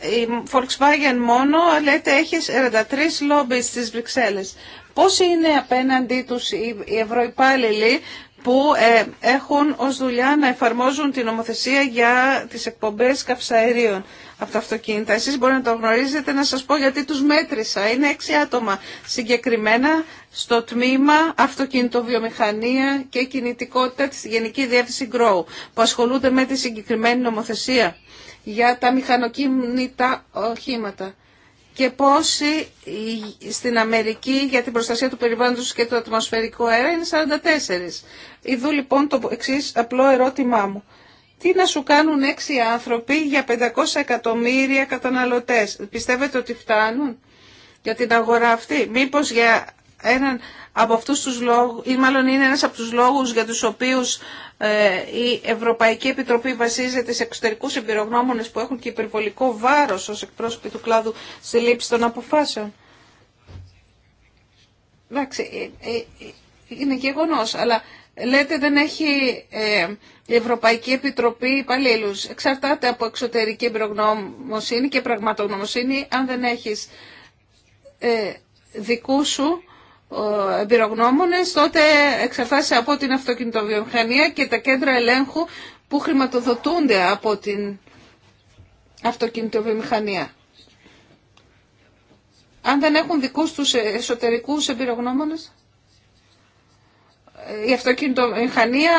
Η Volkswagen μόνο λέτε έχει 43 λόμπι στις Βρυξέλλες. Πώς είναι απέναντί τους οι ευρωϋπάλληλοι που ε, έχουν ως δουλειά να εφαρμόζουν την νομοθεσία για τις εκπομπές καυσαερίων από τα αυτοκίνητα. Εσείς μπορείτε να το γνωρίζετε να σας πω γιατί τους μέτρησα. Είναι έξι άτομα συγκεκριμένα στο τμήμα αυτοκινητοβιομηχανία και κινητικότητα της Γενική Διεύθυνση Grow που ασχολούνται με τη συγκεκριμένη νομοθεσία για τα μηχανοκίνητα οχήματα και πόσοι στην Αμερική για την προστασία του περιβάλλοντος και του ατμοσφαιρικού αέρα είναι 44. Ιδού λοιπόν το εξή απλό ερώτημά μου. Τι να σου κάνουν έξι άνθρωποι για 500 εκατομμύρια καταναλωτές. Πιστεύετε ότι φτάνουν για την αγορά αυτή. Μήπως για έναν από αυτούς τους λόγους, ή μάλλον είναι ένας από τους λόγους για τους οποίους ε, η Ευρωπαϊκή Επιτροπή βασίζεται σε εξωτερικούς εμπειρογνώμονες που έχουν και υπερβολικό βάρος ως εκπρόσωποι του κλάδου στη λήψη των αποφάσεων. Εντάξει, ε, ε, είναι γεγονό, αλλά λέτε δεν έχει η Ευρωπαϊκή Επιτροπή υπαλλήλου. Εξαρτάται από εξωτερική εμπειρογνωμοσύνη και πραγματογνωμοσύνη αν δεν έχεις δικού σου εμπειρογνώμονες, τότε εξαρτάται από την αυτοκινητοβιομηχανία και τα κέντρα ελέγχου που χρηματοδοτούνται από την αυτοκινητοβιομηχανία. Αν δεν έχουν δικούς τους εσωτερικούς εμπειρογνώμονες, η αυτοκινητομηχανία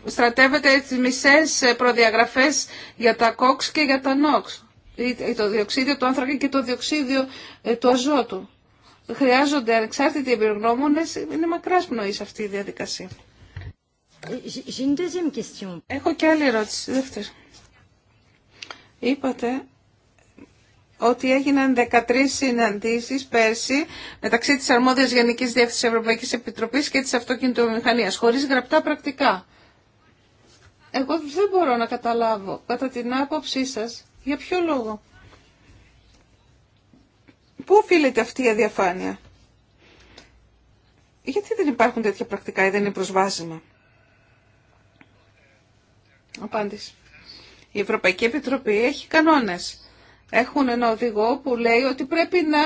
αντιστρατεύεται τις μισές προδιαγραφές για τα κόξ και για τα νόξ, το διοξίδιο του άνθρακα και το διοξίδιο ε, του αζότου χρειάζονται ανεξάρτητοι εμπειρογνώμονε, είναι μακρά πνοή αυτή η διαδικασία. Έχω και άλλη ερώτηση, δεύτερη. Είπατε ότι έγιναν 13 συναντήσεις πέρσι μεταξύ της αρμόδιας Γενική Διεύθυνσης Ευρωπαϊκής Επιτροπής και της Αυτοκινητομηχανίας, χωρίς γραπτά πρακτικά. Εγώ δεν μπορώ να καταλάβω, κατά την άποψή σα για ποιο λόγο. Πού οφείλεται αυτή η αδιαφάνεια. Γιατί δεν υπάρχουν τέτοια πρακτικά ή δεν είναι προσβάσιμα. Απάντηση. Η Ευρωπαϊκή Επιτροπή έχει κανόνες. Έχουν ένα οδηγό που λέει ότι πρέπει να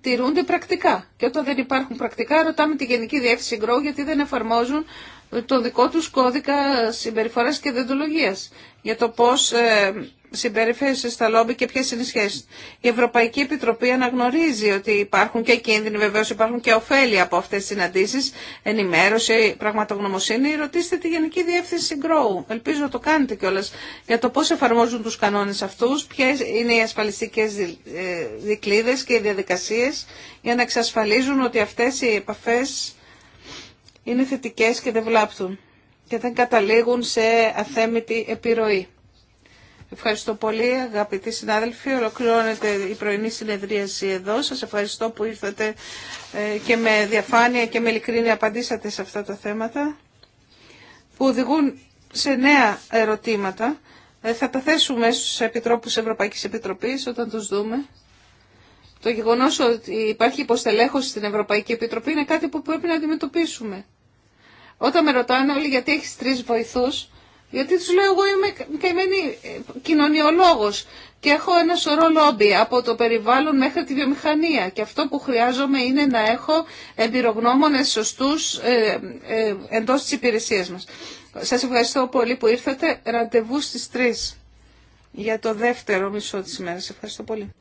τηρούνται πρακτικά. Και όταν δεν υπάρχουν πρακτικά ρωτάμε τη Γενική Διεύθυνση Γκρό γιατί δεν εφαρμόζουν το δικό τους κώδικα συμπεριφοράς και δεντολογίας για το πώς ε, συμπεριφέρει στα λόμπι και ποιε είναι οι σχέσει. Η Ευρωπαϊκή Επιτροπή αναγνωρίζει ότι υπάρχουν και κίνδυνοι, βεβαίω, υπάρχουν και ωφέλη από αυτέ τι συναντήσει, ενημέρωση, πραγματογνωμοσύνη. Ρωτήστε τη Γενική Διεύθυνση Grow. Ελπίζω να το κάνετε κιόλα για το πώ εφαρμόζουν του κανόνε αυτού, ποιε είναι οι ασφαλιστικέ ε, δικλείδε και οι διαδικασίε για να εξασφαλίζουν ότι αυτέ οι επαφέ είναι θετικέ και δεν βλάπτουν και δεν καταλήγουν σε αθέμητη επιρροή. Ευχαριστώ πολύ αγαπητοί συνάδελφοι. Ολοκληρώνεται η πρωινή συνεδρίαση εδώ. Σας ευχαριστώ που ήρθατε ε, και με διαφάνεια και με ειλικρίνη απαντήσατε σε αυτά τα θέματα που οδηγούν σε νέα ερωτήματα. Ε, θα τα θέσουμε στους Επιτρόπους Ευρωπαϊκής Επιτροπής όταν τους δούμε. Το γεγονός ότι υπάρχει υποστελέχωση στην Ευρωπαϊκή Επιτροπή είναι κάτι που πρέπει να αντιμετωπίσουμε. Όταν με ρωτάνε όλοι γιατί έχει τρει βοηθού, γιατί του λέω εγώ είμαι καημένη ε, κοινωνιολόγος και έχω ένα σωρό λόμπι από το περιβάλλον μέχρι τη βιομηχανία και αυτό που χρειάζομαι είναι να έχω εμπειρογνώμονες σωστούς ε, ε, εντός της υπηρεσίας μας. Σας ευχαριστώ πολύ που ήρθατε. Ραντεβού στι 3 για το δεύτερο μισό ημέρα. Σα Ευχαριστώ πολύ.